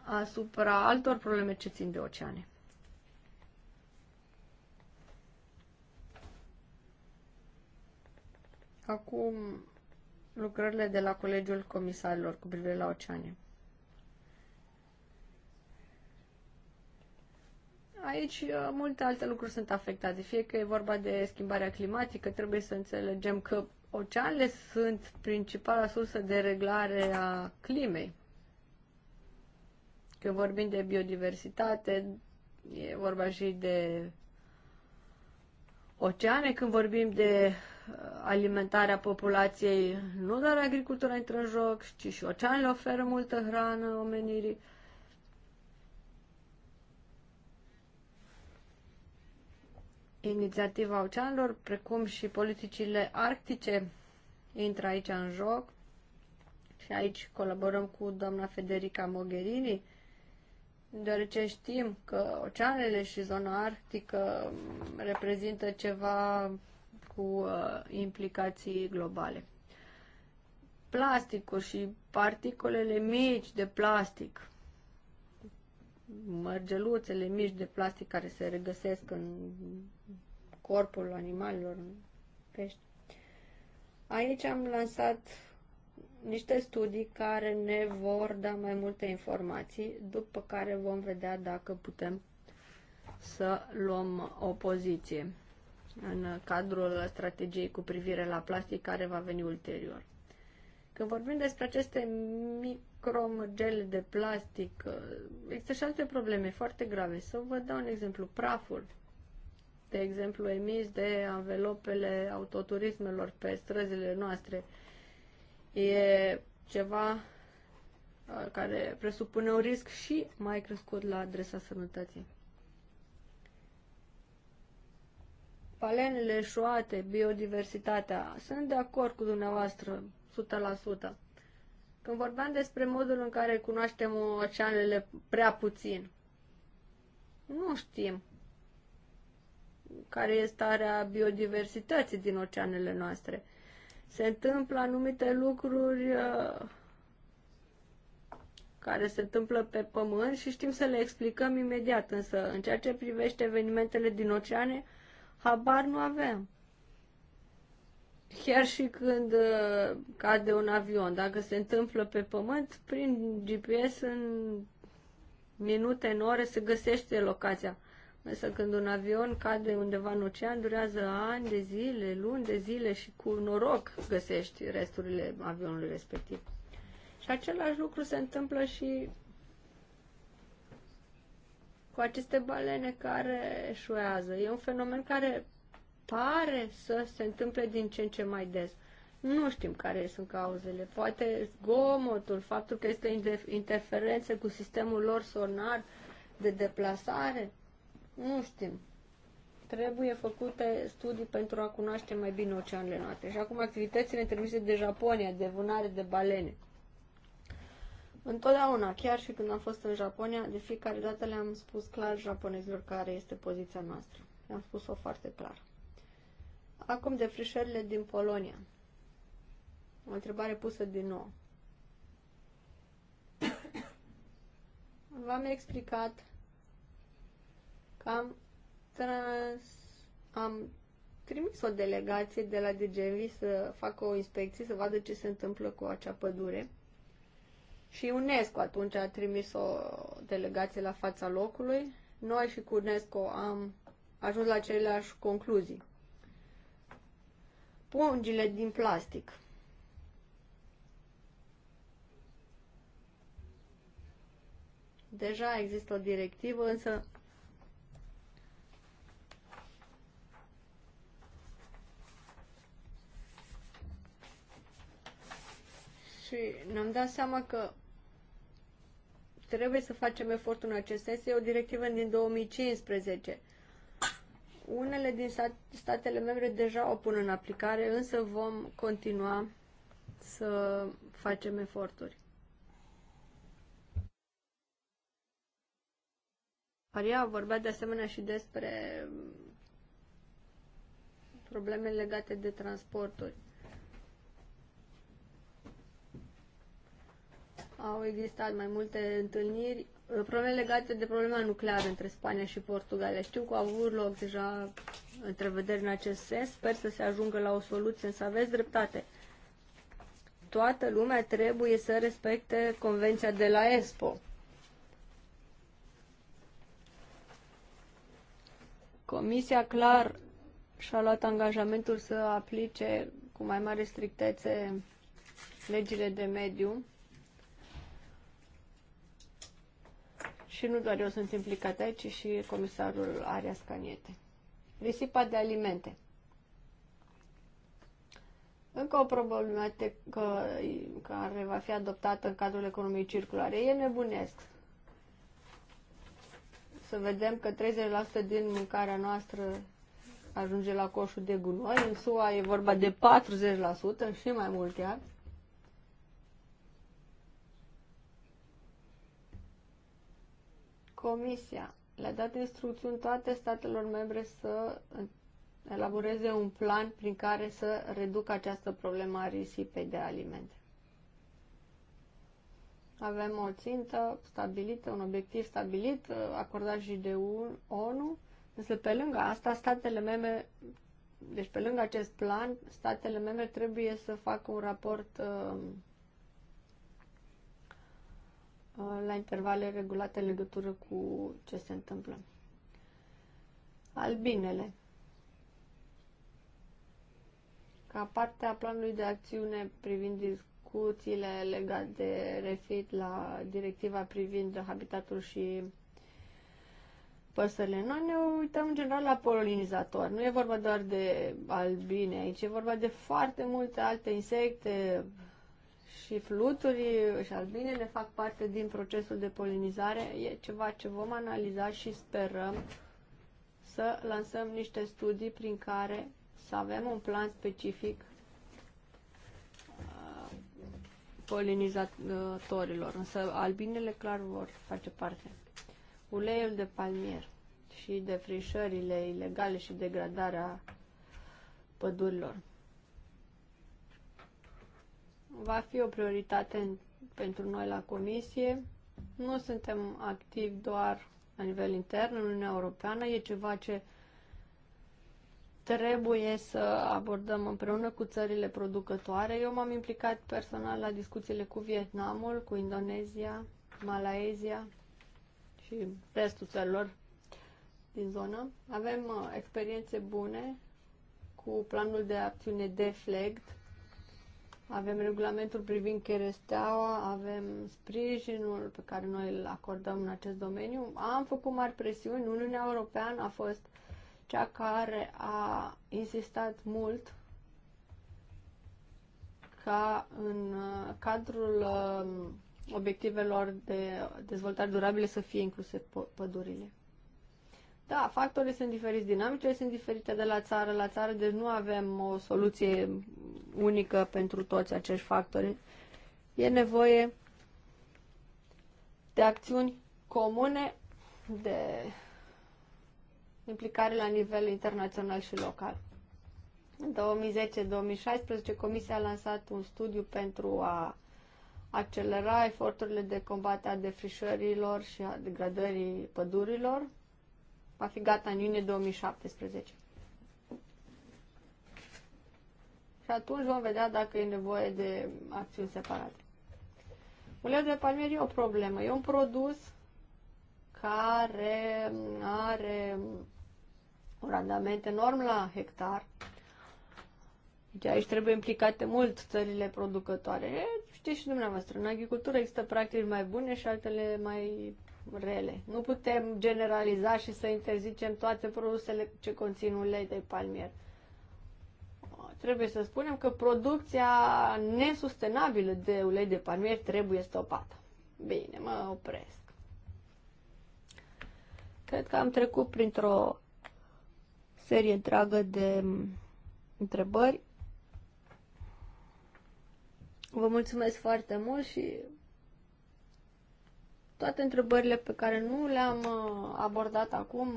asupra altor probleme ce țin de oceane. Acum, lucrările de la Colegiul Comisarilor cu privire la oceane. Aici uh, multe alte lucruri sunt afectate, fie că e vorba de schimbarea climatică, trebuie să înțelegem că oceanele sunt principala sursă de reglare a climei. Când vorbim de biodiversitate, e vorba și de oceane, când vorbim de alimentarea populației, nu doar agricultura intră în joc, ci și oceanele oferă multă hrană omenirii. Inițiativa oceanelor, precum și politicile arctice, intră aici în joc. Și aici colaborăm cu doamna Federica Mogherini, deoarece știm că oceanele și zona arctică reprezintă ceva cu uh, implicații globale. Plasticul și particolele mici de plastic, mărgeluțele mici de plastic care se regăsesc în corpul animalelor, în pești. Aici am lansat niște studii care ne vor da mai multe informații, după care vom vedea dacă putem să luăm o poziție în cadrul strategiei cu privire la plastic care va veni ulterior. Când vorbim despre aceste micromodele de plastic, există și alte probleme foarte grave. Să vă dau un exemplu. Praful, de exemplu, emis de anvelopele autoturismelor pe străzile noastre, e ceva uh, care presupune un risc și mai crescut la adresa sănătății. balenele șoate, biodiversitatea. Sunt de acord cu dumneavoastră, 100%. Când vorbeam despre modul în care cunoaștem oceanele prea puțin, nu știm care este starea biodiversității din oceanele noastre. Se întâmplă anumite lucruri uh, care se întâmplă pe pământ și știm să le explicăm imediat, însă în ceea ce privește evenimentele din oceane, Habar nu avem. Chiar și când uh, cade un avion, dacă se întâmplă pe pământ, prin GPS în minute, în ore se găsește locația. Însă când un avion cade undeva în ocean, durează ani de zile, luni de zile și cu noroc găsești resturile avionului respectiv. Și același lucru se întâmplă și cu aceste balene care eșuează. E un fenomen care pare să se întâmple din ce în ce mai des. Nu știm care sunt cauzele. Poate zgomotul, faptul că este interferențe cu sistemul lor sonar de deplasare. Nu știm. Trebuie făcute studii pentru a cunoaște mai bine oceanele noastre. Și acum activitățile trimise de Japonia, de vânare de balene. Întotdeauna, chiar și când am fost în Japonia, de fiecare dată le-am spus clar japonezilor care este poziția noastră. Le-am spus-o foarte clar. Acum de frișările din Polonia. O întrebare pusă din nou. V-am explicat că am, trans, am trimis o delegație de la DGV să facă o inspecție, să vadă ce se întâmplă cu acea pădure. Și UNESCO atunci a trimis o delegație la fața locului. Noi și cu UNESCO am ajuns la aceleași concluzii. Pungile din plastic. Deja există o directivă, însă și ne-am dat seama că trebuie să facem efortul în acest sens. E o directivă din 2015. Unele din statele membre deja o pun în aplicare, însă vom continua să facem eforturi. Maria a vorbit de asemenea și despre probleme legate de transporturi. au existat mai multe întâlniri, uh, probleme legate de problema nucleară între Spania și Portugalia. Știu că au avut loc deja întrevederi în acest sens. Sper să se ajungă la o soluție, însă aveți dreptate. Toată lumea trebuie să respecte convenția de la ESPO. Comisia clar și-a luat angajamentul să aplice cu mai mare strictețe legile de mediu Și nu doar eu sunt implicat aici, ci și comisarul Arias Caniete. Risipa de alimente. Încă o problematică care va fi adoptată în cadrul economiei circulare. E nebunesc să vedem că 30% din mâncarea noastră ajunge la coșul de gunoi. În SUA e vorba de 40% și mai mult chiar. Comisia le-a dat instrucțiuni toate statelor membre să elaboreze un plan prin care să reducă această problemă a risipei de alimente. Avem o țintă stabilită, un obiectiv stabilit, acordat și de ONU, însă pe lângă asta statele membre, deci pe lângă acest plan, statele membre trebuie să facă un raport uh, la intervale regulate în legătură cu ce se întâmplă. Albinele. Ca parte a planului de acțiune privind discuțiile legate de refit la directiva privind habitatul și păsările. Noi ne uităm în general la polinizator. Nu e vorba doar de albine aici, e vorba de foarte multe alte insecte, și fluturii și albinele fac parte din procesul de polinizare. E ceva ce vom analiza și sperăm să lansăm niște studii prin care să avem un plan specific uh, polinizatorilor, însă albinele clar vor face parte. Uleiul de palmier și defrișările ilegale și degradarea pădurilor va fi o prioritate în, pentru noi la Comisie. Nu suntem activi doar la nivel intern în Uniunea Europeană, e ceva ce trebuie să abordăm împreună cu țările producătoare. Eu m-am implicat personal la discuțiile cu Vietnamul, cu Indonezia, Malaezia și restul țărilor din zonă. Avem uh, experiențe bune cu planul de acțiune DEFLEGT, avem regulamentul privind cheresteaua, avem sprijinul pe care noi îl acordăm în acest domeniu. Am făcut mari presiuni, Uniunea Europeană a fost cea care a insistat mult ca în uh, cadrul uh, obiectivelor de dezvoltare durabile să fie incluse pădurile. Da, factorii sunt diferiți, dinamicile sunt diferite de la țară la țară, deci nu avem o soluție unică pentru toți acești factori. E nevoie de acțiuni comune, de implicare la nivel internațional și local. În 2010-2016, Comisia a lansat un studiu pentru a accelera eforturile de combate a defrișărilor și a degradării pădurilor va fi gata în iunie 2017. Și atunci vom vedea dacă e nevoie de acțiuni separate. Uleiul de palmier e o problemă. E un produs care are un randament enorm la hectar. De deci aici trebuie implicate mult țările producătoare. Știți și dumneavoastră, în agricultură există practici mai bune și altele mai rele. Nu putem generaliza și să interzicem toate produsele ce conțin ulei de palmier. Trebuie să spunem că producția nesustenabilă de ulei de palmier trebuie stopată. Bine, mă opresc. Cred că am trecut printr-o serie întreagă de întrebări. Vă mulțumesc foarte mult și toate întrebările pe care nu le-am uh, abordat acum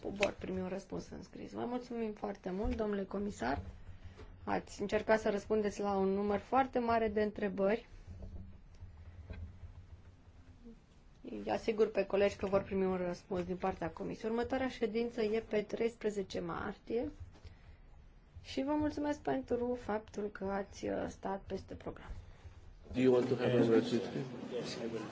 vor uh, primi un răspuns în scris. Vă mulțumim foarte mult, domnule comisar. Ați încercat să răspundeți la un număr foarte mare de întrebări. Îi asigur pe colegi că vor primi un răspuns din partea comisiei. Următoarea ședință e pe 13 martie și vă mulțumesc pentru faptul că ați uh, stat peste program. Do you want to have a yes, I will.